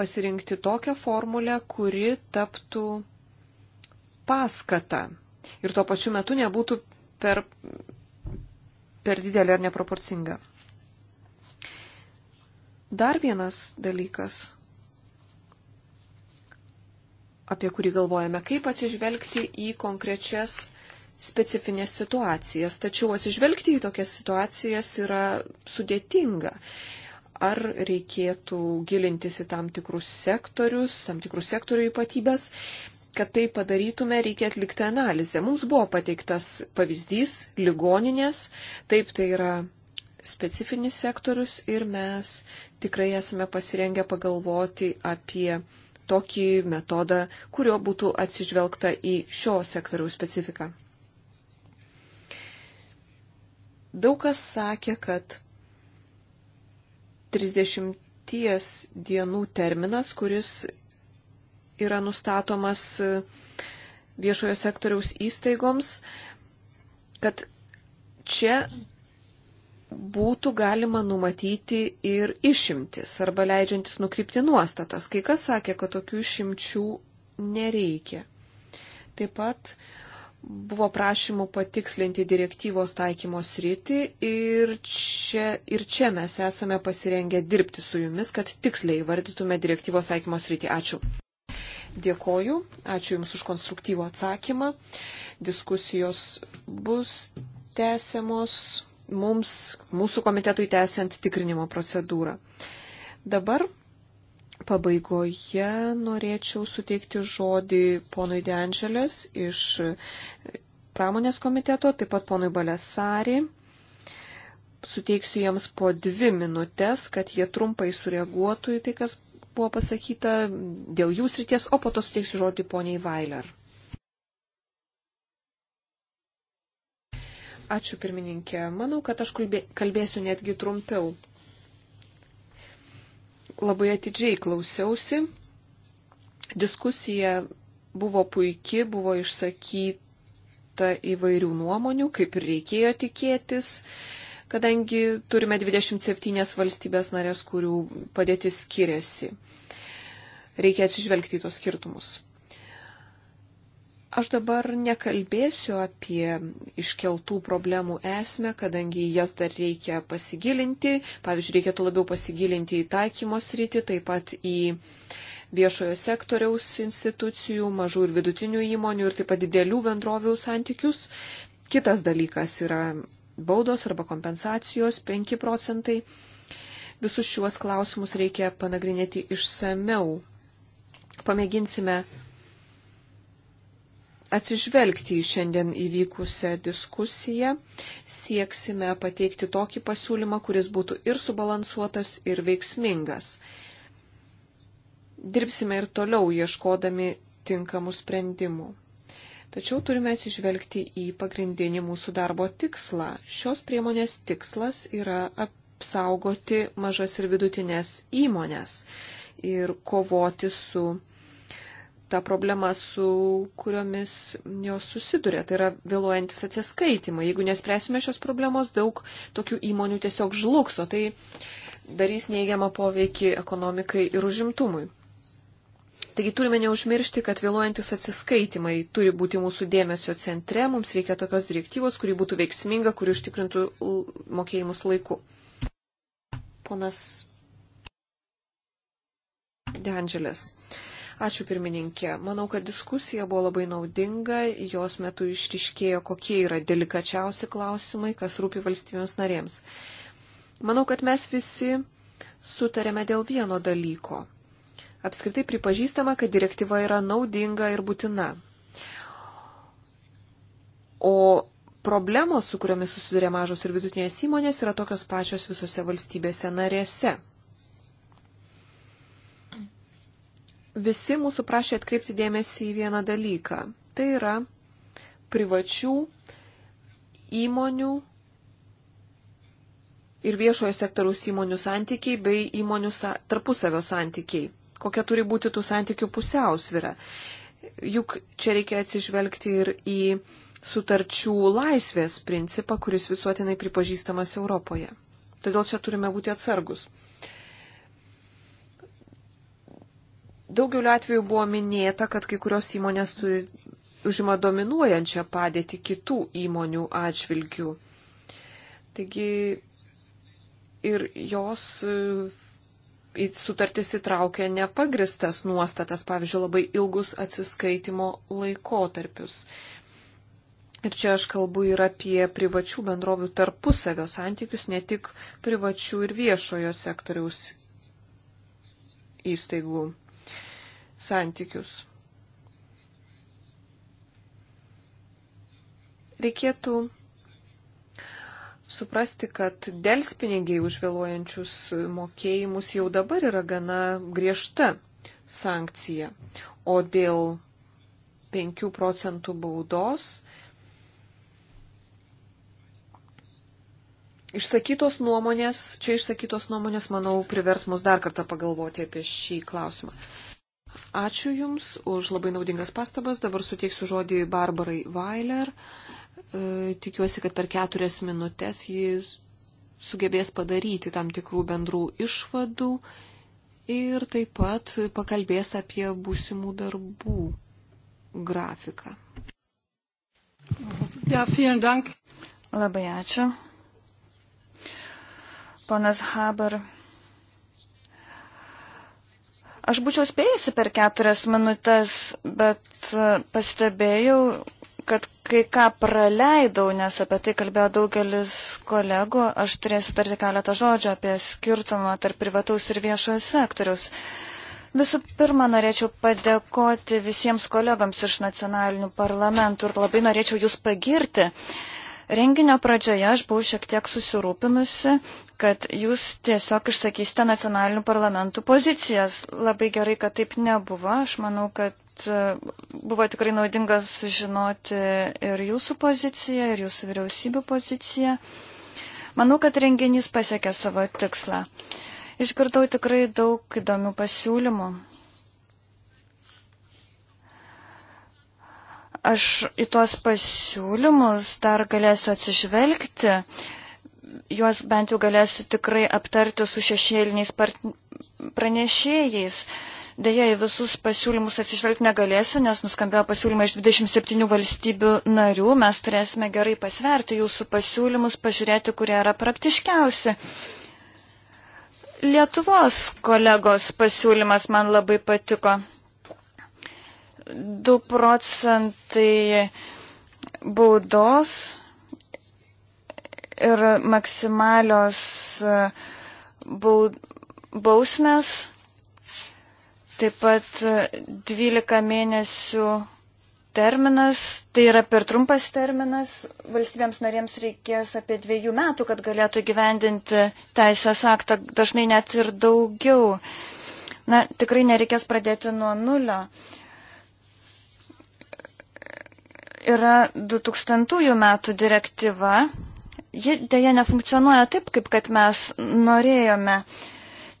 pasirinkti tokią formulę, kuri taptų paskata ir tuo pačiu metu nebūtų per, per didelė ar neproporcinga. Dar vienas dalykas apie kurį galvojame, kaip atsižvelgti į konkrečias specifinės situacijas. Tačiau atsižvelgti į tokias situacijas yra sudėtinga. Ar reikėtų gilintis į tam tikrus sektorius, tam tikrus sektorių ypatybės. Kad tai padarytume, reikia atlikti analizę. Mums buvo pateiktas pavyzdys - ligoninės. Taip, tai yra specifinis sektorius ir mes tikrai esame pasirengę pagalvoti apie tokį metodą, kurio būtų atsižvelgta į šio sektoriaus specifiką. Daug kas sakė, kad 30 dienų terminas, kuris yra nustatomas viešojo sektoriaus įstaigoms, kad čia būtų galima numatyti ir išimtis arba leidžiantis nukrypti nuostatas. Kai kas sakė, kad tokių išimčių nereikia. Taip pat buvo prašymų patikslinti direktyvos taikymo sritį ir čia, ir čia mes esame pasirengę dirbti su jumis, kad tiksliai vardytume direktyvos taikymo sritį. Ačiū. Dėkoju, ačiū Jums už konstruktyvų atsakymą. Diskusijos bus tęsiamos mums, mūsų komitetui tęsiant tikrinimo procedūrą. Dabar pabaigoje norėčiau suteikti žodį ponui Denželės iš pramonės komiteto, taip pat ponui Balesari. Suteiksiu jiems po dvi minutės, kad jie trumpai sureaguotų į tai, kas buvo pasakyta dėl jų srities, o po to suteiksiu žodį poniai Vailer. Ačiū pirmininkė. Manau, kad aš kalbėsiu netgi trumpiau. Labai atidžiai klausiausi. Diskusija buvo puikia, buvo išsakyta įvairių nuomonių, kaip ir reikėjo tikėtis, kadangi turime 27 valstybės narės, kurių padėtis skiriasi. Reikia atsižvelgti į tos skirtumus. Aš dabar nekalbėsiu apie iškeltų problemų esmę, kadangi jas dar reikia pasigilinti. Pavyzdžiui, reikėtų labiau pasigilinti į taikymo sritį, taip pat į viešojo sektoriaus institucijų, mažų ir vidutinių įmonių ir taip pat didelių bendrovių santykius. Kitas dalykas yra baudos arba kompensacijos 5 procentai. Visus šiuos klausimus reikia panagrinėti išsameu. Pameginsime atsižvelgti į šiandien įvykusią diskusiją. Sieksime pateikti tokį pasiūlymą, kuris būtų ir subalansuotas, ir veiksmingas. Dirbsime ir toliau ieškodami tinkamų sprendimų. Tačiau turime atsižvelgti į pagrindinį mūsų darbo tikslą. Šios priemonės tikslas yra apsaugoti mažas ir vidutinės įmonės ir kovoti su tą problemą, su kuriomis jos susiduria. Tai yra vėluojantis atsiskaitimai. Jeigu nespręsime šios problemos, daug tokių įmonių tiesiog žlugs, o tai darys neigiamą poveikį ekonomikai ir užimtumui. Taigi turime neužmiršti, kad vėluojantis atsiskaitimai turi būti mūsų dėmesio centre, mums reikia tokios direktyvos, kuri būtų veiksminga, kuri užtikrintų mokėjimus laiku. Ponas Deandželės. Uh, Ačiū pirmininkė. Manau, kad diskusija buvo labai naudinga, jos metu išriškėjo, kokie yra delikačiausi klausimai, kas rūpi valstybėms narėms. Manau, kad mes visi sutarėme dėl vieno dalyko. Apskritai pripažįstama, kad direktyva yra naudinga ir būtina. O problemos, su kuriomis susiduria mažos ir vidutinės įmonės, yra tokios pačios visose valstybėse narėse. visi mūsų prašė atkreipti dėmesį į vieną dalyką. Tai yra privačių įmonių ir viešojo sektoriaus įmonių santykiai bei įmonių sa tarpusavio santykiai. Kokia turi būti tų santykių pusiausvyrą. Juk čia reikia atsižvelgti ir į sutarčių laisvės principą, kuris visuotinai pripažįstamas Europoje. Todėl čia turime būti atsargus. Daugeliu atveju buvo minėta, kad kai kurios įmonės turi užima dominuojančią padėtį kitų įmonių atžvilgių. Taigi ir jos e, sutartis įtraukia nepagristas nuostatas, pavyzdžiui, labai ilgus atsiskaitimo laikotarpius. Ir čia aš kalbu ir apie privačių bendrovių tarpusavio santykius, ne tik privačių ir viešojo sektoriaus įstaigų santykius. Reikėtų suprasti, kad dėlspinigiai užvėluojančius mokėjimus jau dabar yra gana griežta sankcija, o dėl 5 procentų baudos išsakytos nuomonės, čia išsakytos nuomonės, manau, privers mus dar kartą pagalvoti apie šį klausimą. Ačiū Jums už labai naudingas pastabas. Dabar suteiksiu žodį Barbarai Vailer. E, tikiuosi, kad per keturias minutės jis sugebės padaryti tam tikrų bendrų išvadų ir taip pat pakalbės apie būsimų darbų grafiką. Ja, Labai ačiū. Ponas Haber Aš būčiau spėjusi per keturias minutės, bet e, pastebėjau, kad kai ką praleidau, nes apie tai kalbėjo daugelis kolegų, aš turėsiu tarti keletą žodžių apie skirtumą tarp privataus ir viešojo sektoriaus. Visų pirma, norėčiau padėkoti visiems kolegams iš nacionalinių parlamentų ir labai norėčiau jūs pagirti. Renginio pradžioje aš buvau šiek tiek susirūpinusi, kad jūs tiesiog išsakysite nacionalinių parlamentų pozicijas. Labai gerai, kad taip nebuvo. Aš manau, kad e, buvo tikrai naudinga sužinoti ir jūsų poziciją, ir jūsų vyriausybių poziciją. Manau, kad renginys pasiekė savo tikslą. Išgirdau tikrai daug įdomių pasiūlymų. Aš į tuos pasiūlymus dar galėsiu atsižvelgti juos bent jau galėsiu tikrai aptarti su šešėliniais pranešėjais. Deja, į visus pasiūlymus atsižvelgti negalėsiu, nes nuskambėjo pasiūlymai iš 27 valstybių narių. Mes turėsime gerai pasverti jūsų pasiūlymus, pažiūrėti, kurie yra praktiškiausi. Lietuvos kolegos pasiūlymas man labai patiko. 2 procentai baudos ir maksimalios e, bausmės, taip pat 12 e, mėnesių terminas, tai yra per trumpas terminas, valstybėms narėms reikės apie dviejų metų, kad galėtų gyvendinti teisės aktą, dažnai net ir daugiau. Na, tikrai nereikės pradėti nuo nulio. Yra 2000 metų direktyva, Ji dėja nefunkcionuoja taip, kaip kad mes norėjome.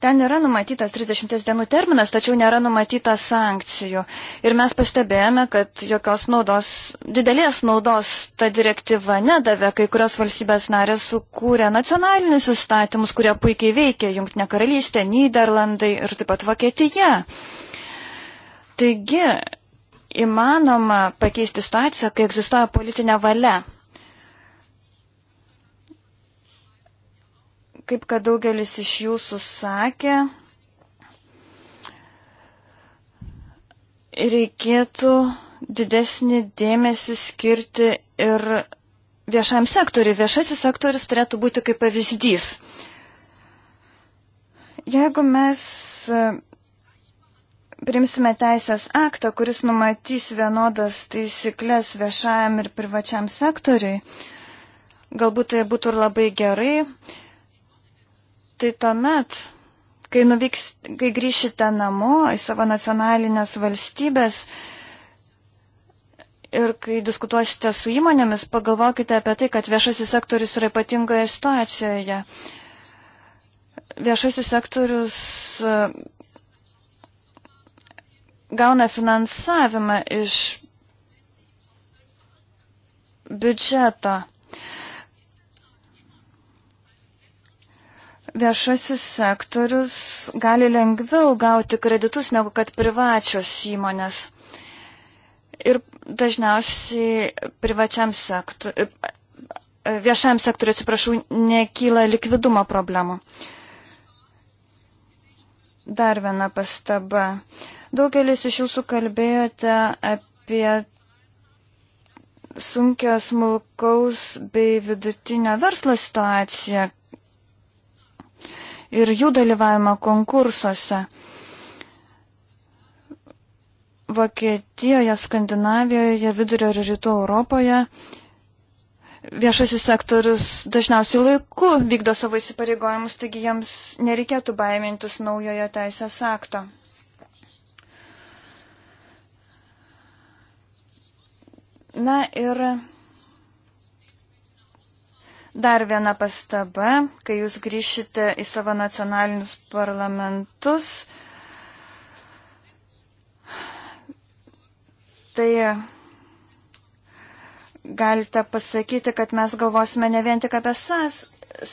Ten yra numatytas 30 dienų terminas, tačiau nėra numatytas sankcijų. Ir mes pastebėjome, kad jokios naudos, didelės naudos ta direktyva nedavė, kai kurios valstybės narės sukūrė nacionalinius įstatymus, kurie puikiai veikia Junktinė karalystė, Niderlandai ir taip pat Vokietija. Taigi, įmanoma pakeisti situaciją, kai egzistuoja politinė valia. kaip kad daugelis iš jūsų sakė, reikėtų didesnį dėmesį skirti ir viešam sektoriui. Viešasis sektorius turėtų būti kaip pavyzdys. Jeigu mes e, primsime teisės aktą, kuris numatys vienodas taisyklės viešajam ir privačiam sektoriui, galbūt tai būtų ir labai gerai, tai tuomet, kai, nuvyks, kai grįšite namo į savo nacionalinės valstybės ir kai diskutuosite su įmonėmis, pagalvokite apie tai, kad viešasis sektorius yra ypatingoje situacijoje. Viešasis sektorius e, gauna finansavimą iš biudžeto. viešasis sektorius gali lengviau gauti kreditus negu kad privačios įmonės. Ir dažniausiai privačiam sektoriui, viešam sektoriui, atsiprašau, nekyla likvidumo problemų. Dar viena pastaba. Daugelis iš jūsų kalbėjote apie sunkia smulkaus bei vidutinio verslo situacija, ir jų dalyvavimą konkursuose. Vokietijoje, Skandinavijoje, Vidurio ir Rytų Europoje viešasis sektorius dažniausiai laiku vykdo savo įsipareigojimus, taigi jiems nereikėtų baimintis naujojo teisės akto. Na ir Dar viena pastaba, kai jūs grįšite į savo nacionalinius parlamentus, tai galite pasakyti, kad mes galvosime ne vien tik apie sas,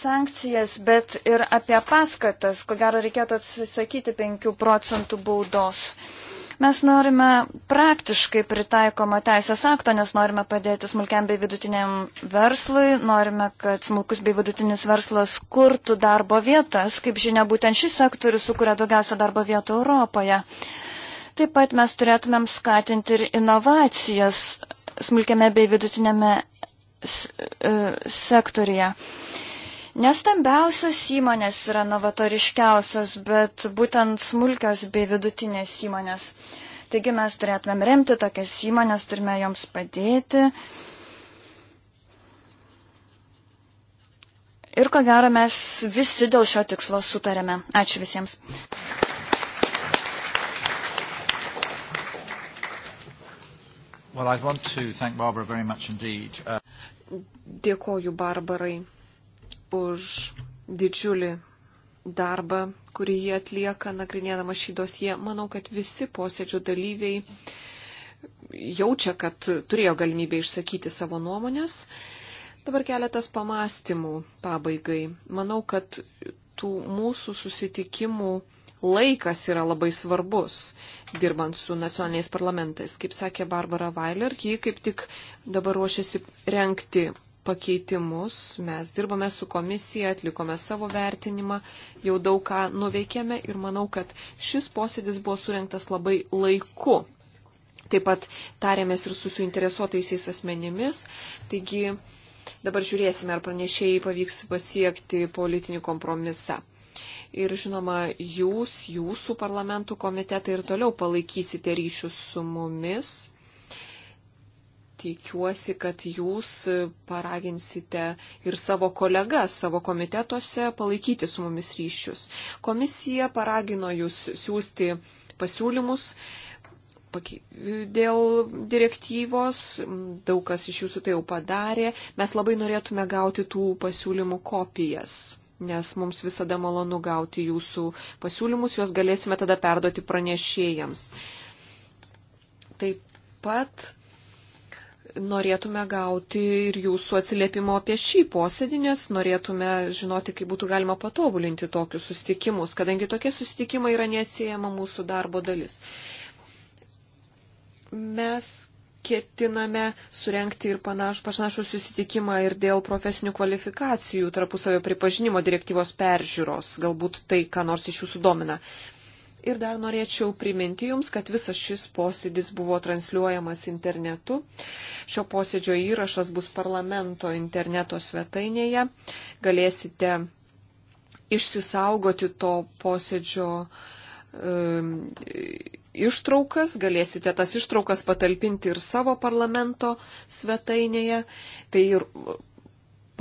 sankcijas, bet ir apie paskatas. Ko gero reikėtų atsisakyti 5 procentų baudos. Uh, Mes norime praktiškai pritaikomą teisės aktą, nes norime padėti smulkiam bei vidutiniam verslui, norime, kad smulkus bei vidutinis verslas kurtų darbo vietas. Kaip žinia, būtent šis sektorius sukuria daugiausia darbo vietų Europoje. Taip pat mes turėtumėm skatinti ir inovacijas smulkiame bei vidutinėme sektorija. Uh, Nestambiausios įmonės yra novatoriškiausios, bet būtent smulkios bei vidutinės įmonės. Taigi mes turėtumėm remti tokias įmonės, turime joms padėti. Ir ko gero mes visi dėl šio tikslo sutarėme. Ačiū visiems. Well, I'd want to thank Barbara very much indeed. Uh... Dėkoju Barbarai už didžiulį darbą, kurį jie atlieka nagrinėdama šį dosiją. Manau, kad visi posėdžio dalyviai jaučia, kad turėjo galimybę išsakyti savo nuomonės. Dabar keletas pamastymų pabaigai. Manau, kad tų mūsų susitikimų laikas yra labai svarbus, dirbant su nacionaliniais parlamentais. Kaip sakė Barbara Vailer, ji kaip tik dabar ruošiasi renkti pakeitimus, mes dirbame su komisija, atlikome savo vertinimą, jau daug ką nuveikėme ir manau, kad šis posėdis buvo surinktas labai laiku. Taip pat tarėmės ir su suinteresuotaisiais asmenimis, taigi dabar žiūrėsime, ar pranešėjai pavyks pasiekti politinį kompromisą ir žinoma, jūs, jūsų parlamentų komitetai ir toliau palaikysite ryšius su mumis tikiuosi, kad jūs paraginsite ir savo kolegas savo komitetuose palaikyti su mumis ryšius. Komisija paragino jūs siūsti pasiūlymus dėl direktyvos, daug kas iš jūsų tai jau padarė, mes labai norėtume gauti tų pasiūlymų kopijas. Nes mums visada malonu gauti jūsų pasiūlymus, juos galėsime tada perduoti pranešėjams. Taip pat norėtume gauti ir jūsų atsiliepimo apie šį posėdį, nes norėtume žinoti, kaip būtų galima patobulinti tokius susitikimus, kadangi tokie susitikimai yra neatsiejama mūsų darbo dalis. Mes ketiname surenkti ir panašų, panašų susitikimą ir dėl profesinių kvalifikacijų tarpusavio pripažinimo direktyvos peržiūros. Galbūt tai, ką nors iš jūsų domina. Uh, Ir dar norėčiau priminti Jums, kad visas šis posėdis buvo transliuojamas internetu. Šio posėdžio įrašas bus parlamento interneto svetainėje. Galėsite išsisaugoti to posėdžio e, ištraukas, galėsite tas ištraukas patalpinti ir savo parlamento svetainėje. Tai ir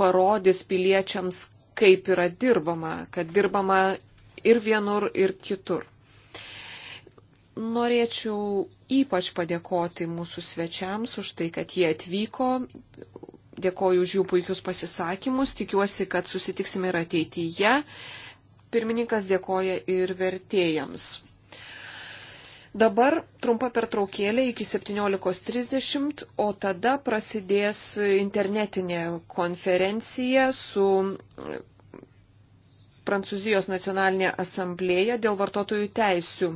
parodys piliečiams, kaip yra dirbama, kad dirbama ir vienur, ir kitur. Norėčiau ypač padėkoti mūsų svečiams už tai, kad jie atvyko. Dėkoju už jų puikius pasisakymus. Tikiuosi, kad susitiksime ir ateityje. Pirmininkas dėkoja ir vertėjams. Dabar trumpa pertraukėlė iki 17.30, o tada prasidės internetinė konferencija su Prancūzijos nacionalinė asamblėja dėl vartotojų teisių.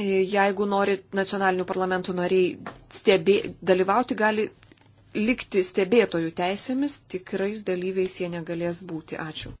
E, jeigu nori nacionalinių parlamentų nariai stebė, dalyvauti, gali likti stebėtojų teisėmis, tikrais dalyviais jie negalės būti. Ačiū.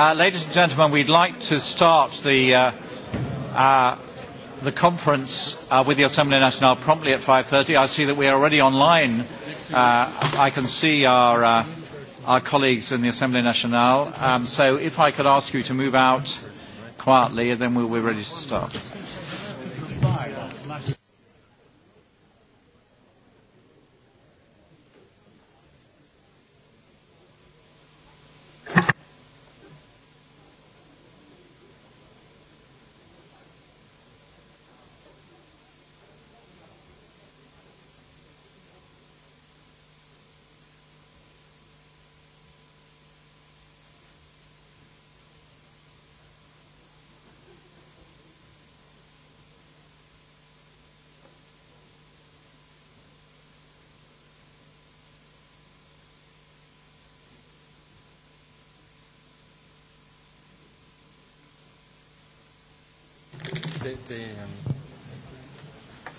Uh, ladies and gentlemen, we'd like to start the, uh, uh, the conference uh, with the Assembly Nationale promptly at 5.30. I see that we are already online. Uh, I can see our, uh, our colleagues in the Assembly Nationale. Um, so if I could ask you to move out quietly, then we'll be ready to start. the.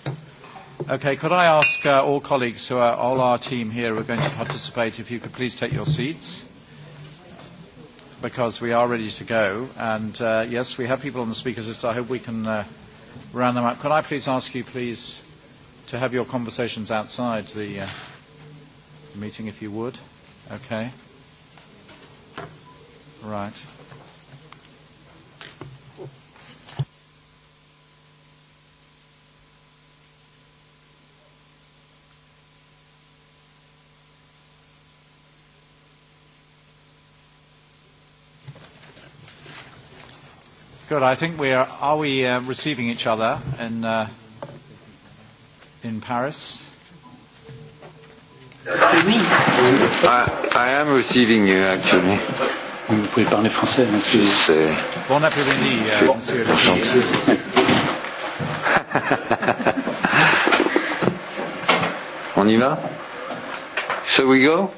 Um... Okay, could I ask uh, all colleagues who are all our team here who are going to participate if you could please take your seats? Because we are ready to go. And uh, yes, we have people on the speakers list. I hope we can uh, round them up. Could I please ask you, please, to have your conversations outside the uh, meeting if you would? Okay. Right. Good. I think we are. Are we uh, receiving each other in uh, in Paris? Oui. I, I am receiving you actually. Vous pouvez parler français, monsieur. Je sais. Bon après-midi, euh, bon. monsieur. [LAUGHS] On y va? Shall we go?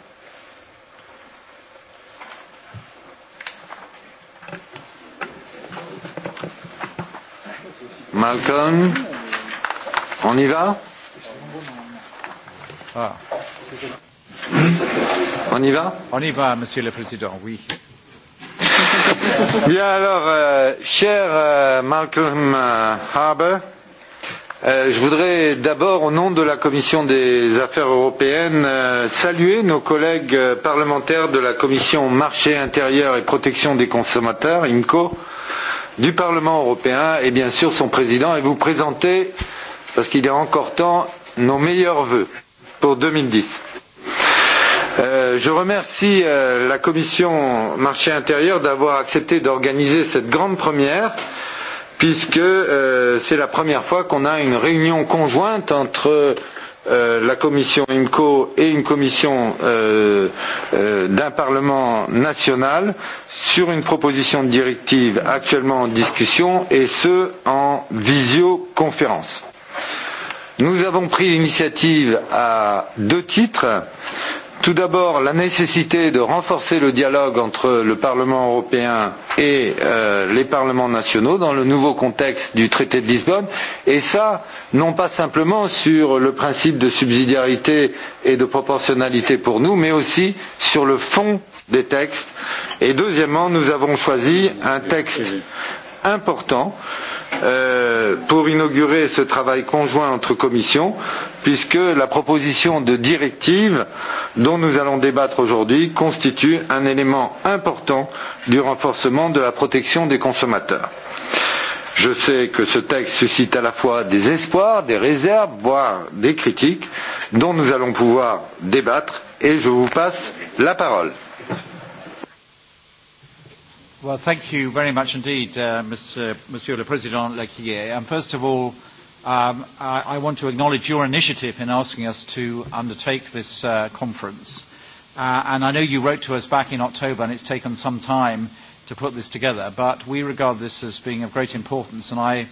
Malcolm, on y va ah. On y va On y va, Monsieur le Président, oui. [LAUGHS] Bien alors, euh, cher euh, Malcolm euh, Harbour, euh, je voudrais d'abord, au nom de la Commission des affaires européennes, euh, saluer nos collègues euh, parlementaires de la Commission marché intérieur et protection des consommateurs, IMCO, euh, du Parlement européen et bien sûr son président et vous présenter, parce qu'il est encore temps, nos meilleurs vœux pour 2010. Euh, je remercie euh, la commission marché intérieur d'avoir accepté d'organiser cette grande première puisque euh, c'est la première fois qu'on a une réunion conjointe entre euh, euh, la commission IMCO et une commission euh, euh, d'un Parlement national sur une proposition de directive actuellement en discussion et ce en visioconférence. Nous avons pris l'initiative à deux titres. Tout d'abord, la nécessité de renforcer le dialogue entre le Parlement européen et euh, les parlements nationaux dans le nouveau contexte du traité de Lisbonne. Et ça, non pas simplement sur le principe de subsidiarité et de proportionnalité pour nous, mais aussi sur le fond des textes. Et deuxièmement, nous avons choisi un texte important euh, pour inaugurer ce travail conjoint entre commissions, puisque la proposition de directive dont nous allons débattre aujourd'hui constitue un élément important du renforcement de la protection des consommateurs. Je sais que ce texte suscite à la fois des espoirs, des réserves, voire des critiques dont nous allons pouvoir débattre et je vous passe la parole. Well, thank you very much indeed, uh, Mr. Uh, Monsieur le Président Laquier. And first of all, um, I, I want to acknowledge your initiative in asking us to undertake this uh, conference. Uh, and I know you wrote to us back in October, and it's taken some time uh, to put this together, but we regard this as being of great importance, and I,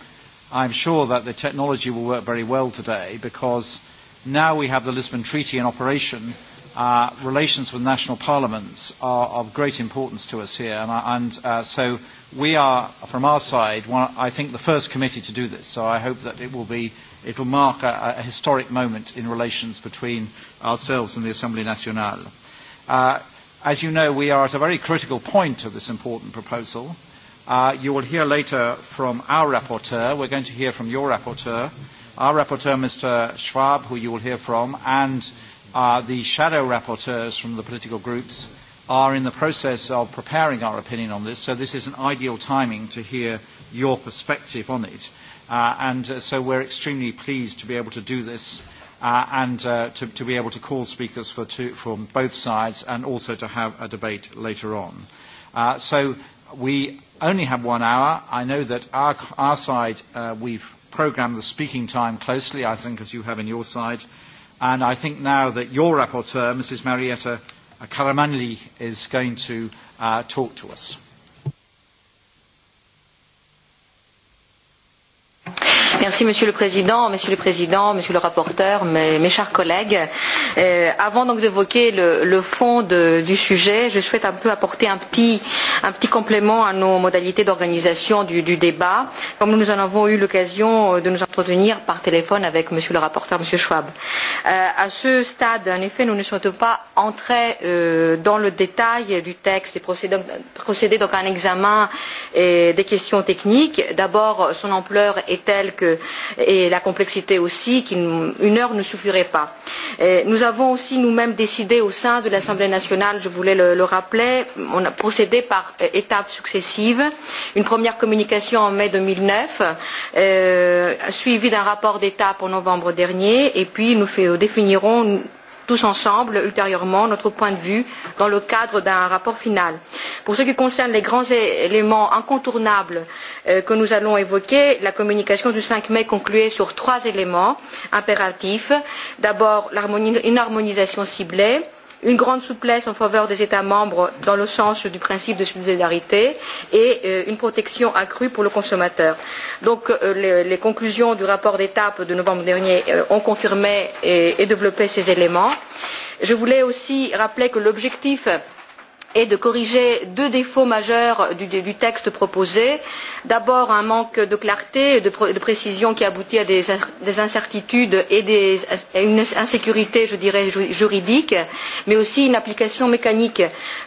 I'm sure that the technology will work very well today because now we have the Lisbon Treaty in operation. Uh, relations with national parliaments are of great importance to us here, and, and uh, so we are, from our side, one, I think the first committee to do this. So I hope that it will be, it will mark a, a historic moment in relations between ourselves and the Assemblée Nationale. Uh, As you know, we are at a very critical point of this important proposal. Uh, you will hear later from our rapporteur. We're going to hear from your rapporteur, our rapporteur, Mr. Schwab, who you will hear from, and uh, the shadow rapporteurs from the political groups are in the process of preparing our opinion on this. So this is an ideal timing to hear your perspective on it. Uh, and uh, so we're extremely pleased to be able to do this uh, and uh, to, to be able to call speakers for two, from both sides and also to have a debate later on. Uh, so we only have one hour. I know that our, our side, uh, we've programmed the speaking time closely, I think, as you have in your side. And I think now that your rapporteur, Mrs. Marietta Caramanli, is going to uh, talk to us. Merci Monsieur le Président, Monsieur le Président, Monsieur le rapporteur, mes, mes chers collègues. Euh, avant donc d'évoquer le, le fond de, du sujet, je souhaite un peu apporter un petit, un petit complément à nos modalités d'organisation du, du débat, comme nous en avons eu l'occasion euh, de nous entretenir par téléphone avec Monsieur le rapporteur, Monsieur Schwab. Euh, à ce stade, en effet, nous ne souhaitons pas entrer euh, dans le détail du texte et procéder, procéder donc à un examen euh, des questions techniques. D'abord, son ampleur est telle que euh, et la complexité aussi, qu'une heure ne suffirait pas. Et euh, nous avons aussi nous-mêmes décidé au sein de l'Assemblée nationale, je voulais le, le rappeler, on a procédé par euh, étapes successives. Une première communication en mai 2009, euh, suivie d'un rapport d'étape en novembre dernier, et puis nous définirons tous ensemble ultérieurement notre point de vue dans le cadre d'un rapport final. Pour ce qui concerne les grands éléments incontournables euh, que nous allons évoquer, la communication du 5 mai concluait sur trois éléments impératifs. D'abord, une harmonisation ciblée, euh, une grande souplesse en faveur des États membres dans le sens du principe de solidarité et euh, une protection accrue pour le consommateur. Donc euh, les, les conclusions du rapport d'étape de novembre dernier euh, ont confirmé et, et développé ces éléments. Je voulais aussi rappeler que l'objectif euh, et de corriger deux défauts majeurs du, du texte proposé d'abord un manque de clarté et de, de précision qui aboutit à des, des incertitudes et des, à une insécurité je dirais juridique mais aussi une application mécanique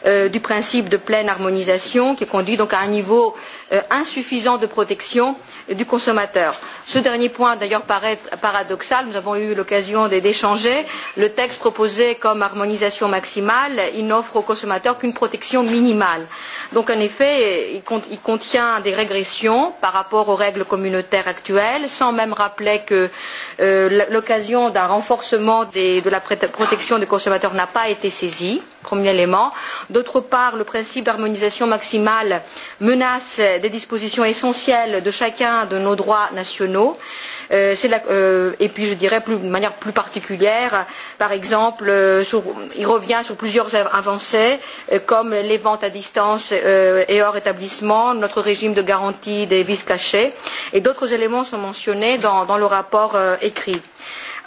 euh, du principe de pleine harmonisation qui conduit donc à un niveau euh, insuffisant de protection euh, du consommateur. Ce dernier point d'ailleurs paraît paradoxal, nous avons eu l'occasion d'échanger. Le texte proposé comme harmonisation maximale, il n'offre aux consommateurs qu'une protection minimale. Donc en effet, il contient des régressions par rapport aux règles communautaires actuelles, sans même rappeler que euh, l'occasion d'un renforcement des, de la protection des consommateurs n'a pas été saisie, premier élément. D'autre part, le principe d'harmonisation maximale menace des dispositions essentielles de chacun de nos droits nationaux. Euh, euh, la, euh, et puis je dirais plus, de manière plus particulière, par exemple, euh, sur, il revient sur plusieurs avancées euh, comme les ventes à distance euh, et hors établissement, notre régime de garantie des vices cachés et d'autres éléments sont mentionnés dans, dans le rapport euh, écrit. Euh,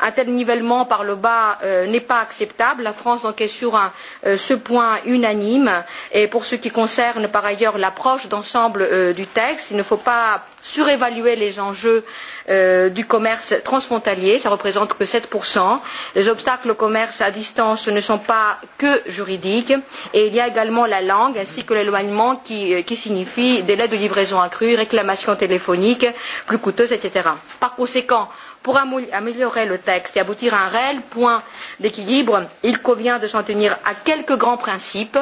un tel nivellement par le bas euh, n'est pas acceptable. La France enquête sur un, euh, ce point unanime. Et pour ce qui concerne par ailleurs l'approche d'ensemble euh, du texte, il ne faut pas surévaluer les enjeux euh, du commerce transfrontalier. Ça représente que 7%. Les obstacles au commerce à distance ne sont pas que juridiques. Et il y a également la langue ainsi que l'éloignement qui, euh, qui signifie délai de livraison accru, réclamation téléphonique plus coûteuse, etc. Par conséquent, Pour améliorer le texte et aboutir à un réel point d'équilibre, il convient de s'en tenir à quelques grands principes.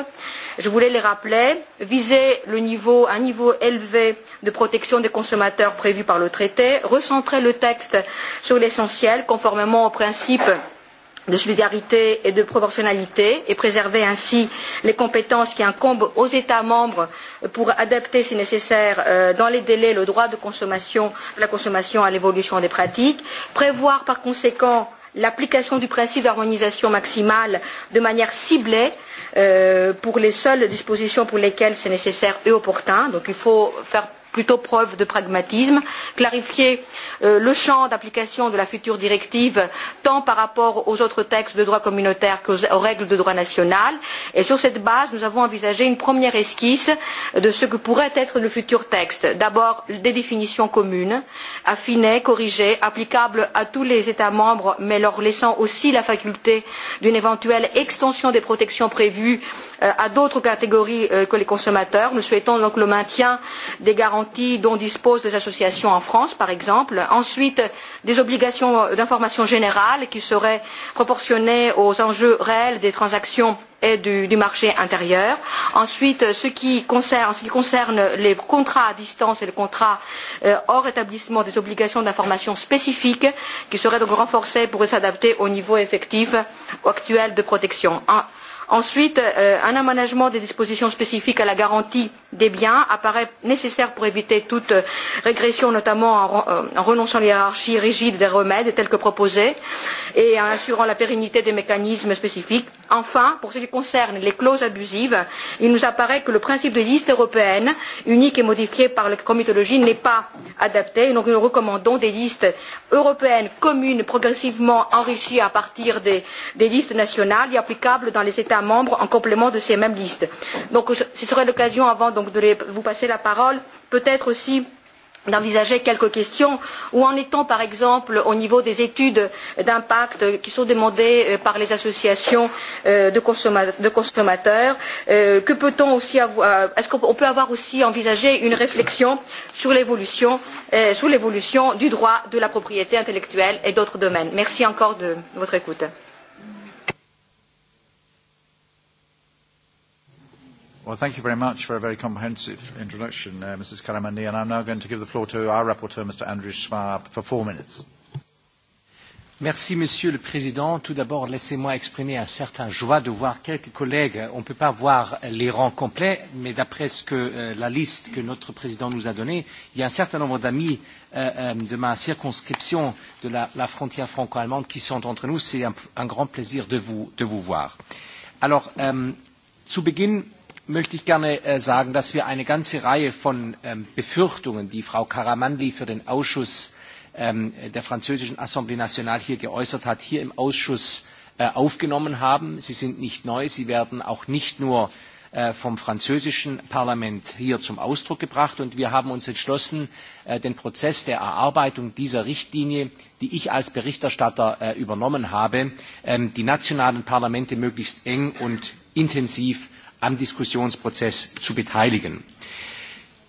Je voulais les rappeler. Viser le niveau, un niveau élevé de protection des consommateurs prévu par le traité. Recentrer le texte sur l'essentiel, conformément aux principes de solidarité et de proportionnalité et préserver ainsi les compétences qui incombent aux États membres pour adapter, si nécessaire, euh, dans les délais, le droit de consommation, de la consommation à l'évolution des pratiques, prévoir par conséquent l'application du principe d'harmonisation maximale de manière ciblée euh, pour les seules dispositions pour lesquelles c'est nécessaire et opportun. Donc il faut faire plutôt preuve de pragmatisme clarifier euh, le champ d'application de la future directive tant par rapport aux autres textes de droit communautaire qu'aux aux règles de droit national et sur cette base nous avons envisagé une première esquisse de ce que pourrait être le futur texte d'abord des définitions communes affinées corrigées applicables à tous les états membres mais leur laissant aussi la faculté d'une éventuelle extension des protections prévues euh, à d'autres catégories euh, que les consommateurs. nous souhaitons donc le maintien des garanties garanties dont disposent les associations en France, par exemple. Ensuite, des obligations d'information générale qui seraient proportionnées aux enjeux réels des transactions et du, du marché intérieur. Ensuite, ce qui concerne, ce qui concerne les contrats à distance et les contrats euh, hors établissement des obligations d'information spécifiques qui seraient donc renforcées pour s'adapter au niveau effectif actuel de protection. En, ensuite euh, un aménagement des dispositions spécifiques à la garantie des biens apparaît nécessaire pour éviter toute régression notamment en, euh, en renonçant à la hiérarchie rigide des remèdes telle que proposée et en assurant la pérennité des mécanismes spécifiques. enfin pour ce qui concerne les clauses abusives il nous apparaît que le principe de liste européenne unique et modifié par la comitologie n'est pas adapté et donc nous recommandons des listes européenne commune progressivement enrichie à partir des, des listes nationales et applicable dans les États membres en complément de ces mêmes listes. Donc ce serait l'occasion, avant donc, de les, vous passer la parole, peut-être aussi euh, d'envisager quelques questions. Où en est-on, par exemple, au niveau des études d'impact qui sont demandées euh, par les associations euh, de consommateurs euh, Que peut-on aussi avoir Est-ce qu'on peut avoir aussi envisagé une réflexion sur l'évolution, sur l'évolution du droit de la propriété intellectuelle et d'autres domaines Merci encore de votre écoute. Well, thank you very much for a very comprehensive introduction, uh, Mrs. Karamandi, and I'm now going to give the floor to our rapporteur, Mr. Andrew Schwab, for four minutes. Merci, Monsieur le Président. Tout d'abord, laissez-moi exprimer un certain joie de voir quelques collègues. On ne peut pas voir les rangs complets, mais d'après ce que, euh, la liste que notre Président nous a donnée, il y a un certain nombre d'amis euh, euh, de ma circonscription de la, la frontière franco-allemande qui sont entre nous. C'est un, un grand plaisir de vous, de vous voir. Alors, euh, zu Beginn möchte ich gerne äh, sagen, dass wir eine ganze Reihe von ähm, Befürchtungen, die Frau Karamanli für den Ausschuss ähm, äh, der französischen Assemblée Nationale hier geäußert hat, hier im Ausschuss äh, aufgenommen haben. Sie sind nicht neu, sie werden auch nicht nur äh, vom französischen Parlament hier zum Ausdruck gebracht. Und wir haben uns entschlossen, äh, den Prozess der Erarbeitung dieser Richtlinie, die ich als Berichterstatter äh, übernommen habe, äh, die nationalen Parlamente möglichst eng und intensiv am Diskussionsprozess zu beteiligen.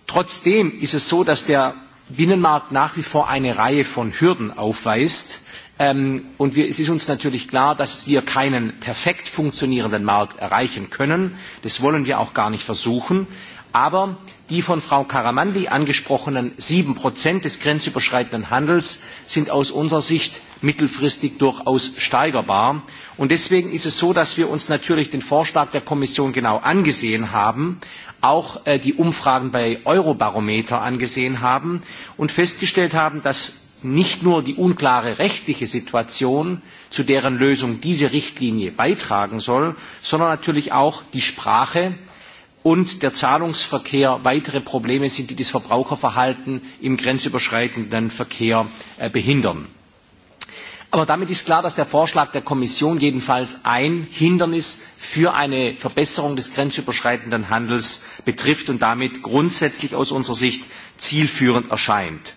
Trotzdem ist es so, dass der Binnenmarkt nach wie vor eine Reihe von Hürden aufweist. Ähm, und wir, es ist uns natürlich klar, dass wir keinen perfekt funktionierenden Markt erreichen können. Das wollen wir auch gar nicht versuchen. Aber die von Frau Karamanli angesprochenen sieben Prozent des grenzüberschreitenden Handels sind aus unserer Sicht mittelfristig durchaus steigerbar. Und deswegen ist es so, dass wir uns natürlich den Vorschlag der Kommission genau angesehen haben, auch äh, die Umfragen bei Eurobarometer angesehen haben und festgestellt haben, dass nicht nur die unklare rechtliche Situation, zu deren Lösung diese Richtlinie beitragen soll, sondern natürlich auch die Sprache und der Zahlungsverkehr weitere Probleme sind, die das Verbraucherverhalten im grenzüberschreitenden Verkehr äh, behindern. Aber damit ist klar, dass der Vorschlag der Kommission jedenfalls ein Hindernis für eine Verbesserung des grenzüberschreitenden Handels betrifft und damit grundsätzlich aus unserer Sicht zielführend erscheint.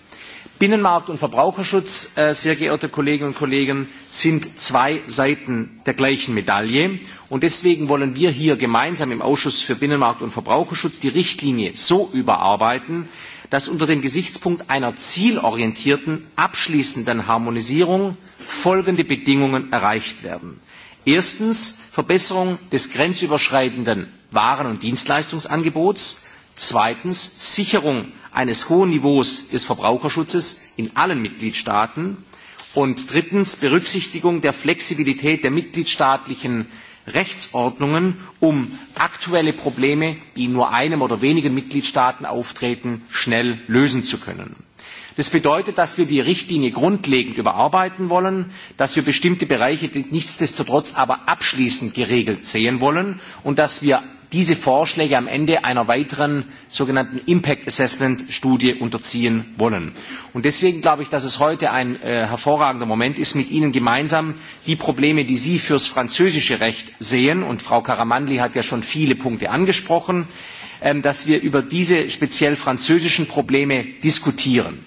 Binnenmarkt und Verbraucherschutz, äh, sehr geehrte Kolleginnen und Kollegen, sind zwei Seiten der gleichen Medaille. Und deswegen wollen wir hier gemeinsam im Ausschuss für Binnenmarkt und Verbraucherschutz die Richtlinie so überarbeiten, dass unter dem Gesichtspunkt einer zielorientierten, abschließenden Harmonisierung folgende Bedingungen erreicht werden. Erstens Verbesserung des grenzüberschreitenden Waren- und Dienstleistungsangebots. Zweitens Sicherung eines hohen Niveaus des Verbraucherschutzes in allen Mitgliedstaaten. Und drittens Berücksichtigung der Flexibilität der mitgliedstaatlichen Rechtsordnungen, um aktuelle Probleme, die in nur einem oder wenigen Mitgliedstaaten auftreten, schnell lösen zu können. Das bedeutet, dass wir die Richtlinie grundlegend überarbeiten wollen, dass wir bestimmte Bereiche nichtsdestotrotz aber abschließend geregelt sehen wollen und dass wir diese Vorschläge am Ende einer weiteren sogenannten Impact Assessment Studie unterziehen wollen. Und deswegen glaube ich, dass es heute ein äh, hervorragender Moment ist, mit Ihnen gemeinsam die Probleme, die Sie fürs französische Recht sehen, und Frau Karamanli hat ja schon viele Punkte angesprochen, ähm, dass wir über diese speziell französischen Probleme diskutieren.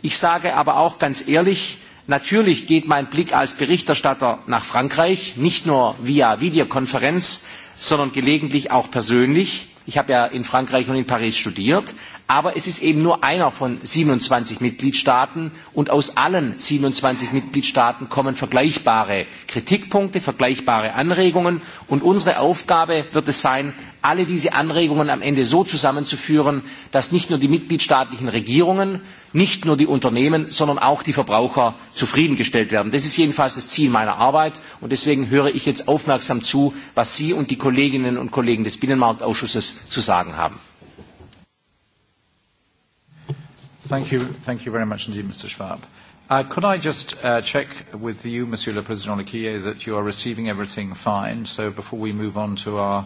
Ich sage aber auch ganz ehrlich, Natürlich geht mein Blick als Berichterstatter nach Frankreich, nicht nur via Videokonferenz, sondern gelegentlich auch persönlich. Ich habe ja in Frankreich und in Paris studiert, Aber es ist eben nur einer von 27 Mitgliedstaaten und aus allen 27 Mitgliedstaaten kommen vergleichbare Kritikpunkte, vergleichbare Anregungen und unsere Aufgabe wird es sein, alle diese Anregungen am Ende so zusammenzuführen, dass nicht nur die mitgliedstaatlichen Regierungen, nicht nur die Unternehmen, sondern auch die Verbraucher zufriedengestellt werden. Das ist jedenfalls das Ziel meiner Arbeit und deswegen höre ich jetzt aufmerksam zu, was Sie und die Kolleginnen und Kollegen des Binnenmarktausschusses zu sagen haben. Thank you, thank you very much indeed, Mr. Schwab. Uh, could I just uh, check with you, Monsieur le Président Lequillier, that you are receiving everything fine? So before we move on to our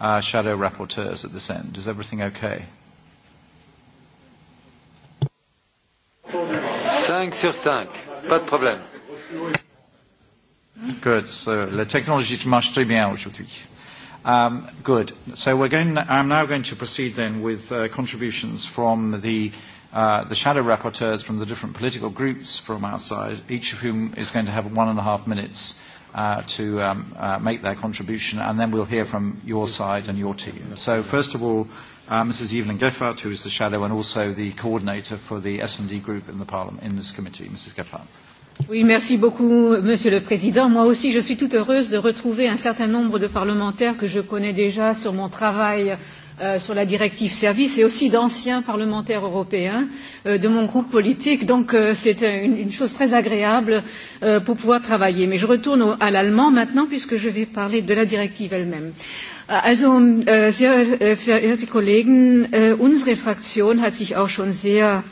uh, shadow rapporteurs at this end, is everything okay? Cinq sur cinq, pas de problème. Good. So la technologie marche très bien aujourd'hui. Um, good. So we're going, I'm now going to proceed then with uh, contributions from the uh, uh, the shadow rapporteurs from the different political groups from outside, each of whom is going to have one and a half minutes uh, to um, uh, make their contribution, and then we'll hear from your side and your team. So first of all, uh, Mrs. Evelyn Geffert, who is the shadow and also the coordinator for the S&D group in the parliament, in this committee. Mrs. Geffert. Oui, merci beaucoup, Monsieur le Président. Moi aussi, je suis toute heureuse de retrouver un certain nombre de parlementaires que je connais déjà sur mon travail euh, euh, sur la directive service et aussi d'anciens parlementaires européens euh, de mon groupe politique. Donc euh, c'est une, une chose très agréable euh, pour pouvoir travailler. Mais je retourne au, à l'allemand maintenant puisque je vais parler de la directive elle-même. Euh, also, äh, sehr äh, verehrte Kollegen, äh, unsere Fraktion hat sich auch schon sehr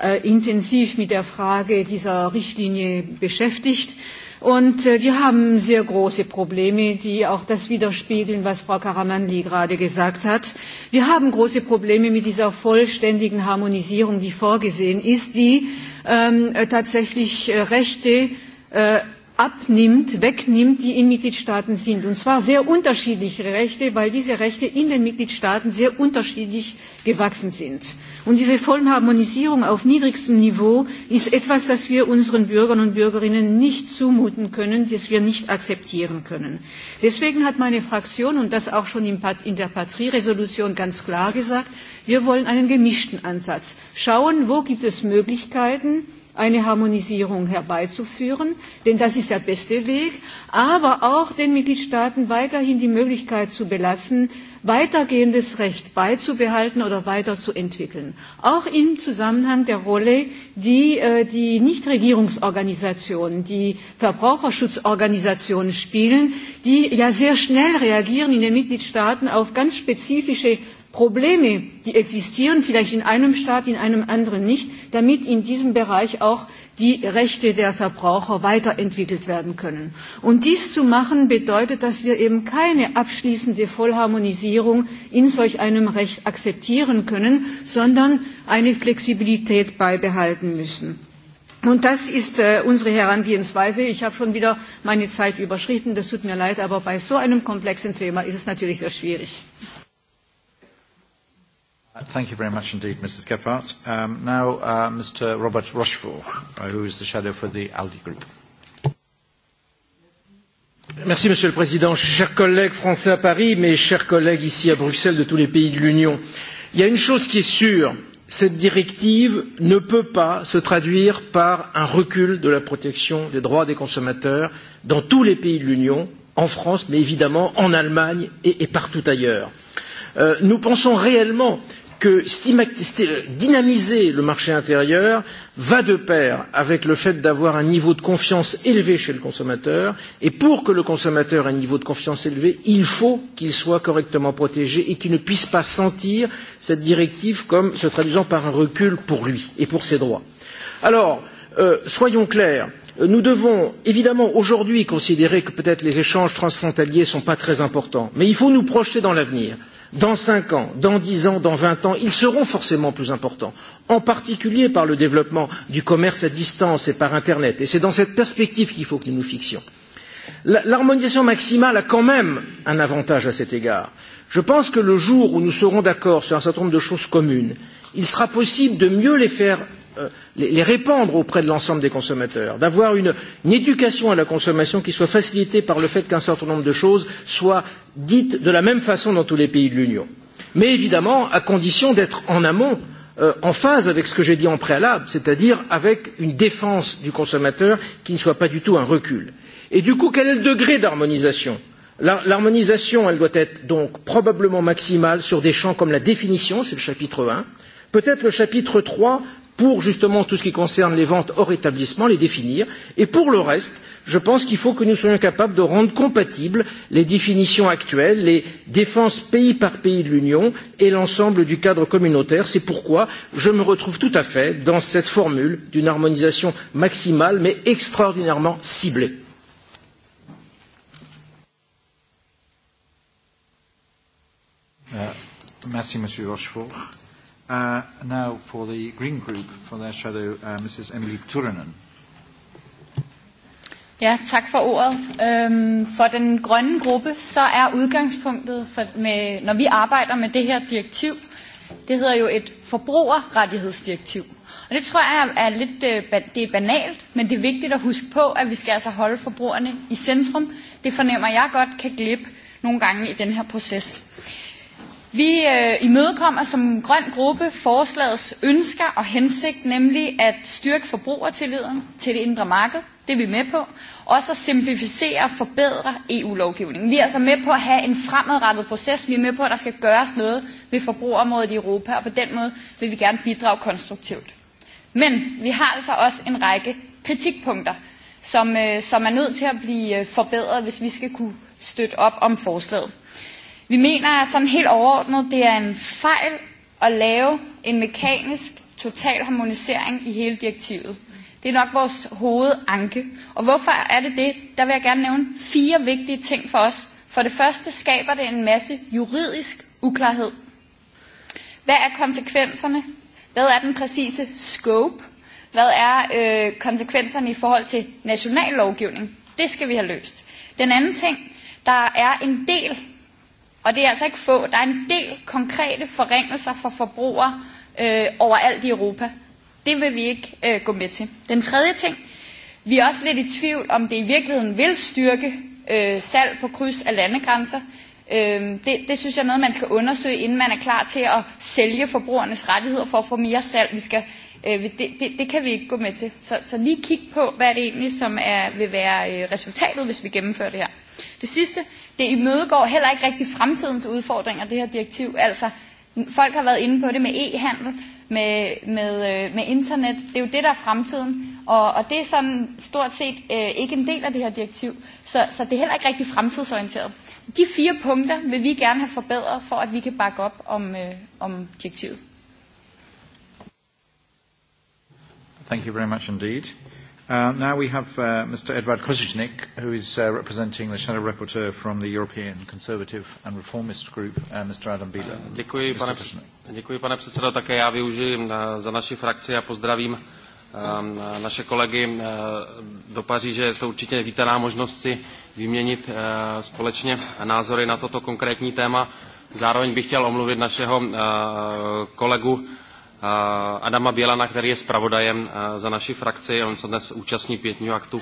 äh, intensiv mit der Frage dieser Richtlinie beschäftigt. Äh, Und äh, wir haben sehr große Probleme, die auch das widerspiegeln, was Frau Karamanli gerade gesagt hat. Wir haben große Probleme mit dieser vollständigen Harmonisierung, die vorgesehen ist, die ähm, äh, tatsächlich äh, Rechte äh, abnimmt, wegnimmt, die in Mitgliedstaaten sind. Und zwar sehr unterschiedliche Rechte, weil diese Rechte in den Mitgliedstaaten sehr unterschiedlich gewachsen sind. Äh, Und diese Vollharmonisierung auf niedrigstem Niveau ist etwas, das wir unseren Bürgern und Bürgerinnen nicht zumuten können, das wir nicht akzeptieren können. Deswegen hat meine Fraktion und das auch schon in der Patrie-Resolution ganz klar gesagt, wir wollen einen gemischten Ansatz. Schauen, wo gibt es Möglichkeiten, eine Harmonisierung herbeizuführen, denn das ist der beste Weg, aber auch den Mitgliedstaaten weiterhin die Möglichkeit zu belassen, weitergehendes Recht beizubehalten oder weiterzuentwickeln. Auch im Zusammenhang der Rolle, die äh, die Nichtregierungsorganisationen, die Verbraucherschutzorganisationen spielen, die ja sehr schnell reagieren in den Mitgliedstaaten auf ganz spezifische Probleme, die existieren, vielleicht in einem Staat, in einem anderen nicht, damit in diesem Bereich auch die Rechte der Verbraucher weiterentwickelt werden können. Und dies zu machen bedeutet, dass wir eben keine abschließende Vollharmonisierung in solch einem Recht akzeptieren können, sondern eine Flexibilität beibehalten müssen. Und das ist äh, unsere Herangehensweise. Ich habe schon wieder meine Zeit überschritten. Das tut mir leid, aber bei so einem komplexen Thema ist es natürlich sehr schwierig. Thank you very much indeed, Mrs. Gephardt. Um, now, uh, Mr. Robert Rochefort, uh, who is the shadow for the ALDI Group. Merci, Monsieur le Président. Chers collègues français à Paris, mes chers collègues ici à Bruxelles de tous les pays de l'Union, il y a une chose qui est sûre, cette directive ne peut pas se traduire par un recul de la protection des droits des consommateurs dans tous les pays de l'Union, en France, mais évidemment en Allemagne et, et partout ailleurs. Euh, nous pensons réellement que dynamiser le marché intérieur va de pair avec le fait d'avoir un niveau de confiance élevé chez le consommateur et pour que le consommateur ait un niveau de confiance élevé, il faut qu'il soit correctement protégé et qu'il ne puisse pas sentir cette directive comme se traduisant par un recul pour lui et pour ses droits. Alors, euh, soyons clairs, euh, nous devons évidemment aujourd'hui considérer que peut-être les échanges transfrontaliers ne sont pas très importants, mais il faut nous projeter dans l'avenir. Euh, dans cinq ans, dans dix ans, dans vingt ans, ils seront forcément plus importants, en particulier par le développement du commerce à distance et par Internet. Et c'est dans cette perspective qu'il faut que nous nous fixions. L'harmonisation maximale a quand même un avantage à cet égard. Je pense que le jour où nous serons d'accord sur un certain nombre de choses communes, il sera possible de mieux les faire Euh, les, les répandre auprès de l'ensemble des consommateurs, d'avoir une, une éducation à la consommation qui soit facilitée par le fait qu'un certain nombre de choses soient dites de la même façon dans tous les pays de l'Union. Mais évidemment, à condition d'être en amont euh, en phase avec ce que j'ai dit en préalable, c'est-à-dire avec une défense du consommateur qui ne soit pas du tout un recul. Et du coup, quel est le degré d'harmonisation L'harmonisation, elle doit être donc probablement maximale sur des champs comme la définition, c'est le chapitre 1, peut-être le chapitre 3 pour justement tout ce qui concerne les ventes hors établissement, les définir. Et pour le reste, je pense qu'il faut que nous soyons capables de rendre compatibles les définitions actuelles, les défenses pays par pays de l'Union et l'ensemble du cadre communautaire. C'est pourquoi je me retrouve tout à fait dans cette formule d'une harmonisation maximale mais extraordinairement ciblée. Euh, merci Monsieur Rochefort. Uh, now for the Green Group, for their shadow, uh, Mrs. Emily Turunen. Ja, tak for ordet. Øhm, for den grønne gruppe, så er udgangspunktet, for med, når vi arbejder med det her direktiv, det hedder jo et forbrugerrettighedsdirektiv. Og det tror jeg er lidt øh, det er banalt, men det er vigtigt at huske på, at vi skal altså holde forbrugerne i centrum. Det fornemmer jeg godt kan glippe nogle gange i den her proces. Vi øh, imødekommer som grøn gruppe forslagets ønsker og hensigt, nemlig at styrke forbrugertilliden til det indre marked. Det er vi med på. Også at simplificere og forbedre EU-lovgivningen. Vi er altså med på at have en fremadrettet proces. Vi er med på, at der skal gøres noget ved forbrugerområdet i Europa, og på den måde vil vi gerne bidrage konstruktivt. Men vi har altså også en række kritikpunkter, som, øh, som er nødt til at blive øh, forbedret, hvis vi skal kunne støtte op om forslaget. Vi mener sådan helt overordnet, det er en fejl at lave en mekanisk total harmonisering i hele direktivet. Det er nok vores hovedanke. Og hvorfor er det det? Der vil jeg gerne nævne fire vigtige ting for os. For det første skaber det en masse juridisk uklarhed. Hvad er konsekvenserne? Hvad er den præcise scope? Hvad er øh, konsekvenserne i forhold til national lovgivning? Det skal vi have løst. Den anden ting, der er en del Og det er altså ikke få. Der er en del konkrete forringelser for forbrugere øh, overalt i Europa. Det vil vi ikke øh, gå med til. Den tredje ting. Vi er også lidt i tvivl, om det i virkeligheden vil styrke øh, salg på kryds af landegrænser. Øh, det, det synes jeg er noget, man skal undersøge, inden man er klar til at sælge forbrugernes rettigheder for at få mere salg. Vi skal, øh, det, det, det kan vi ikke gå med til. Så, så lige kig på, hvad det egentlig som er, vil være øh, resultatet, hvis vi gennemfører det her. Det sidste, Det imødegår heller ikke rigtig fremtidens udfordringer, det her direktiv. Altså, folk har været inde på det med e-handel, med, med, øh, med internet. Det er jo det, der er fremtiden. Og, og det er sådan stort set øh, ikke en del af det her direktiv. Så, så det er heller ikke rigtig fremtidsorienteret. De fire punkter vil vi gerne have forbedret, for at vi kan bakke op om, øh, om direktivet. Thank you very much indeed. Uh, now we have uh, Mr. Edvard Kozichnik, who is uh, representing the Shadow Rapporteur from the European Conservative and Reformist Group, uh, Mr. Adam Bieler. Uh, děkuji, Mr. pane, Kozichnik. děkuji, pane předsedo. Také já využiji uh, za naši frakci a pozdravím um, uh, naše kolegy uh, do Paříže. Je to určitě vítaná možnost si vyměnit uh, společně názory na toto konkrétní téma. Zároveň bych chtěl omluvit našeho kolegu Adama Bělana, který je zpravodajem za naši frakci. On se dnes účastní pětního aktu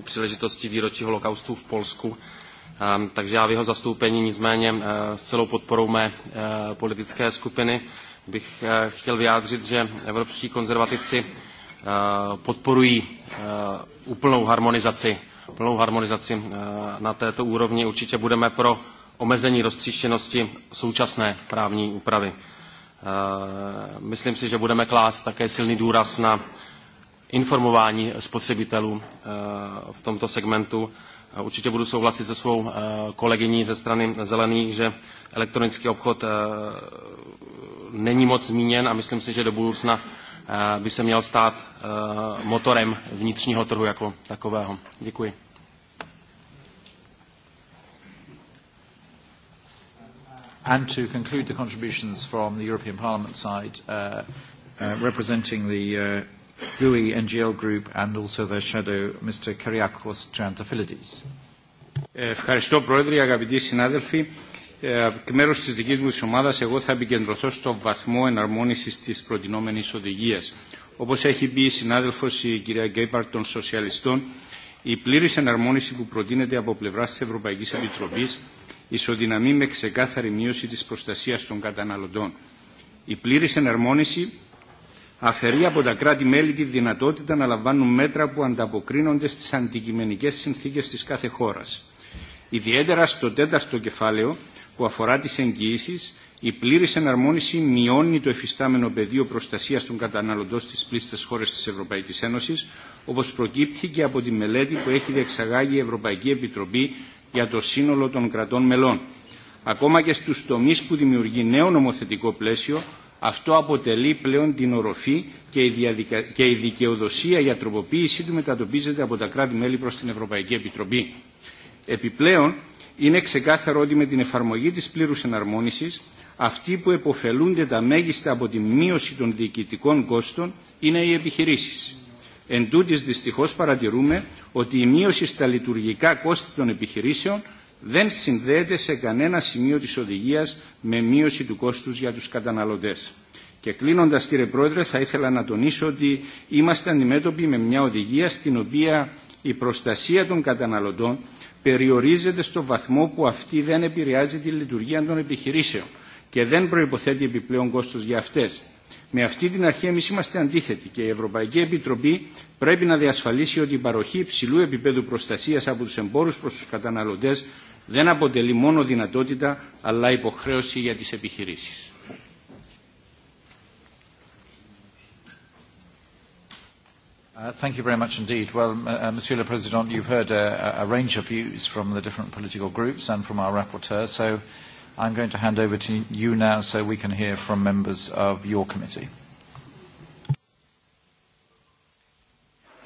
u příležitosti výročí holokaustu v Polsku. Takže já v jeho zastoupení nicméně s celou podporou mé politické skupiny bych chtěl vyjádřit, že evropští konzervativci podporují úplnou harmonizaci, plnou harmonizaci na této úrovni. Určitě budeme pro omezení roztříštěnosti současné právní úpravy. Eh, myslím si, že budeme klást také silný důraz na informování spotřebitelů eh, v tomto segmentu. Eh, určitě budu souhlasit se svou kolegyní ze strany zelených, že elektronický obchod není moc zmíněn a myslím si, že do budoucna by se měl stát motorem vnitřního trhu jako takového. Děkuji. and to conclude the contributions from the European Parliament side, uh, uh, representing the uh, GUI NGL group and also their shadow, Mr. Kyriakos Triantafilides. Ευχαριστώ Πρόεδρε, αγαπητοί συνάδελφοι. Εκ μέρους της δικής μου ομάδας εγώ θα επικεντρωθώ στο βαθμό εναρμόνισης της προτινόμενης οδηγίας. Όπως έχει πει η συνάδελφος η κυρία Γκέιπαρτ των Σοσιαλιστών, η πλήρης εναρμόνιση που προτείνεται από πλευράς της Ευρωπαϊκής Επιτροπής ισοδυναμεί με ξεκάθαρη μείωση της προστασίας των καταναλωτών. Η πλήρης εναρμόνιση αφαιρεί από τα κράτη-μέλη τη δυνατότητα να λαμβάνουν μέτρα που ανταποκρίνονται στις αντικειμενικές συνθήκες της κάθε χώρας. Ιδιαίτερα στο τέταρτο κεφάλαιο που αφορά τις εγγυήσεις, η πλήρης εναρμόνιση μειώνει το εφιστάμενο πεδίο προστασίας των καταναλωτών στις πλήστες χώρες της Ευρωπαϊκής Ένωσης, όπως προκύπτει και από τη μελέτη που έχει διεξαγάγει η Ευρωπαϊκή Επιτροπή για το σύνολο των κρατών μελών. Ακόμα και στους τομείς που δημιουργεί νέο νομοθετικό πλαίσιο, αυτό αποτελεί πλέον την οροφή και η, διαδικα... και η δικαιοδοσία για τροποποίησή του μετατοπίζεται από τα κράτη-μέλη προς την Ευρωπαϊκή Επιτροπή. Επιπλέον, είναι ξεκάθαρο ότι με την εφαρμογή της πλήρους εναρμόνισης, αυτοί που εποφελούνται τα μέγιστα από τη μείωση των διοικητικών κόστων είναι οι επιχειρήσεις. Εν τούτης δυστυχώς παρατηρούμε ότι η μείωση στα λειτουργικά κόστη των επιχειρήσεων δεν συνδέεται σε κανένα σημείο της οδηγίας με μείωση του κόστους για τους καταναλωτές. Και κλείνοντας κύριε Πρόεδρε θα ήθελα να τονίσω ότι είμαστε αντιμέτωποι με μια οδηγία στην οποία η προστασία των καταναλωτών περιορίζεται στο βαθμό που αυτή δεν επηρεάζει τη λειτουργία των επιχειρήσεων και δεν προϋποθέτει επιπλέον κόστος για αυτές. Με αυτή την αρχή εμείς είμαστε αντίθετοι και η Ευρωπαϊκή Επιτροπή πρέπει να διασφαλίσει ότι η παροχή υψηλού επίπεδου προστασίας από τους εμπόρους προς τους καταναλωτές δεν αποτελεί μόνο δυνατότητα αλλά υποχρέωση για τις επιχειρήσεις. Uh, thank you very much indeed. Well, uh, uh Monsieur le Président, you've heard a, uh, a range of views from the different political groups and from our rapporteur, so uh, I'm going to hand over to you now so we can hear from members of your committee.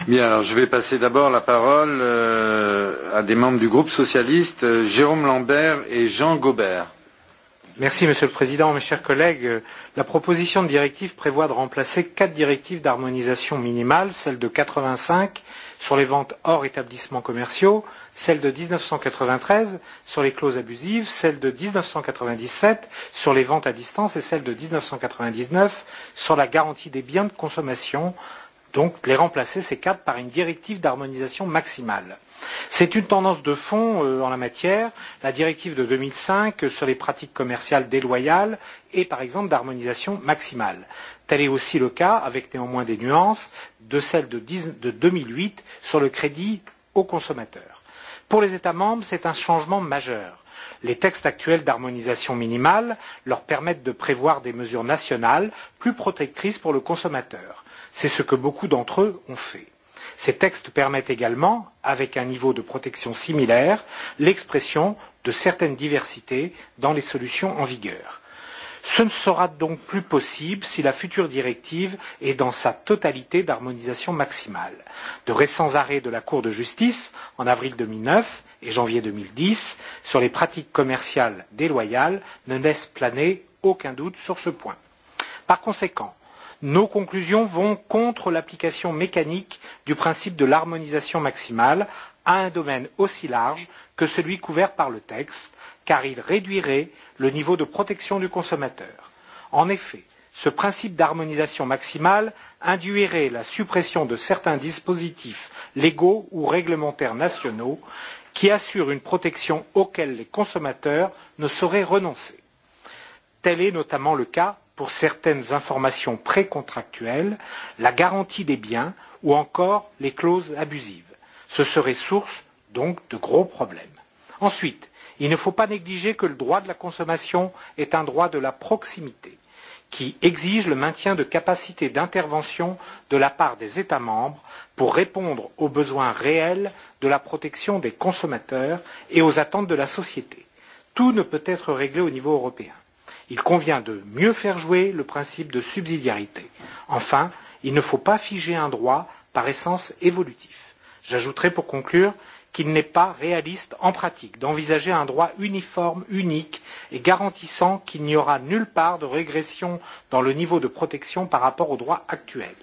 Bien, alors je vais passer d'abord la parole euh, à des membres du groupe socialiste, euh, Jérôme Lambert et Jean Gobert. Merci, Monsieur le Président, mes chers collègues. Euh, la proposition de directive prévoit de remplacer quatre directives d'harmonisation minimale, celle de 85 sur les ventes hors établissements commerciaux, celle de 1993 sur les clauses abusives, celle de 1997 sur les ventes à distance et celle de 1999 sur la garantie des biens de consommation, donc les remplacer ces quatre par une directive d'harmonisation maximale. C'est une tendance de fond euh, en la matière. La directive de 2005 euh, sur les pratiques commerciales déloyales et par exemple d'harmonisation maximale. Tel est aussi le cas, avec néanmoins des nuances, de celle de, 10, de 2008 sur le crédit aux consommateurs. Pour les États membres, c'est un changement majeur. Les textes actuels d'harmonisation minimale leur permettent de prévoir des mesures nationales plus protectrices pour le consommateur. C'est ce que beaucoup d'entre eux ont fait. Ces textes permettent également, avec un niveau de protection similaire, l'expression de certaines diversités dans les solutions en vigueur. Ce ne sera donc plus possible si la future directive est dans sa totalité d'harmonisation maximale. De récents arrêts de la Cour de justice en avril 2009 et janvier 2010 sur les pratiques commerciales déloyales ne laissent planer aucun doute sur ce point. Par conséquent, nos conclusions vont contre l'application mécanique du principe de l'harmonisation maximale à un domaine aussi large que celui couvert par le texte, car il réduirait le niveau de protection du consommateur. En effet, ce principe d'harmonisation maximale induirait la suppression de certains dispositifs légaux ou réglementaires nationaux qui assurent une protection auxquelles les consommateurs ne sauraient renoncer. Tel est notamment le cas pour certaines informations précontractuelles, la garantie des biens ou encore les clauses abusives. Ce serait source donc de gros problèmes. Ensuite, Il ne faut pas négliger que le droit de la consommation est un droit de la proximité qui exige le maintien de capacités d'intervention de la part des États membres pour répondre aux besoins réels de la protection des consommateurs et aux attentes de la société. Tout ne peut être réglé au niveau européen. Il convient de mieux faire jouer le principe de subsidiarité. Enfin, il ne faut pas figer un droit par essence évolutif. J'ajouterai pour conclure qu'il n'est pas réaliste en pratique d'envisager un droit uniforme, unique et garantissant qu'il n'y aura nulle part de régression dans le niveau de protection par rapport au droit actuel.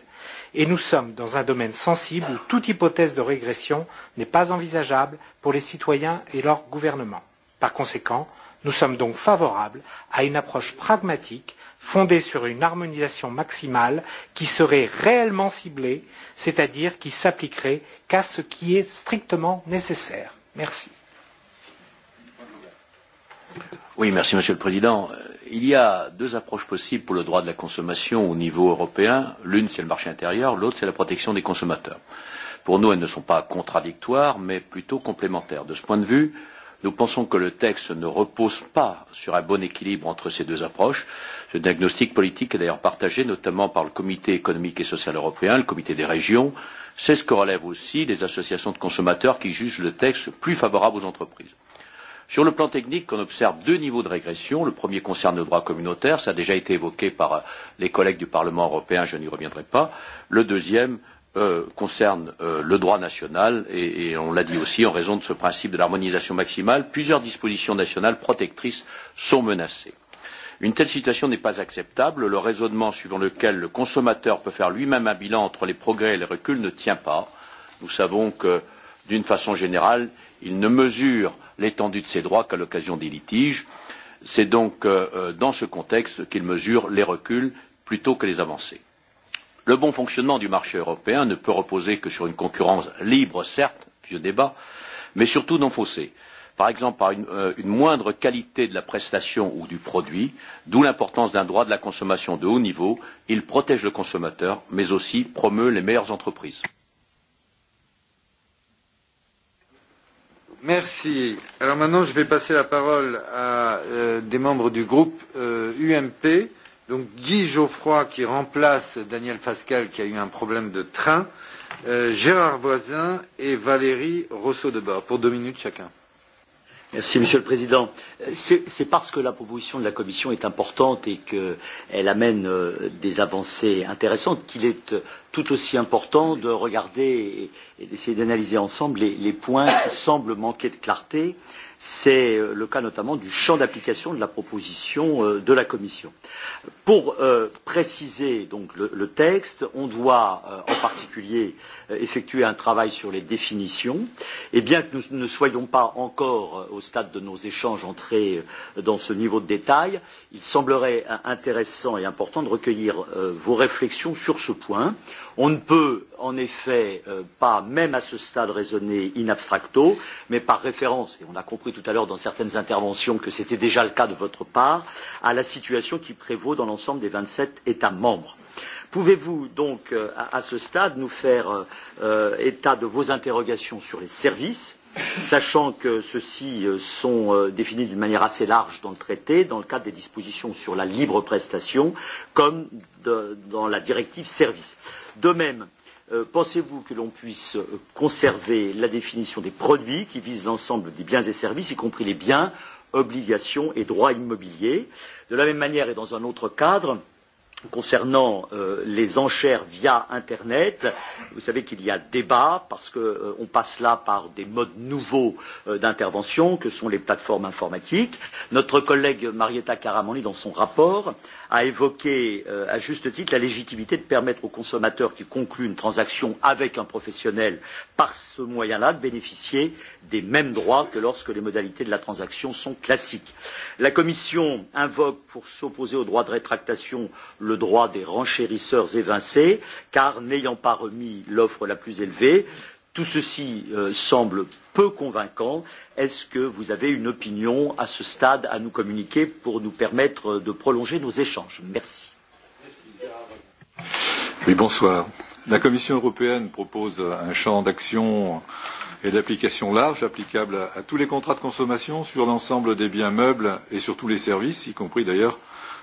Et nous sommes dans un domaine sensible où toute hypothèse de régression n'est pas envisageable pour les citoyens et leur gouvernement. Par conséquent, nous sommes donc favorables à une approche pragmatique fondée sur une harmonisation maximale qui serait réellement ciblée, c'est-à-dire qui s'appliquerait qu'à ce qui est strictement nécessaire. Merci. Oui, merci Monsieur le Président. Il y a deux approches possibles pour le droit de la consommation au niveau européen. L'une, c'est le marché intérieur, l'autre, c'est la protection des consommateurs. Pour nous, elles ne sont pas contradictoires, mais plutôt complémentaires. De ce point de vue, euh, Nous pensons que le texte ne repose pas sur un bon équilibre entre ces deux approches. Ce diagnostic politique est d'ailleurs partagé notamment par le Comité économique et social européen, le Comité des régions. C'est ce que relèvent aussi les associations de consommateurs qui jugent le texte plus favorable aux entreprises. Sur le plan technique, on observe deux niveaux de régression. Le premier concerne le droit communautaire, ça a déjà été évoqué par les collègues du Parlement européen, je n'y reviendrai pas. Le deuxième euh, concerne euh, le droit national et, et on l'a dit aussi en raison de ce principe de l'harmonisation maximale, plusieurs dispositions nationales protectrices sont menacées. Une telle situation n'est pas acceptable. Le raisonnement suivant lequel le consommateur peut faire lui-même un bilan entre les progrès et les reculs ne tient pas. Nous savons que, d'une façon générale, il ne mesure l'étendue de ses droits qu'à l'occasion des litiges. C'est donc euh, euh dans ce contexte qu'il mesure les reculs plutôt que les avancées. Le bon fonctionnement du marché européen ne peut reposer que sur une concurrence libre, certes, vieux débat, mais surtout non faussée. Par exemple, par une, euh, une moindre qualité de la prestation ou du produit, d'où l'importance d'un droit de la consommation de haut niveau. Il protège le consommateur, mais aussi promeut les meilleures entreprises. Merci. Alors maintenant, je vais passer la parole à euh, des membres du groupe euh, UMP donc Guy Geoffroy qui remplace Daniel Fascal qui a eu un problème de train, euh, Gérard Voisin et Valérie Rousseau-Debat pour deux minutes chacun. Merci, Monsieur le Président. C'est parce que la proposition de la Commission est importante et qu'elle amène euh, des avancées intéressantes qu'il est euh, tout aussi important de regarder et, et d'essayer d'analyser ensemble les, les points qui semblent manquer de clarté C'est euh, le cas notamment du champ d'application de la proposition euh, de la Commission. Pour euh, préciser donc le, le texte, on doit euh, en particulier euh, effectuer un travail sur les définitions. Et bien que nous ne soyons pas encore euh, au stade de nos échanges entrés dans ce niveau de détail, il semblerait intéressant et important de recueillir vos réflexions sur ce point On ne peut en effet euh, pas, même à ce stade, raisonner in abstracto, mais par référence, et on a compris tout à l'heure dans certaines interventions que c'était déjà le cas de votre part, à la situation qui prévaut dans l'ensemble des 27 États membres. Pouvez-vous donc, euh, à, à ce stade, nous faire euh, euh état de vos interrogations sur les services sachant que ceux-ci euh, sont euh, définis d'une manière assez large dans le traité, dans le cadre des dispositions sur la libre prestation, comme de, dans la directive service. De même, euh, pensez-vous que l'on puisse conserver la définition des produits qui vise l'ensemble des biens et services, y compris les biens, obligations et droits immobiliers De la même manière et dans un autre cadre, euh, concernant euh, les enchères via Internet, vous savez qu'il y a débat parce qu'on euh, passe là par des modes nouveaux euh, d'intervention que sont les plateformes informatiques. Notre collègue Marietta Caramanli, dans son rapport, a évoqué euh, à juste titre la légitimité de permettre aux consommateurs qui concluent une transaction avec un professionnel par ce moyen-là de bénéficier des mêmes droits que lorsque les modalités de la transaction sont classiques. La Commission invoque pour s'opposer au droit de rétractation le droit des renchérisseurs évincé, car n'ayant pas remis l'offre la plus élevée, tout ceci euh, semble peu convaincant. Est-ce que vous avez une opinion à ce stade à nous communiquer pour nous permettre de prolonger nos échanges Merci. Oui, bonsoir. La Commission européenne propose un champ d'action et d'application large applicable à, à tous les contrats de consommation sur l'ensemble des biens meubles et sur tous les services, y compris d'ailleurs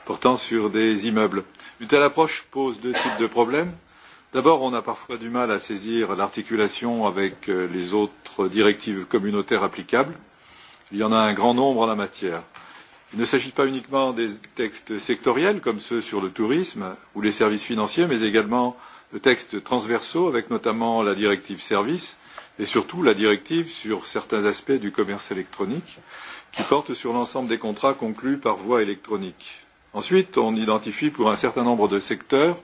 portant sur des immeubles. Une telle approche pose deux types de problèmes. D'abord, on a parfois du mal à saisir l'articulation avec euh, les autres directives communautaires applicables. Il y en a un grand nombre en la matière. Il ne s'agit pas uniquement des textes sectoriels comme ceux sur le tourisme ou les services financiers, mais également de textes transversaux avec notamment la directive services et surtout la directive sur certains aspects du commerce électronique qui porte sur l'ensemble des contrats conclus par voie électronique. Ensuite, on identifie pour un certain nombre de secteurs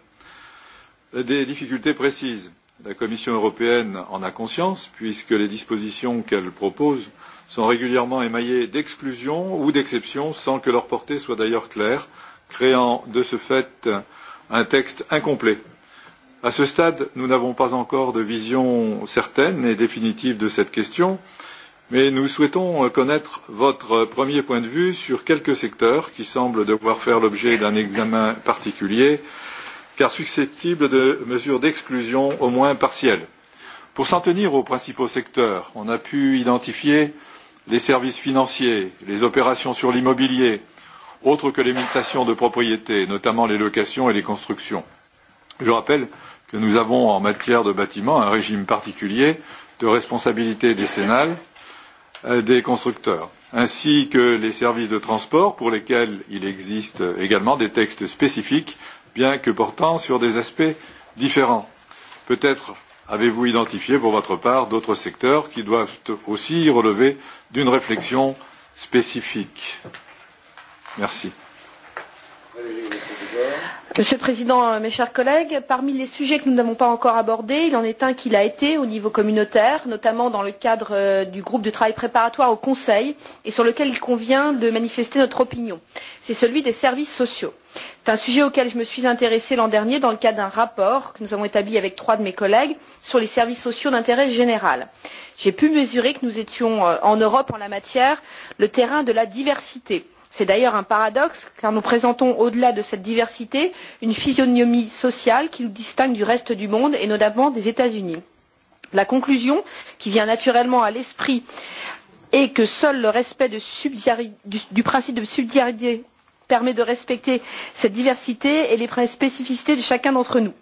des difficultés précises. La Commission européenne en a conscience, puisque les dispositions qu'elle propose sont régulièrement émaillées d'exclusions ou d'exceptions sans que leur portée soit d'ailleurs claire, créant de ce fait un texte incomplet. À ce stade, nous n'avons pas encore de vision certaine et définitive de cette question, euh, mais nous souhaitons euh, connaître votre euh, premier point de vue sur quelques secteurs qui semblent devoir faire l'objet d'un examen particulier, car susceptibles de mesures d'exclusion au moins partielles. Pour s'en tenir aux principaux secteurs, on a pu identifier les services financiers, les opérations sur l'immobilier, autres que les mutations de propriété, notamment les locations et les constructions. Je rappelle que nous avons en matière de bâtiment un régime particulier de responsabilité décennale Euh, des constructeurs, ainsi que les services de transport pour lesquels il existe également des textes spécifiques, bien que portant sur des aspects différents. Peut-être avez-vous identifié pour votre part d'autres secteurs qui doivent aussi relever d'une réflexion spécifique Merci. Monsieur le Président, euh, mes chers collègues, parmi les sujets que nous n'avons pas encore abordés, il en est un qui l'a été au niveau communautaire, notamment dans le cadre euh, du groupe de travail préparatoire au Conseil et sur lequel il convient de manifester notre opinion. C'est celui des services sociaux. C'est un sujet auquel je me suis intéressée l'an dernier dans le cadre d'un rapport que nous avons établi avec trois de mes collègues sur les services sociaux d'intérêt général. J'ai pu mesurer que nous étions euh, en Europe en la matière le terrain de la diversité c'est d'ailleurs un paradoxe car nous présentons au delà de cette diversité une physionomie sociale qui nous distingue du reste du monde et notamment des états unis. la conclusion qui vient naturellement à l'esprit est que seul le respect du, du principe de subsidiarité permet de respecter cette diversité et les spécificités de chacun d'entre nous.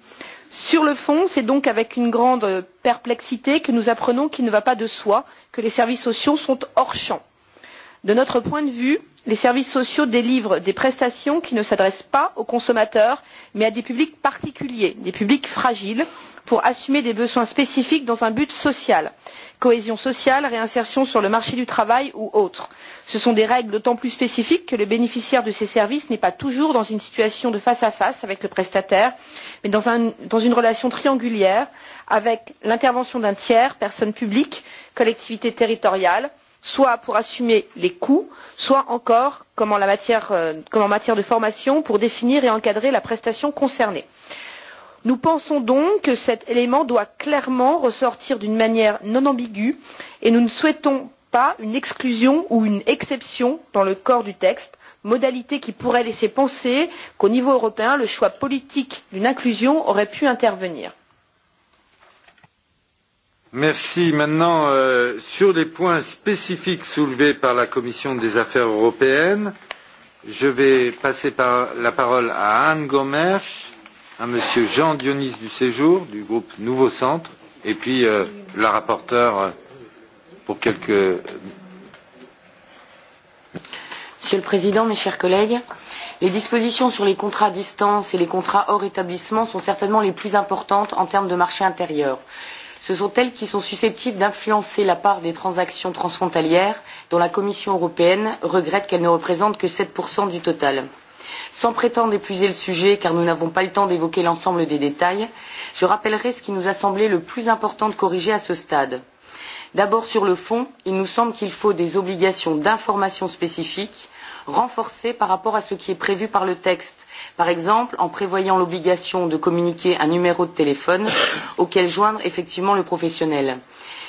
sur le fond c'est donc avec une grande perplexité que nous apprenons qu'il ne va pas de soi que les services sociaux sont hors champ. de notre point de vue les services sociaux délivrent des prestations qui ne s'adressent pas aux consommateurs mais à des publics particuliers des publics fragiles pour assumer des besoins spécifiques dans un but social cohésion sociale réinsertion sur le marché du travail ou autre. ce sont des règles d'autant plus spécifiques que le bénéficiaire de ces services n'est pas toujours dans une situation de face à face avec le prestataire mais dans, un, dans une relation triangulaire avec l'intervention d'un tiers personne publique collectivité territoriale et soit pour assumer les coûts soit encore euh, comme en matière de formation pour définir et encadrer la prestation concernée. nous pensons donc que cet élément doit clairement ressortir d'une manière non ambiguë et nous ne souhaitons pas une exclusion ou une exception dans le corps du texte modalité qui pourrait laisser penser qu'au niveau européen le choix politique d'une inclusion aurait pu intervenir. Merci. Maintenant, euh, sur les points spécifiques soulevés par la Commission des affaires européennes, je vais passer par la parole à Anne Gomersch, à Monsieur Jean Dionis du Séjour, du groupe Nouveau Centre, et puis euh, la rapporteure euh, pour quelques. Monsieur le Président, mes chers collègues, les dispositions sur les contrats à distance et les contrats hors établissement sont certainement les plus importantes en termes de marché intérieur. Euh, ce sont elles qui sont susceptibles d'influencer la part des transactions transfrontalières dont la commission européenne regrette qu'elles ne représentent que sept du total. sans prétendre épuiser le sujet car nous n'avons pas le temps d'évoquer l'ensemble des détails je rappellerai ce qui nous a semblé le plus important de corriger à ce stade. d'abord sur le fond il nous semble qu'il faut des obligations d'information spécifiques renforcées par rapport à ce qui est prévu par le texte par exemple en prévoyant l'obligation de communiquer un numéro de téléphone auquel joindre effectivement le professionnel.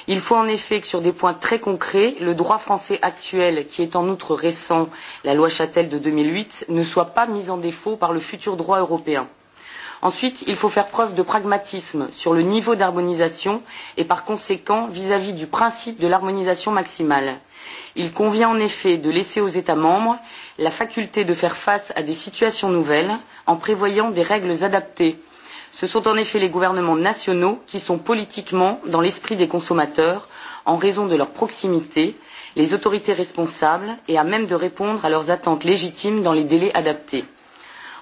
Il faut en effet que sur des points très concrets, le droit français actuel, qui est en outre récent, la loi Châtel de 2008, ne soit pas mis en défaut par le futur droit européen. Ensuite, il faut faire preuve de pragmatisme sur le niveau d'harmonisation et par conséquent vis-à-vis -vis du principe de l'harmonisation maximale Il convient en effet de laisser aux États membres la faculté de faire face à des situations nouvelles en prévoyant des règles adaptées. Ce sont en effet les gouvernements nationaux qui sont politiquement dans l'esprit des consommateurs en raison de leur proximité, les autorités responsables et à même de répondre à leurs attentes légitimes dans les délais adaptés.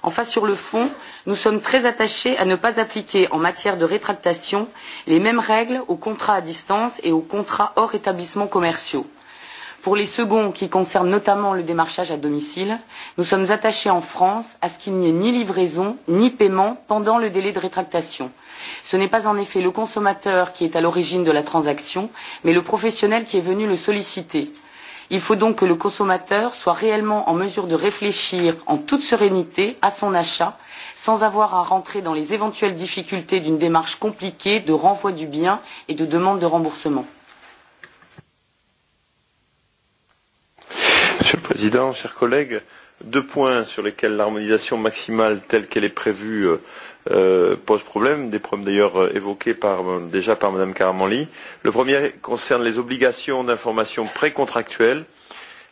Enfin, sur le fond, nous sommes très attachés à ne pas appliquer en matière de rétractation les mêmes règles aux contrats à distance et aux contrats hors établissements commerciaux. Pour les seconds, qui concernent notamment le démarchage à domicile, nous sommes attachés en France à ce qu'il n'y ait ni livraison ni paiement pendant le délai de rétractation. Ce n'est pas en effet le consommateur qui est à l'origine de la transaction, mais le professionnel qui est venu le solliciter. Il faut donc que le consommateur soit réellement en mesure de réfléchir en toute sérénité à son achat, sans avoir à rentrer dans les éventuelles difficultés d'une démarche compliquée de renvoi du bien et de demande de remboursement. Président, chers collègues, deux points sur lesquels l'harmonisation maximale telle qu'elle est prévue euh, euh pose problème, des problèmes d'ailleurs euh, évoqués par, euh, déjà par Mme Caramanli. Le premier concerne les obligations d'information précontractuelles.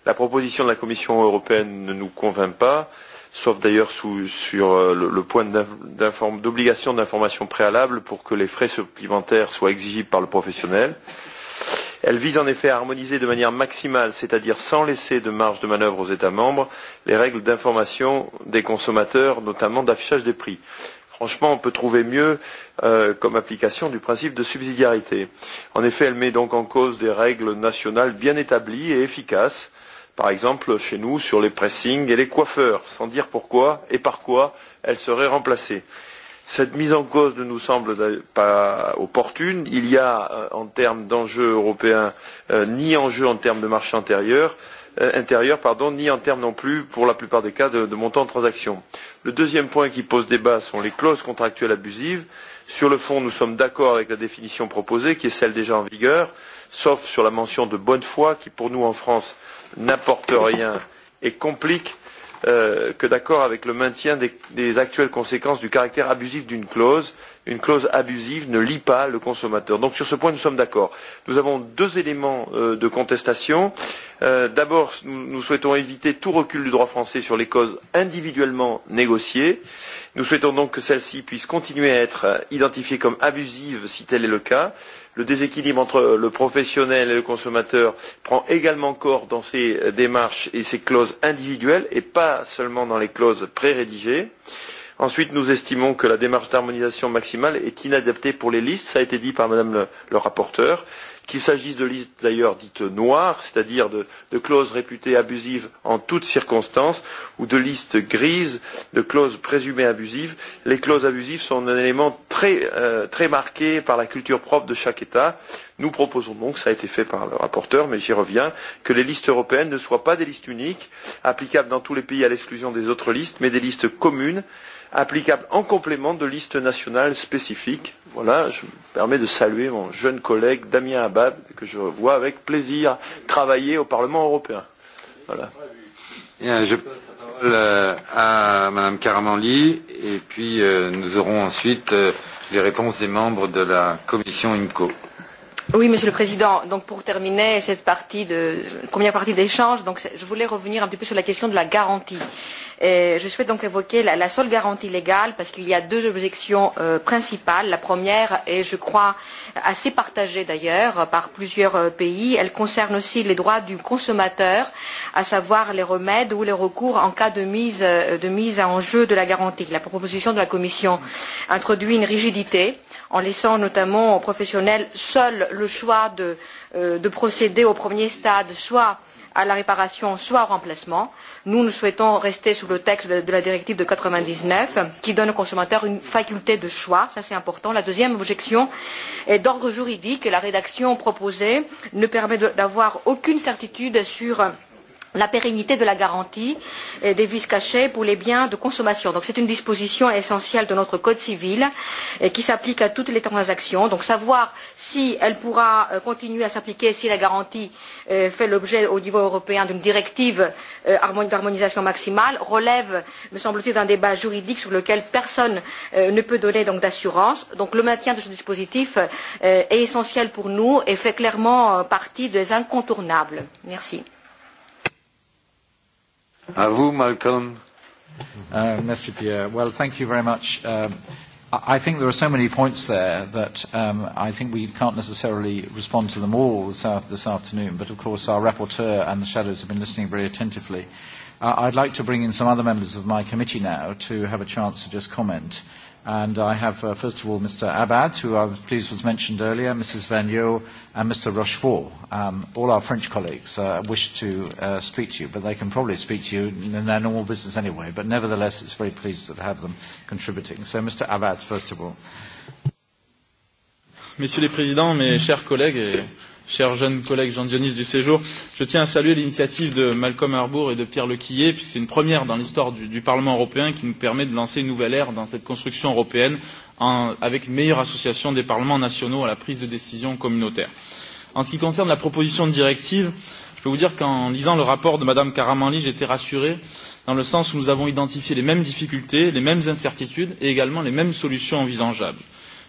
La proposition de la Commission européenne ne nous convainc pas, sauf d'ailleurs sous, sur le, le point d'obligation d'information préalable pour que les frais supplémentaires soient exigibles par le professionnel. Euh, Elle vise en effet à harmoniser de manière maximale, c'est-à-dire sans laisser de marge de manœuvre aux États membres, les règles d'information des consommateurs, notamment d'affichage des prix. Franchement, on peut trouver mieux euh, comme application du principe de subsidiarité. En effet, elle met donc en cause des règles nationales bien établies et efficaces, par exemple chez nous sur les pressings et les coiffeurs, sans dire pourquoi et par quoi elles seraient remplacées. Euh, Cette mise en cause ne nous semble pas opportune. Il y a, euh, en termes d'enjeux européens, euh, ni enjeu en termes de marché intérieur, euh, intérieur pardon, ni en termes non plus, pour la plupart des cas, de, de montant de transactions. Le deuxième point qui pose débat sont les clauses contractuelles abusives. Sur le fond, nous sommes d'accord avec la définition proposée, qui est celle déjà en vigueur, sauf sur la mention de bonne foi, qui pour nous en France n'apporte rien et complique euh, que d'accord avec le maintien des, des actuelles conséquences du caractère abusif d'une clause. Une clause abusive ne lie pas le consommateur. Donc sur ce point, nous sommes d'accord. Nous avons deux éléments euh, de contestation. Euh, D'abord, nous, nous souhaitons éviter tout recul du droit français sur les causes individuellement négociées. Nous souhaitons donc que celles-ci puissent continuer à être euh, identifiées comme abusives si tel est le cas Le déséquilibre entre le professionnel et le consommateur prend également corps dans ces démarches et ces clauses individuelles et pas seulement dans les clauses pré-rédigées. Ensuite, nous estimons que la démarche d'harmonisation maximale est inadaptée pour les listes, ça a été dit par Madame le, le rapporteur, qu'il s'agisse de listes d'ailleurs dites noires, c'est-à-dire de, de clauses réputées abusives en toutes circonstances, ou de listes grises, de clauses présumées abusives. Les clauses abusives sont un élément très, euh, très marqué par la culture propre de chaque État. Nous proposons donc, ça a été fait par le rapporteur, mais j'y reviens, que les listes européennes ne soient pas des listes uniques, applicables dans tous les pays à l'exclusion des autres listes, mais des listes communes applicable en complément de listes nationales spécifiques. Voilà, je me permets de saluer mon jeune collègue Damien Abad, que je vois avec plaisir travailler au Parlement européen. Voilà. Bien, je passe la parole euh, à Madame Caramanli, et puis euh, nous aurons ensuite euh, les réponses des membres de la commission IMCO. Oui, Monsieur le Président. Donc, pour terminer cette partie de, première partie d'échange, donc, je voulais revenir un petit peu sur la question de la garantie. Et je souhaite donc évoquer la, la seule garantie légale parce qu'il y a deux objections euh, principales. La première est, je crois, assez partagée d'ailleurs par plusieurs euh, pays. Elle concerne aussi les droits du consommateur, à savoir les remèdes ou les recours en cas de mise, euh, de mise en jeu de la garantie. La proposition de la Commission introduit une rigidité en laissant notamment aux professionnels seul le choix de, euh, de procéder au premier stade soit à la réparation soit au remplacement. nous nous souhaitons rester sur le texte de la directive de quatre vingt dix neuf qui donne aux consommateurs une faculté de choix ça c'est important. la deuxième objection est d'ordre juridique la rédaction proposée ne permet d'avoir aucune certitude sur la pérennité de la garantie euh, des vices cachés pour les biens de consommation. Donc c'est une disposition essentielle de notre code civil et euh, qui s'applique à toutes les transactions. Donc savoir si elle pourra euh, continuer à s'appliquer si la garantie fait l'objet au niveau européen d'une directive d'harmonisation maximale relève, me semble-t-il, d'un débat juridique sur lequel personne ne peut donner donc d'assurance. Donc le maintien de ce dispositif est essentiel pour nous et fait clairement partie des incontournables. Merci. À vous, Malcolm. Uh, merci, Pierre. Well, thank you very much. Um, I think there are so many points there that um, I think we can't necessarily respond to them all this, uh, this afternoon, but of course our rapporteur and the shadows have been listening very attentively. Uh, I'd like to bring in some other members of my committee now to have a chance to just comment. Uh, And I have, uh, first of all, Mr. Abad, who I'm pleased was mentioned earlier, Mrs. Vagnot, and Mr. Rochefort. Um, all our French colleagues uh, wish to uh, speak to you, but they can probably speak to you in their normal business anyway. But nevertheless, it's very pleased to have them contributing. So, Mr. Abad, first of all. Messieurs les Présidents, mes chers collègues, et cher jeune collègue Jean-Dionis du Séjour. Je tiens à saluer l'initiative de Malcolm Harbour et de Pierre Lequillet, puisque c'est une première dans l'histoire du, du Parlement européen qui nous permet de lancer une nouvelle ère dans cette construction européenne en, avec une meilleure association des parlements nationaux à la prise de décision communautaire. En ce qui concerne la proposition de directive, je peux vous dire qu'en lisant le rapport de Madame Caramanli, j'étais rassuré dans le sens où nous avons identifié les mêmes difficultés, les mêmes incertitudes et également les mêmes solutions envisageables.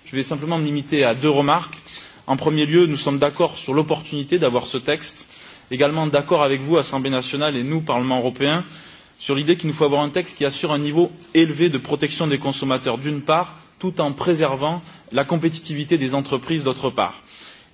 Je vais simplement me limiter à deux remarques. Euh, En premier lieu, nous sommes d'accord sur l'opportunité d'avoir ce texte, également d'accord avec vous, Assemblée nationale et nous, Parlement européen, sur l'idée qu'il nous faut avoir un texte qui assure un niveau élevé de protection des consommateurs, d'une part, tout en préservant la compétitivité des entreprises, d'autre part.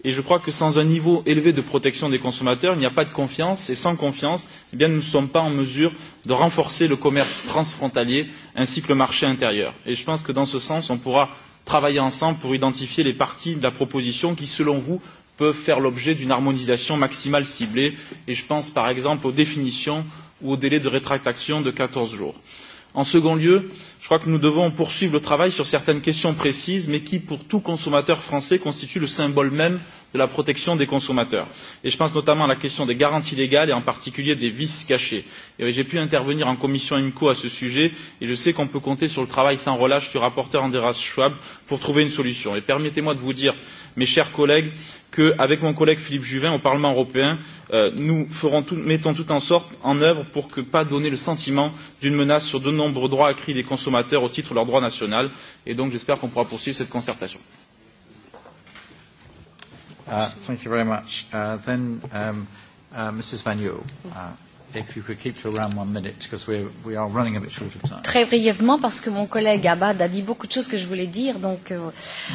Et je crois que sans un niveau élevé de protection des consommateurs, il n'y a pas de confiance. Et sans confiance, eh bien, nous ne sommes pas en mesure de renforcer le commerce transfrontalier ainsi que le marché intérieur. Et je pense que dans ce sens, on pourra travailler ensemble pour identifier les parties de la proposition qui, selon vous, peuvent faire l'objet d'une harmonisation maximale ciblée. Et je pense par exemple aux définitions ou au délai de rétractation de 14 jours. En second lieu, je crois que nous devons poursuivre le travail sur certaines questions précises, mais qui, pour tout consommateur français, constituent le symbole même de la protection des consommateurs. Et je pense notamment à la question des garanties légales et en particulier des vices cachés. J'ai pu intervenir en commission IMCO à ce sujet et je sais qu'on peut compter sur le travail sans relâche du rapporteur Andreas Schwab pour trouver une solution. Et permettez-moi de vous dire, mes chers collègues, qu'avec mon collègue Philippe Juvin au Parlement européen, euh, nous ferons tout, mettons tout en sorte en œuvre pour que pas donner le sentiment d'une menace sur de nombreux droits acquis des consommateurs au titre de leurs droits nationaux. Et donc j'espère qu'on pourra poursuivre cette concertation. Uh, thank you very much. Uh, then um, uh, Mrs. Van Yule. Uh, if you could keep to around one minute, because we are running a bit short of time. Très brièvement, parce que mon collègue Abad a dit beaucoup de choses que je voulais dire. Donc, euh,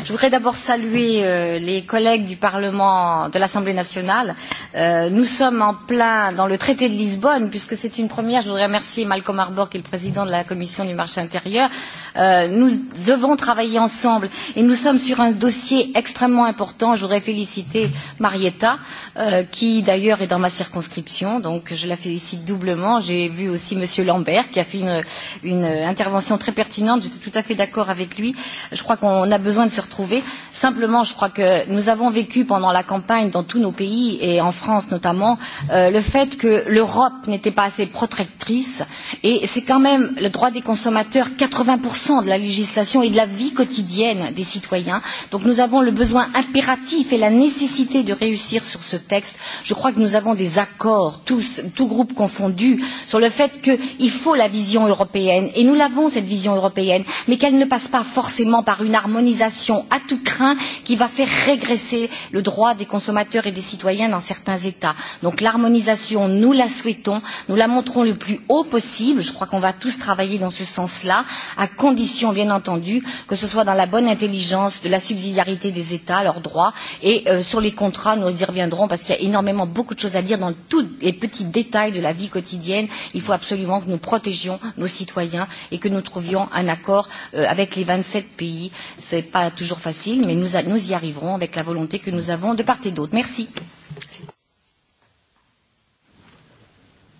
je voudrais d'abord saluer euh, les collègues du Parlement, de l'Assemblée nationale. Euh, nous sommes en plein dans le traité de Lisbonne, puisque c'est une première. Je voudrais remercier Malcolm Harbour, qui est le président de la Commission du marché intérieur. Euh, nous devons travailler ensemble et nous sommes sur un dossier extrêmement important. Je voudrais féliciter Marietta, euh, qui d'ailleurs est dans ma circonscription, donc je la félicite félicite doublement. J'ai vu aussi Monsieur Lambert qui a fait une, une intervention très pertinente. J'étais tout à fait d'accord avec lui. Je crois qu'on a besoin de se retrouver. Simplement, je crois que nous avons vécu pendant la campagne dans tous nos pays et en France notamment euh, le fait que l'Europe n'était pas assez protectrice et c'est quand même le droit des consommateurs 80% de la législation et de la vie quotidienne des citoyens. Donc nous avons le besoin impératif et la nécessité de réussir sur ce texte. Je crois que nous avons des accords, tous, tout groupe confondus sur le fait qu'il faut la vision européenne et nous l'avons cette vision européenne mais qu'elle ne passe pas forcément par une harmonisation à tout crin qui va faire régresser le droit des consommateurs et des citoyens dans certains États. Donc l'harmonisation, nous la souhaitons, nous la montrons le plus haut possible, je crois qu'on va tous travailler dans ce sens-là, à condition bien entendu que ce soit dans la bonne intelligence de la subsidiarité des États, leurs droits, et euh, sur les contrats, nous y reviendrons parce qu'il y a énormément beaucoup de choses à dire dans tous les petits détails de la la vie quotidienne. Il faut absolument que nous protégions nos citoyens et que nous trouvions un accord euh, avec les 27 pays. Ce n'est pas toujours facile, mais nous, nous y arriverons avec la volonté que nous avons de part et d'autre. Merci.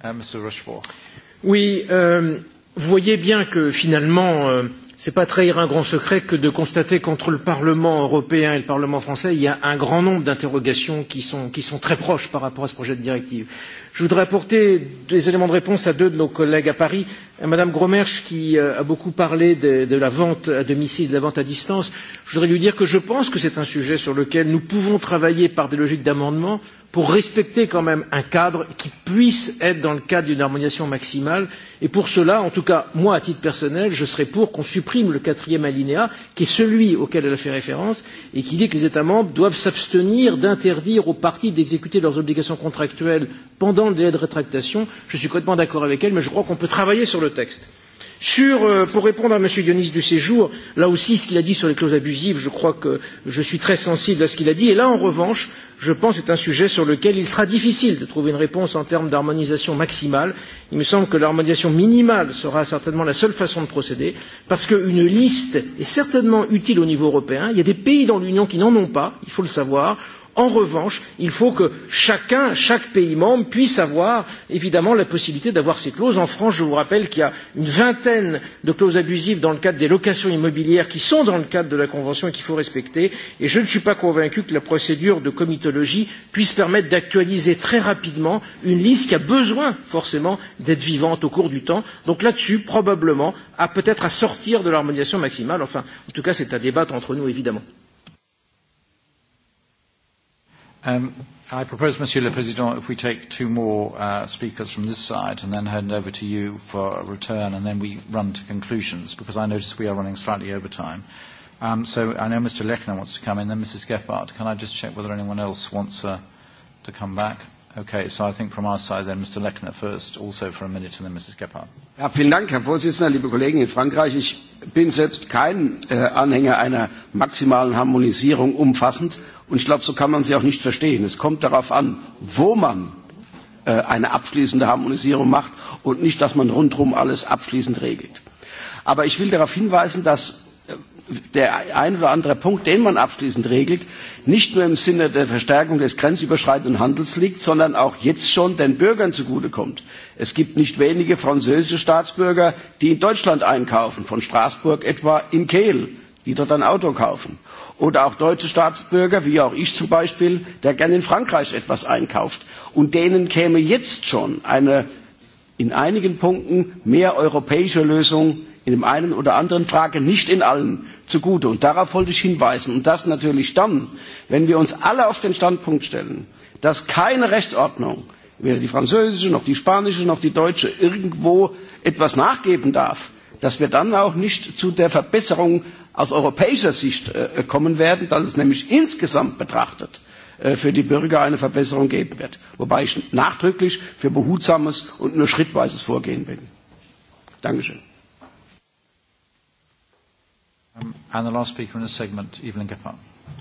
Uh, Monsieur Rochefort. Oui, euh, vous voyez bien que finalement, euh, ce n'est pas trahir un grand secret que de constater qu'entre le Parlement européen et le Parlement français, il y a un grand nombre d'interrogations qui sont, qui sont très proches par rapport à ce projet de directive. Je voudrais apporter des éléments de réponse à deux de nos collègues à Paris. À Madame Gromersch, qui euh, a beaucoup parlé de, de la vente à domicile, de la vente à distance, je voudrais lui dire que je pense que c'est un sujet sur lequel nous pouvons travailler par des logiques d'amendement, pour respecter quand même un cadre qui puisse être dans le cadre d'une harmonisation maximale. Et pour cela, en tout cas, moi, à titre personnel, je serais pour qu'on supprime le quatrième alinéa, qui est celui auquel elle a fait référence, et qui dit que les États membres doivent s'abstenir d'interdire aux parties d'exécuter leurs obligations contractuelles pendant le délai de rétractation. Je suis complètement d'accord avec elle, mais je crois qu'on peut travailler sur le texte. Sur, euh, pour répondre à M. Dionis du Séjour, là aussi, ce qu'il a dit sur les clauses abusives, je crois que je suis très sensible à ce qu'il a dit. Et là, en revanche, je pense que c'est un sujet sur lequel il sera difficile de trouver une réponse en termes d'harmonisation maximale. Il me semble que l'harmonisation minimale sera certainement la seule façon de procéder, parce qu'une liste est certainement utile au niveau européen. Il y a des pays dans l'Union qui n'en ont pas, il faut le savoir. En revanche, il faut que chacun, chaque pays membre puisse avoir évidemment la possibilité d'avoir ces clauses. En France, je vous rappelle qu'il y a une vingtaine de clauses abusives dans le cadre des locations immobilières qui sont dans le cadre de la Convention et qu'il faut respecter. Et je ne suis pas convaincu que la procédure de comitologie puisse permettre d'actualiser très rapidement une liste qui a besoin forcément d'être vivante au cours du temps. Donc là-dessus, probablement, à peut-être à sortir de l'harmonisation maximale. Enfin, en tout cas, c'est à débattre entre nous, évidemment. Um, I propose, Monsieur le Président, if we take two more uh, speakers from this side and then hand over to you for a return, and then we run to conclusions, because I notice we are running slightly over time. Um, so I know Mr. Lechner wants to come in, then Mrs. Gephardt. Can I just check whether anyone else wants uh, to come back? Okay, so I think from our side then, Mr. Lechner first, also for a minute, and then Mrs. Gephardt. Ja, vielen Dank, Herr Vorsitzender, liebe Kollegen in Frankreich. Ich bin selbst kein äh, Anhänger einer maximalen Harmonisierung umfassend. Und ich glaube, so kann man sie auch nicht verstehen. Es kommt darauf an, wo man äh, eine abschließende Harmonisierung macht und nicht, dass man rundherum alles abschließend regelt. Aber ich will darauf hinweisen, dass der ein oder andere Punkt, den man abschließend regelt, nicht nur im Sinne der Verstärkung des grenzüberschreitenden Handels liegt, sondern auch jetzt schon den Bürgern zugutekommt. Es gibt nicht wenige französische Staatsbürger, die in Deutschland einkaufen, von Straßburg etwa in Kehl, die dort ein Auto kaufen. Oder auch deutsche Staatsbürger, wie auch ich zum Beispiel, der gern in Frankreich etwas einkauft. Und denen käme jetzt schon eine in einigen Punkten mehr europäische Lösung in dem einen oder anderen Frage, nicht in allen, zugute. Und darauf wollte ich hinweisen. Und das natürlich dann, wenn wir uns alle auf den Standpunkt stellen, dass keine Rechtsordnung, weder die französische noch die spanische noch die deutsche, irgendwo etwas nachgeben darf, dass wir dann auch nicht zu der Verbesserung aus europäischer Sicht äh, kommen werden, dass es nämlich insgesamt betrachtet äh, für die Bürger eine Verbesserung geben wird. Wobei ich nachdrücklich für behutsames und nur schrittweises Vorgehen bin. Dankeschön. Um, and the last speaker in the segment, Evelyn Gephardt.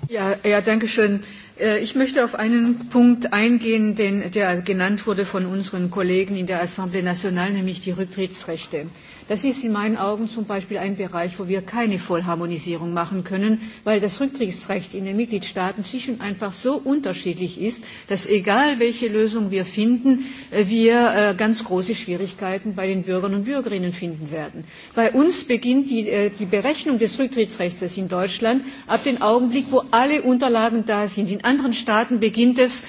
Ja, ja, danke schön. Äh, ich möchte auf einen Punkt eingehen, den, der genannt wurde von unseren Kollegen in der Assemblée Nationale, nämlich die Rücktrittsrechte. Äh, Das ist in meinen Augen zum Beispiel ein Bereich, wo wir keine Vollharmonisierung machen können, weil das Rücktrittsrecht in den Mitgliedstaaten sich und einfach so unterschiedlich ist, dass egal welche Lösung wir finden, äh, wir äh, ganz große Schwierigkeiten bei den Bürgern und Bürgerinnen finden werden. Bei uns beginnt die, äh, die Berechnung des Rücktrittsrechts in Deutschland ab dem Augenblick, wo alle Unterlagen da sind. In anderen Staaten beginnt es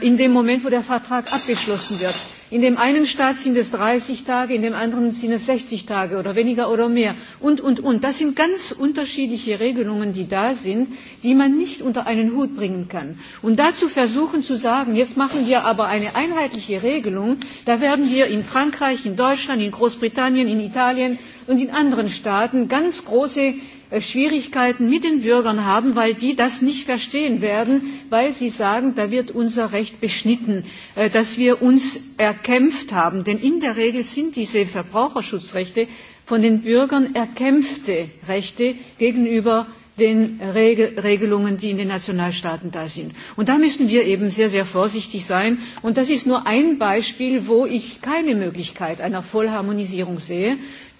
in dem Moment, wo der Vertrag abgeschlossen wird. In dem einen Staat sind es 30 Tage, in dem anderen sind es 60 Tage oder weniger oder mehr. Und, und, und. Das sind ganz unterschiedliche Regelungen, die da sind, die man nicht unter einen Hut bringen kann. Und dazu versuchen zu sagen, jetzt machen wir aber eine einheitliche Regelung, da werden wir in Frankreich, in Deutschland, in Großbritannien, in Italien und in anderen Staaten ganz große Äh, Schwierigkeiten mit den Bürgern haben, weil die das nicht verstehen werden, weil sie sagen, da wird unser Recht beschnitten, äh, das wir uns erkämpft haben. Denn in der Regel sind diese Verbraucherschutzrechte von den Bürgern erkämpfte Rechte gegenüber den Regel Regelungen, die in den Nationalstaaten da sind. Und da müssen wir eben sehr, sehr vorsichtig sein. Und das ist nur ein Beispiel, wo ich keine Möglichkeit einer Vollharmonisierung sehe,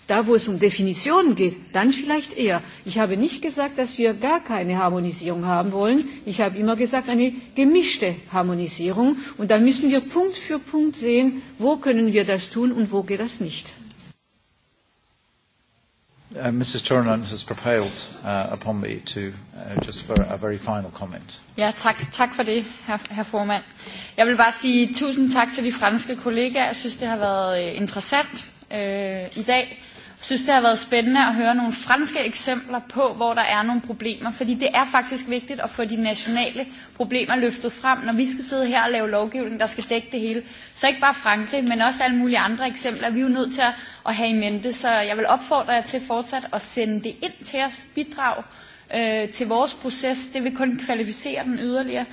Da, wo es um Definitionen geht, dann vielleicht eher. Ich habe nicht gesagt, dass wir gar keine Harmonisierung haben wollen. Ich habe immer gesagt, eine gemischte Harmonisierung. Und dann müssen wir Punkt für Punkt sehen, wo können wir das tun und wo geht das nicht. Uh, Mrs. Turnan has prevailed uh, upon me to uh, just for a very final comment. Ja, tak, tak for det, herr, herr formand. Jeg vil bare sige tusind tak til de franske kollegaer. Jeg synes, det har været øh, interessant øh, i dag synes, det har været spændende at høre nogle franske eksempler på, hvor der er nogle problemer. Fordi det er faktisk vigtigt at få de nationale problemer løftet frem, når vi skal sidde her og lave lovgivning, der skal dække det hele. Så ikke bare Frankrig, men også alle mulige andre eksempler. Vi er jo nødt til at, at have i mente, så jeg vil opfordre jer til fortsat at sende det ind til os, bidrag øh, til vores proces. Det vil kun kvalificere den yderligere.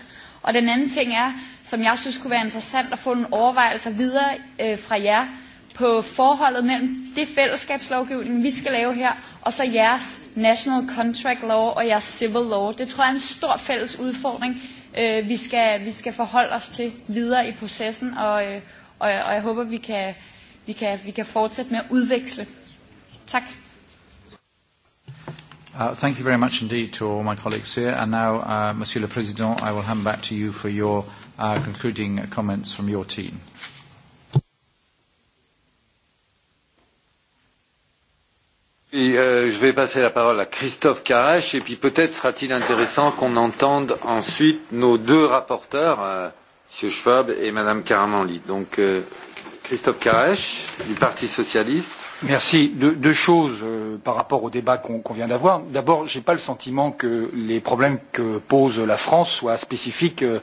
Og den anden ting er, som jeg synes kunne være interessant at få nogle overvejelser videre øh, fra jer, på forholdet mellem det fællesskabslovgivning, vi skal lave her, og så jeres national contract law og jeres civil law. Det tror jeg er en stor fælles udfordring, øh, vi, skal, vi skal forholde os til videre i processen, og, øh, og, og jeg håber, vi kan, vi, kan, vi kan fortsætte med at udveksle. Tak. Uh, thank you very much indeed to all my colleagues here. And now, uh, Monsieur le Président, I will hand back to you for your uh, concluding comments from your team. Et, euh, je vais passer la parole à Christophe Carache et puis peut-être sera-t-il intéressant qu'on entende ensuite nos deux rapporteurs, euh, M. Schwab et Mme Caramanli. Donc euh, Christophe Carache du Parti socialiste. Merci. De, deux choses euh, par rapport au débat qu'on qu vient d'avoir. D'abord, je n'ai pas le sentiment que les problèmes que pose la France soient spécifiques. Euh,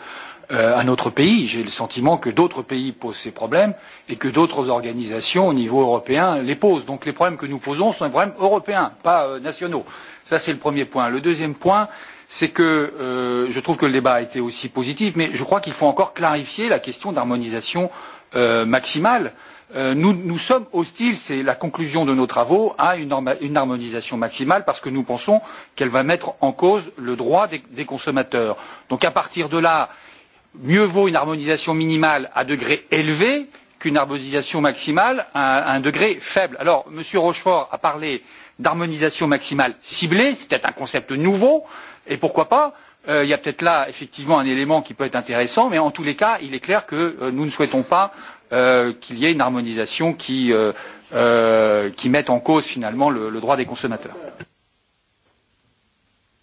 euh, un autre pays. J'ai le sentiment que d'autres pays posent ces problèmes et que d'autres organisations au niveau européen les posent. Donc les problèmes que nous posons sont des problèmes européens, pas euh, nationaux. Ça, c'est le premier point. Le deuxième point, c'est que euh, je trouve que le débat a été aussi positif, mais je crois qu'il faut encore clarifier la question d'harmonisation euh, maximale. Euh, nous, nous sommes hostiles, c'est la conclusion de nos travaux, à une, une harmonisation maximale parce que nous pensons qu'elle va mettre en cause le droit des, des consommateurs. Donc à partir de là, euh, mieux vaut une harmonisation minimale à degré élevé qu'une harmonisation maximale à un degré faible. alors m. rochefort a parlé d'harmonisation maximale ciblée c'est peut être un concept nouveau et pourquoi pas euh, il y a peut être là effectivement un élément qui peut être intéressant mais en tous les cas il est clair que euh, nous ne souhaitons pas euh, qu'il y ait une harmonisation qui, euh, qui mette en cause finalement le, le droit des consommateurs.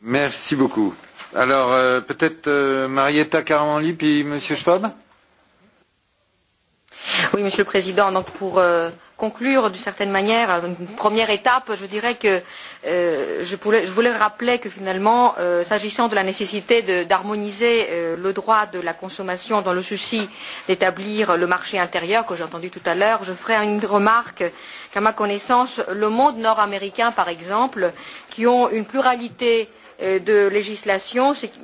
merci beaucoup. Alors, euh, peut-être euh, Marietta Carmanli puis Monsieur Schwab Oui, Monsieur le Président, donc pour euh, conclure d'une certaine manière, une première étape, je dirais que euh, je, voulais, je voulais rappeler que finalement, euh, s'agissant de la nécessité d'harmoniser euh, le droit de la consommation dans le souci d'établir le marché intérieur que j'ai entendu tout à l'heure, je ferai une remarque qu'à ma connaissance, le monde nord-américain, par exemple, qui ont une pluralité euh, Euh, de législation ce qui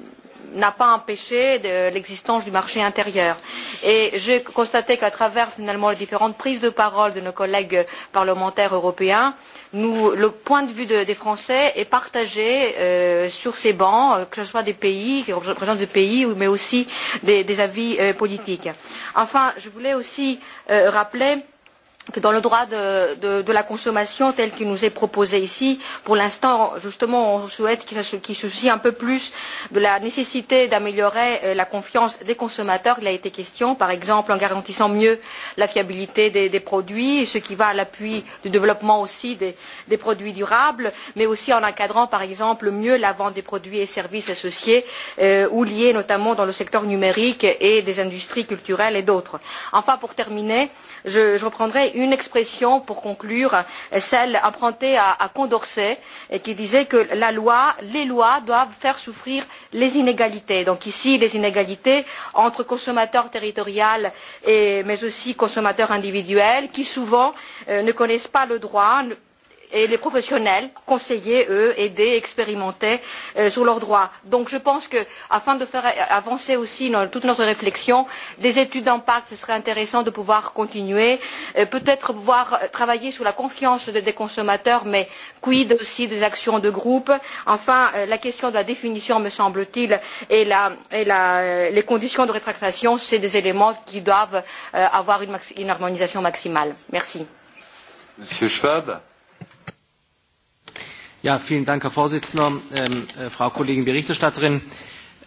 n'a pas empêché l'existence du marché intérieur. Et j'ai constaté qu'à travers finalement les différentes prises de parole de nos collègues parlementaires européens, nous, le point de vue de, des Français est partagé euh, sur ces bancs, euh, que ce soit des pays, qui représentent des pays, mais aussi des, des avis euh, politiques. Enfin, je voulais aussi euh, rappeler euh, que dans le droit de, de, de la consommation tel qu'il nous est proposé ici, pour l'instant, justement, on souhaite qu'il qu se soucie un peu plus de la nécessité d'améliorer euh, la confiance des consommateurs. Il a été question, par exemple, en garantissant mieux la fiabilité des, des produits, ce qui va à l'appui du développement aussi des, des produits durables, mais aussi en encadrant, par exemple, mieux la vente des produits et services associés euh, ou liés notamment dans le secteur numérique et des industries culturelles et d'autres. Enfin, pour terminer, euh, je, je reprendrai une expression pour conclure, celle empruntée à, à Condorcet, qui disait que la loi, les lois doivent faire souffrir les inégalités. Donc ici, les inégalités entre consommateurs territoriaux, et, mais aussi consommateurs individuels, qui souvent euh, ne connaissent pas le droit, ne, et les professionnels conseillaient eux aidaient expérimentaient euh, sur leurs droits. donc je pense que afin de faire avancer aussi dans toute notre réflexion des études d'impact ce serait intéressant de pouvoir continuer euh, peut être pouvoir euh, travailler sur la confiance des consommateurs mais quid aussi des actions de groupe enfin euh, la question de la définition me semble t il et, la, et la, euh, les conditions de rétractation sont des éléments qui doivent euh, avoir une, une harmonisation maximale. merci. monsieur schwab Ja, vielen Dank, Herr Vorsitzender, ähm, äh, Frau Kollegin Berichterstatterin.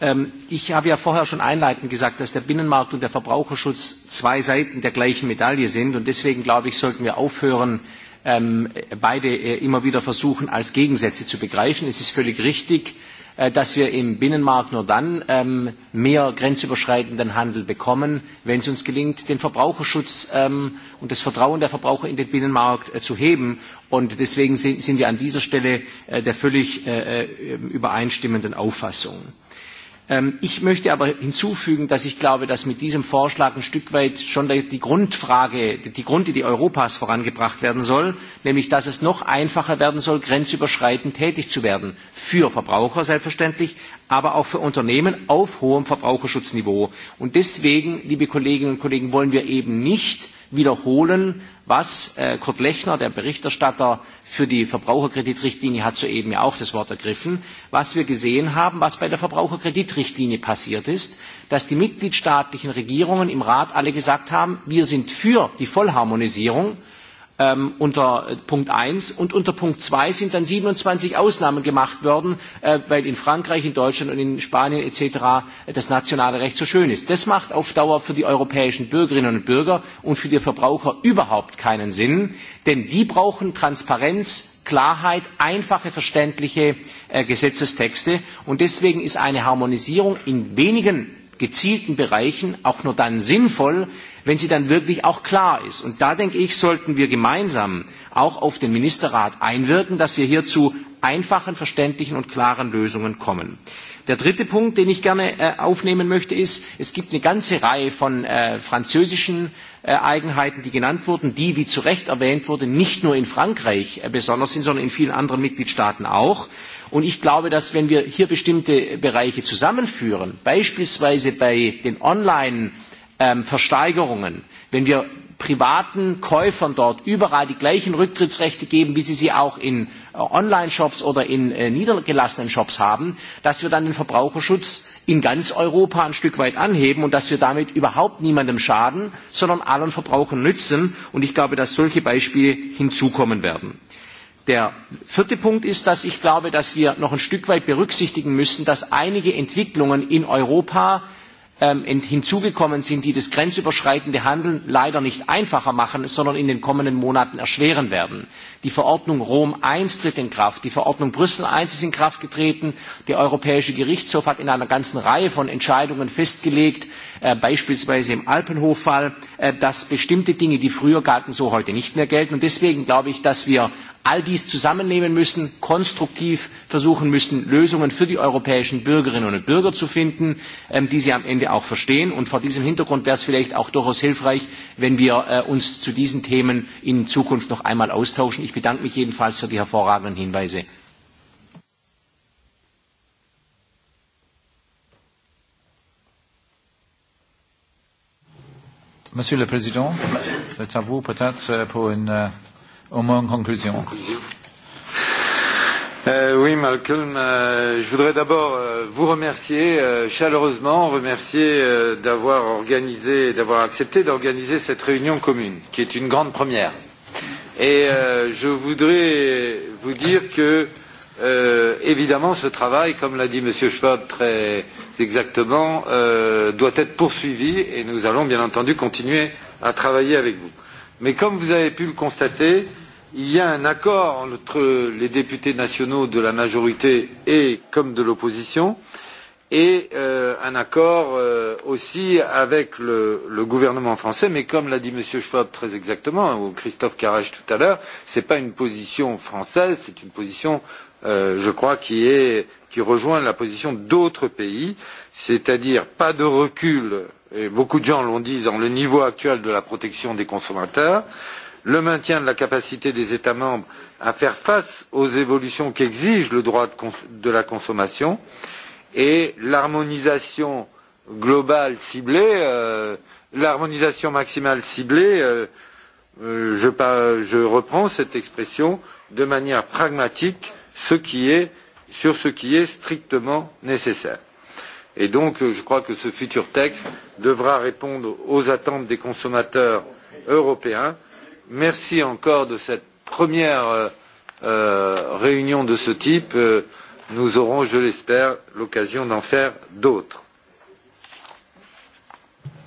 Ähm, ich habe ja vorher schon einleitend gesagt, dass der Binnenmarkt und der Verbraucherschutz zwei Seiten der gleichen Medaille sind. Und deswegen, glaube ich, sollten wir aufhören, ähm, beide äh, immer wieder versuchen, als Gegensätze zu begreifen. Es ist völlig richtig, äh, äh, dass wir im Binnenmarkt nur dann ähm, mehr grenzüberschreitenden Handel bekommen, wenn es uns gelingt, den Verbraucherschutz ähm, und das Vertrauen der Verbraucher in den Binnenmarkt äh, zu heben. Und deswegen sind, sind wir an dieser Stelle äh, der völlig äh, äh übereinstimmenden Auffassung. Ähm, ich möchte aber hinzufügen, dass ich glaube, dass mit diesem Vorschlag ein Stück weit schon die Grundfrage, die Grundidee Europas vorangebracht werden soll, nämlich dass es noch einfacher werden soll, grenzüberschreitend tätig zu werden. Für Verbraucher selbstverständlich, aber auch für Unternehmen auf hohem Verbraucherschutzniveau. Und deswegen, liebe Kolleginnen und Kollegen, wollen wir eben nicht wiederholen, was äh, Kurt Lechner, der Berichterstatter für die Verbraucherkreditrichtlinie, hat soeben ja auch das Wort ergriffen, was wir gesehen haben, was bei der Verbraucherkreditrichtlinie passiert ist, dass die mitgliedstaatlichen Regierungen im Rat alle gesagt haben, wir sind für die Vollharmonisierung, ähm, unter äh, Punkt 1 und unter Punkt 2 sind dann 27 Ausnahmen gemacht worden, äh, weil in Frankreich, in Deutschland und in Spanien etc. Äh, das nationale Recht so schön ist. Das macht auf Dauer für die europäischen Bürgerinnen und Bürger und für die Verbraucher überhaupt keinen Sinn, denn die brauchen Transparenz, Klarheit, einfache, verständliche äh, Gesetzestexte und deswegen ist eine Harmonisierung in wenigen gezielten Bereichen auch nur dann sinnvoll, wenn sie dann wirklich auch klar ist. Und da denke ich, sollten wir gemeinsam auch auf den Ministerrat einwirken, dass wir hier zu einfachen, verständlichen und klaren Lösungen kommen. Der dritte Punkt, den ich gerne äh, aufnehmen möchte, ist, es gibt eine ganze Reihe von äh, französischen äh, Eigenheiten, die genannt wurden, die, wie zu Recht erwähnt wurde, nicht nur in Frankreich äh, besonders sind, sondern in vielen anderen Mitgliedstaaten auch. Und ich glaube, dass wenn wir hier bestimmte Bereiche zusammenführen, beispielsweise bei den Online-Versteigerungen, ähm, wenn wir privaten Käufern dort überall die gleichen Rücktrittsrechte geben, wie sie sie auch in äh, Online-Shops oder in äh, niedergelassenen Shops haben, dass wir dann den Verbraucherschutz in ganz Europa ein Stück weit anheben und dass wir damit überhaupt niemandem schaden, sondern allen Verbrauchern nützen. Und ich glaube, dass solche Beispiele hinzukommen werden. Der vierte Punkt ist, dass ich glaube, dass wir noch ein Stück weit berücksichtigen müssen, dass einige Entwicklungen in Europa ähm, hinzugekommen sind, die das grenzüberschreitende Handeln leider nicht einfacher machen, sondern in den kommenden Monaten erschweren werden. Die Verordnung Rom I tritt in Kraft, die Verordnung Brüssel I ist in Kraft getreten, der Europäische Gerichtshof hat in einer ganzen Reihe von Entscheidungen festgelegt, äh, beispielsweise im Alpenhof-Fall, äh, dass bestimmte Dinge, die früher galten, so heute nicht mehr gelten. Und deswegen glaube ich, dass wir all dies zusammennehmen müssen, konstruktiv versuchen müssen, Lösungen für die europäischen Bürgerinnen und Bürger zu finden, ähm, die sie am Ende Argumente auch verstehen. Und vor diesem Hintergrund wäre es vielleicht auch durchaus hilfreich, wenn wir äh, uns zu diesen Themen in Zukunft noch einmal austauschen. Ich bedanke mich jedenfalls für die hervorragenden Hinweise. Monsieur le Président, c'est à vous peut-être euh, pour une, euh, au moins une conclusion. conclusion. Euh, oui, Malcolm, euh, je voudrais d'abord euh, vous remercier euh, chaleureusement, remercier euh, d'avoir organisé, d'avoir accepté d'organiser cette réunion commune, qui est une grande première. Et euh, je voudrais vous dire que, euh, évidemment, ce travail, comme l'a dit M. Schwab très exactement, euh, doit être poursuivi et nous allons bien entendu continuer à travailler avec vous. Mais comme vous avez pu le constater, euh, il y a un accord entre les députés nationaux de la majorité et comme de l'opposition et euh, un accord euh, aussi avec le, le gouvernement français mais comme l'a dit m. schwab très exactement ou christophe farage tout à l'heure ce n'est pas une position française c'est une position euh, je crois qui, est, qui rejoint la position d'autres pays c'est à dire pas de recul et beaucoup de gens l'ont dit dans le niveau actuel de la protection des consommateurs euh, le maintien de la capacité des états membres à faire face aux évolutions qu'exige le droit de, de la consommation et l'harmonisation globale ciblée euh, l'harmonisation maximale ciblée euh, euh, je, je reprends cette expression de manière pragmatique ce qui est sur ce qui est strictement nécessaire. Et donc, euh, je crois que ce futur texte devra répondre aux attentes des consommateurs européens merci encore de cette première euh, euh réunion de ce type. Euh, nous aurons, je l'espère, l'occasion d'en faire d'autres.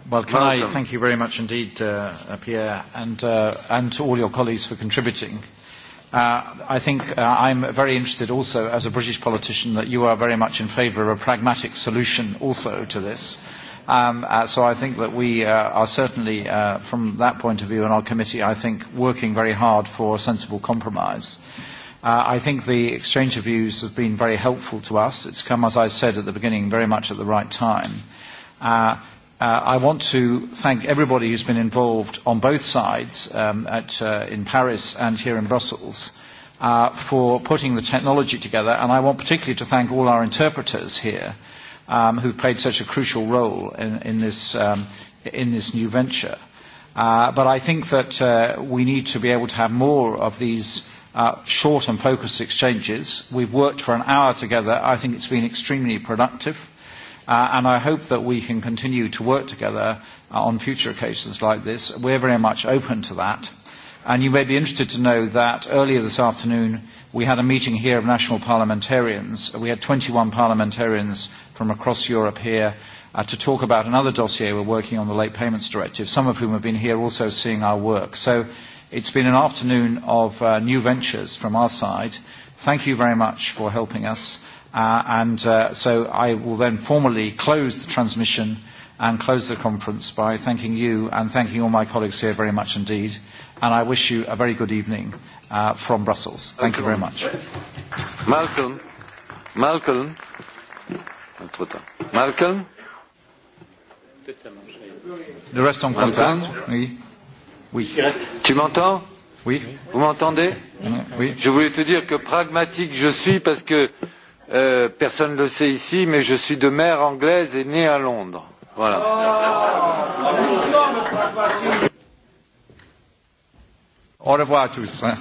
Well, can Welcome. I thank you very much indeed, uh, uh, Pierre, and, uh, and to all your colleagues for contributing. Uh, I think uh, I'm very interested also, as a British politician, that you are very much in favour of a pragmatic solution also to this. Uh, Um, uh, so I think that we uh, are certainly, uh, from that point of view in our committee, I think, working very hard for sensible compromise. Uh, I think the exchange of views has been very helpful to us. It's come, as I said at the beginning, very much at the right time. Uh, Uh, I want to thank everybody who's been involved on both sides um, at, uh, in Paris and here in Brussels uh, for putting the technology together, and I want particularly to thank all our interpreters here um, who've played such a crucial role in, in, this, um, in this new venture. Uh, but I think that uh, we need to be able to have more of these uh, short and focused exchanges. We've worked for an hour together. I think it's been extremely productive. Uh, and I hope that we can continue to work together uh, on future occasions like this. We're very much open to that. And you may be interested to know that earlier this afternoon we had a meeting here of national parliamentarians. We had 21 parliamentarians from across Europe here uh, to talk about another dossier we're working on, the Late Payments Directive, some of whom have been here also seeing our work. So it's been an afternoon of uh, new ventures from our side. Thank you very much for helping us. Uh, and uh, so I will then formally close the transmission and close the conference by thanking you and thanking all my colleagues here very much indeed. And I wish you a very good evening uh, from Brussels. Thank Malcolm. you very much. Malcolm, Malcolm, Antworten. Merkel? Le reste en contact. Oui. Oui. Tu m'entends Oui. Vous m'entendez Oui. Je voulais te dire que pragmatique je suis parce que euh, personne ne le sait ici, mais je suis de mère anglaise et né à Londres. Voilà. Oh Au revoir à tous. Hein.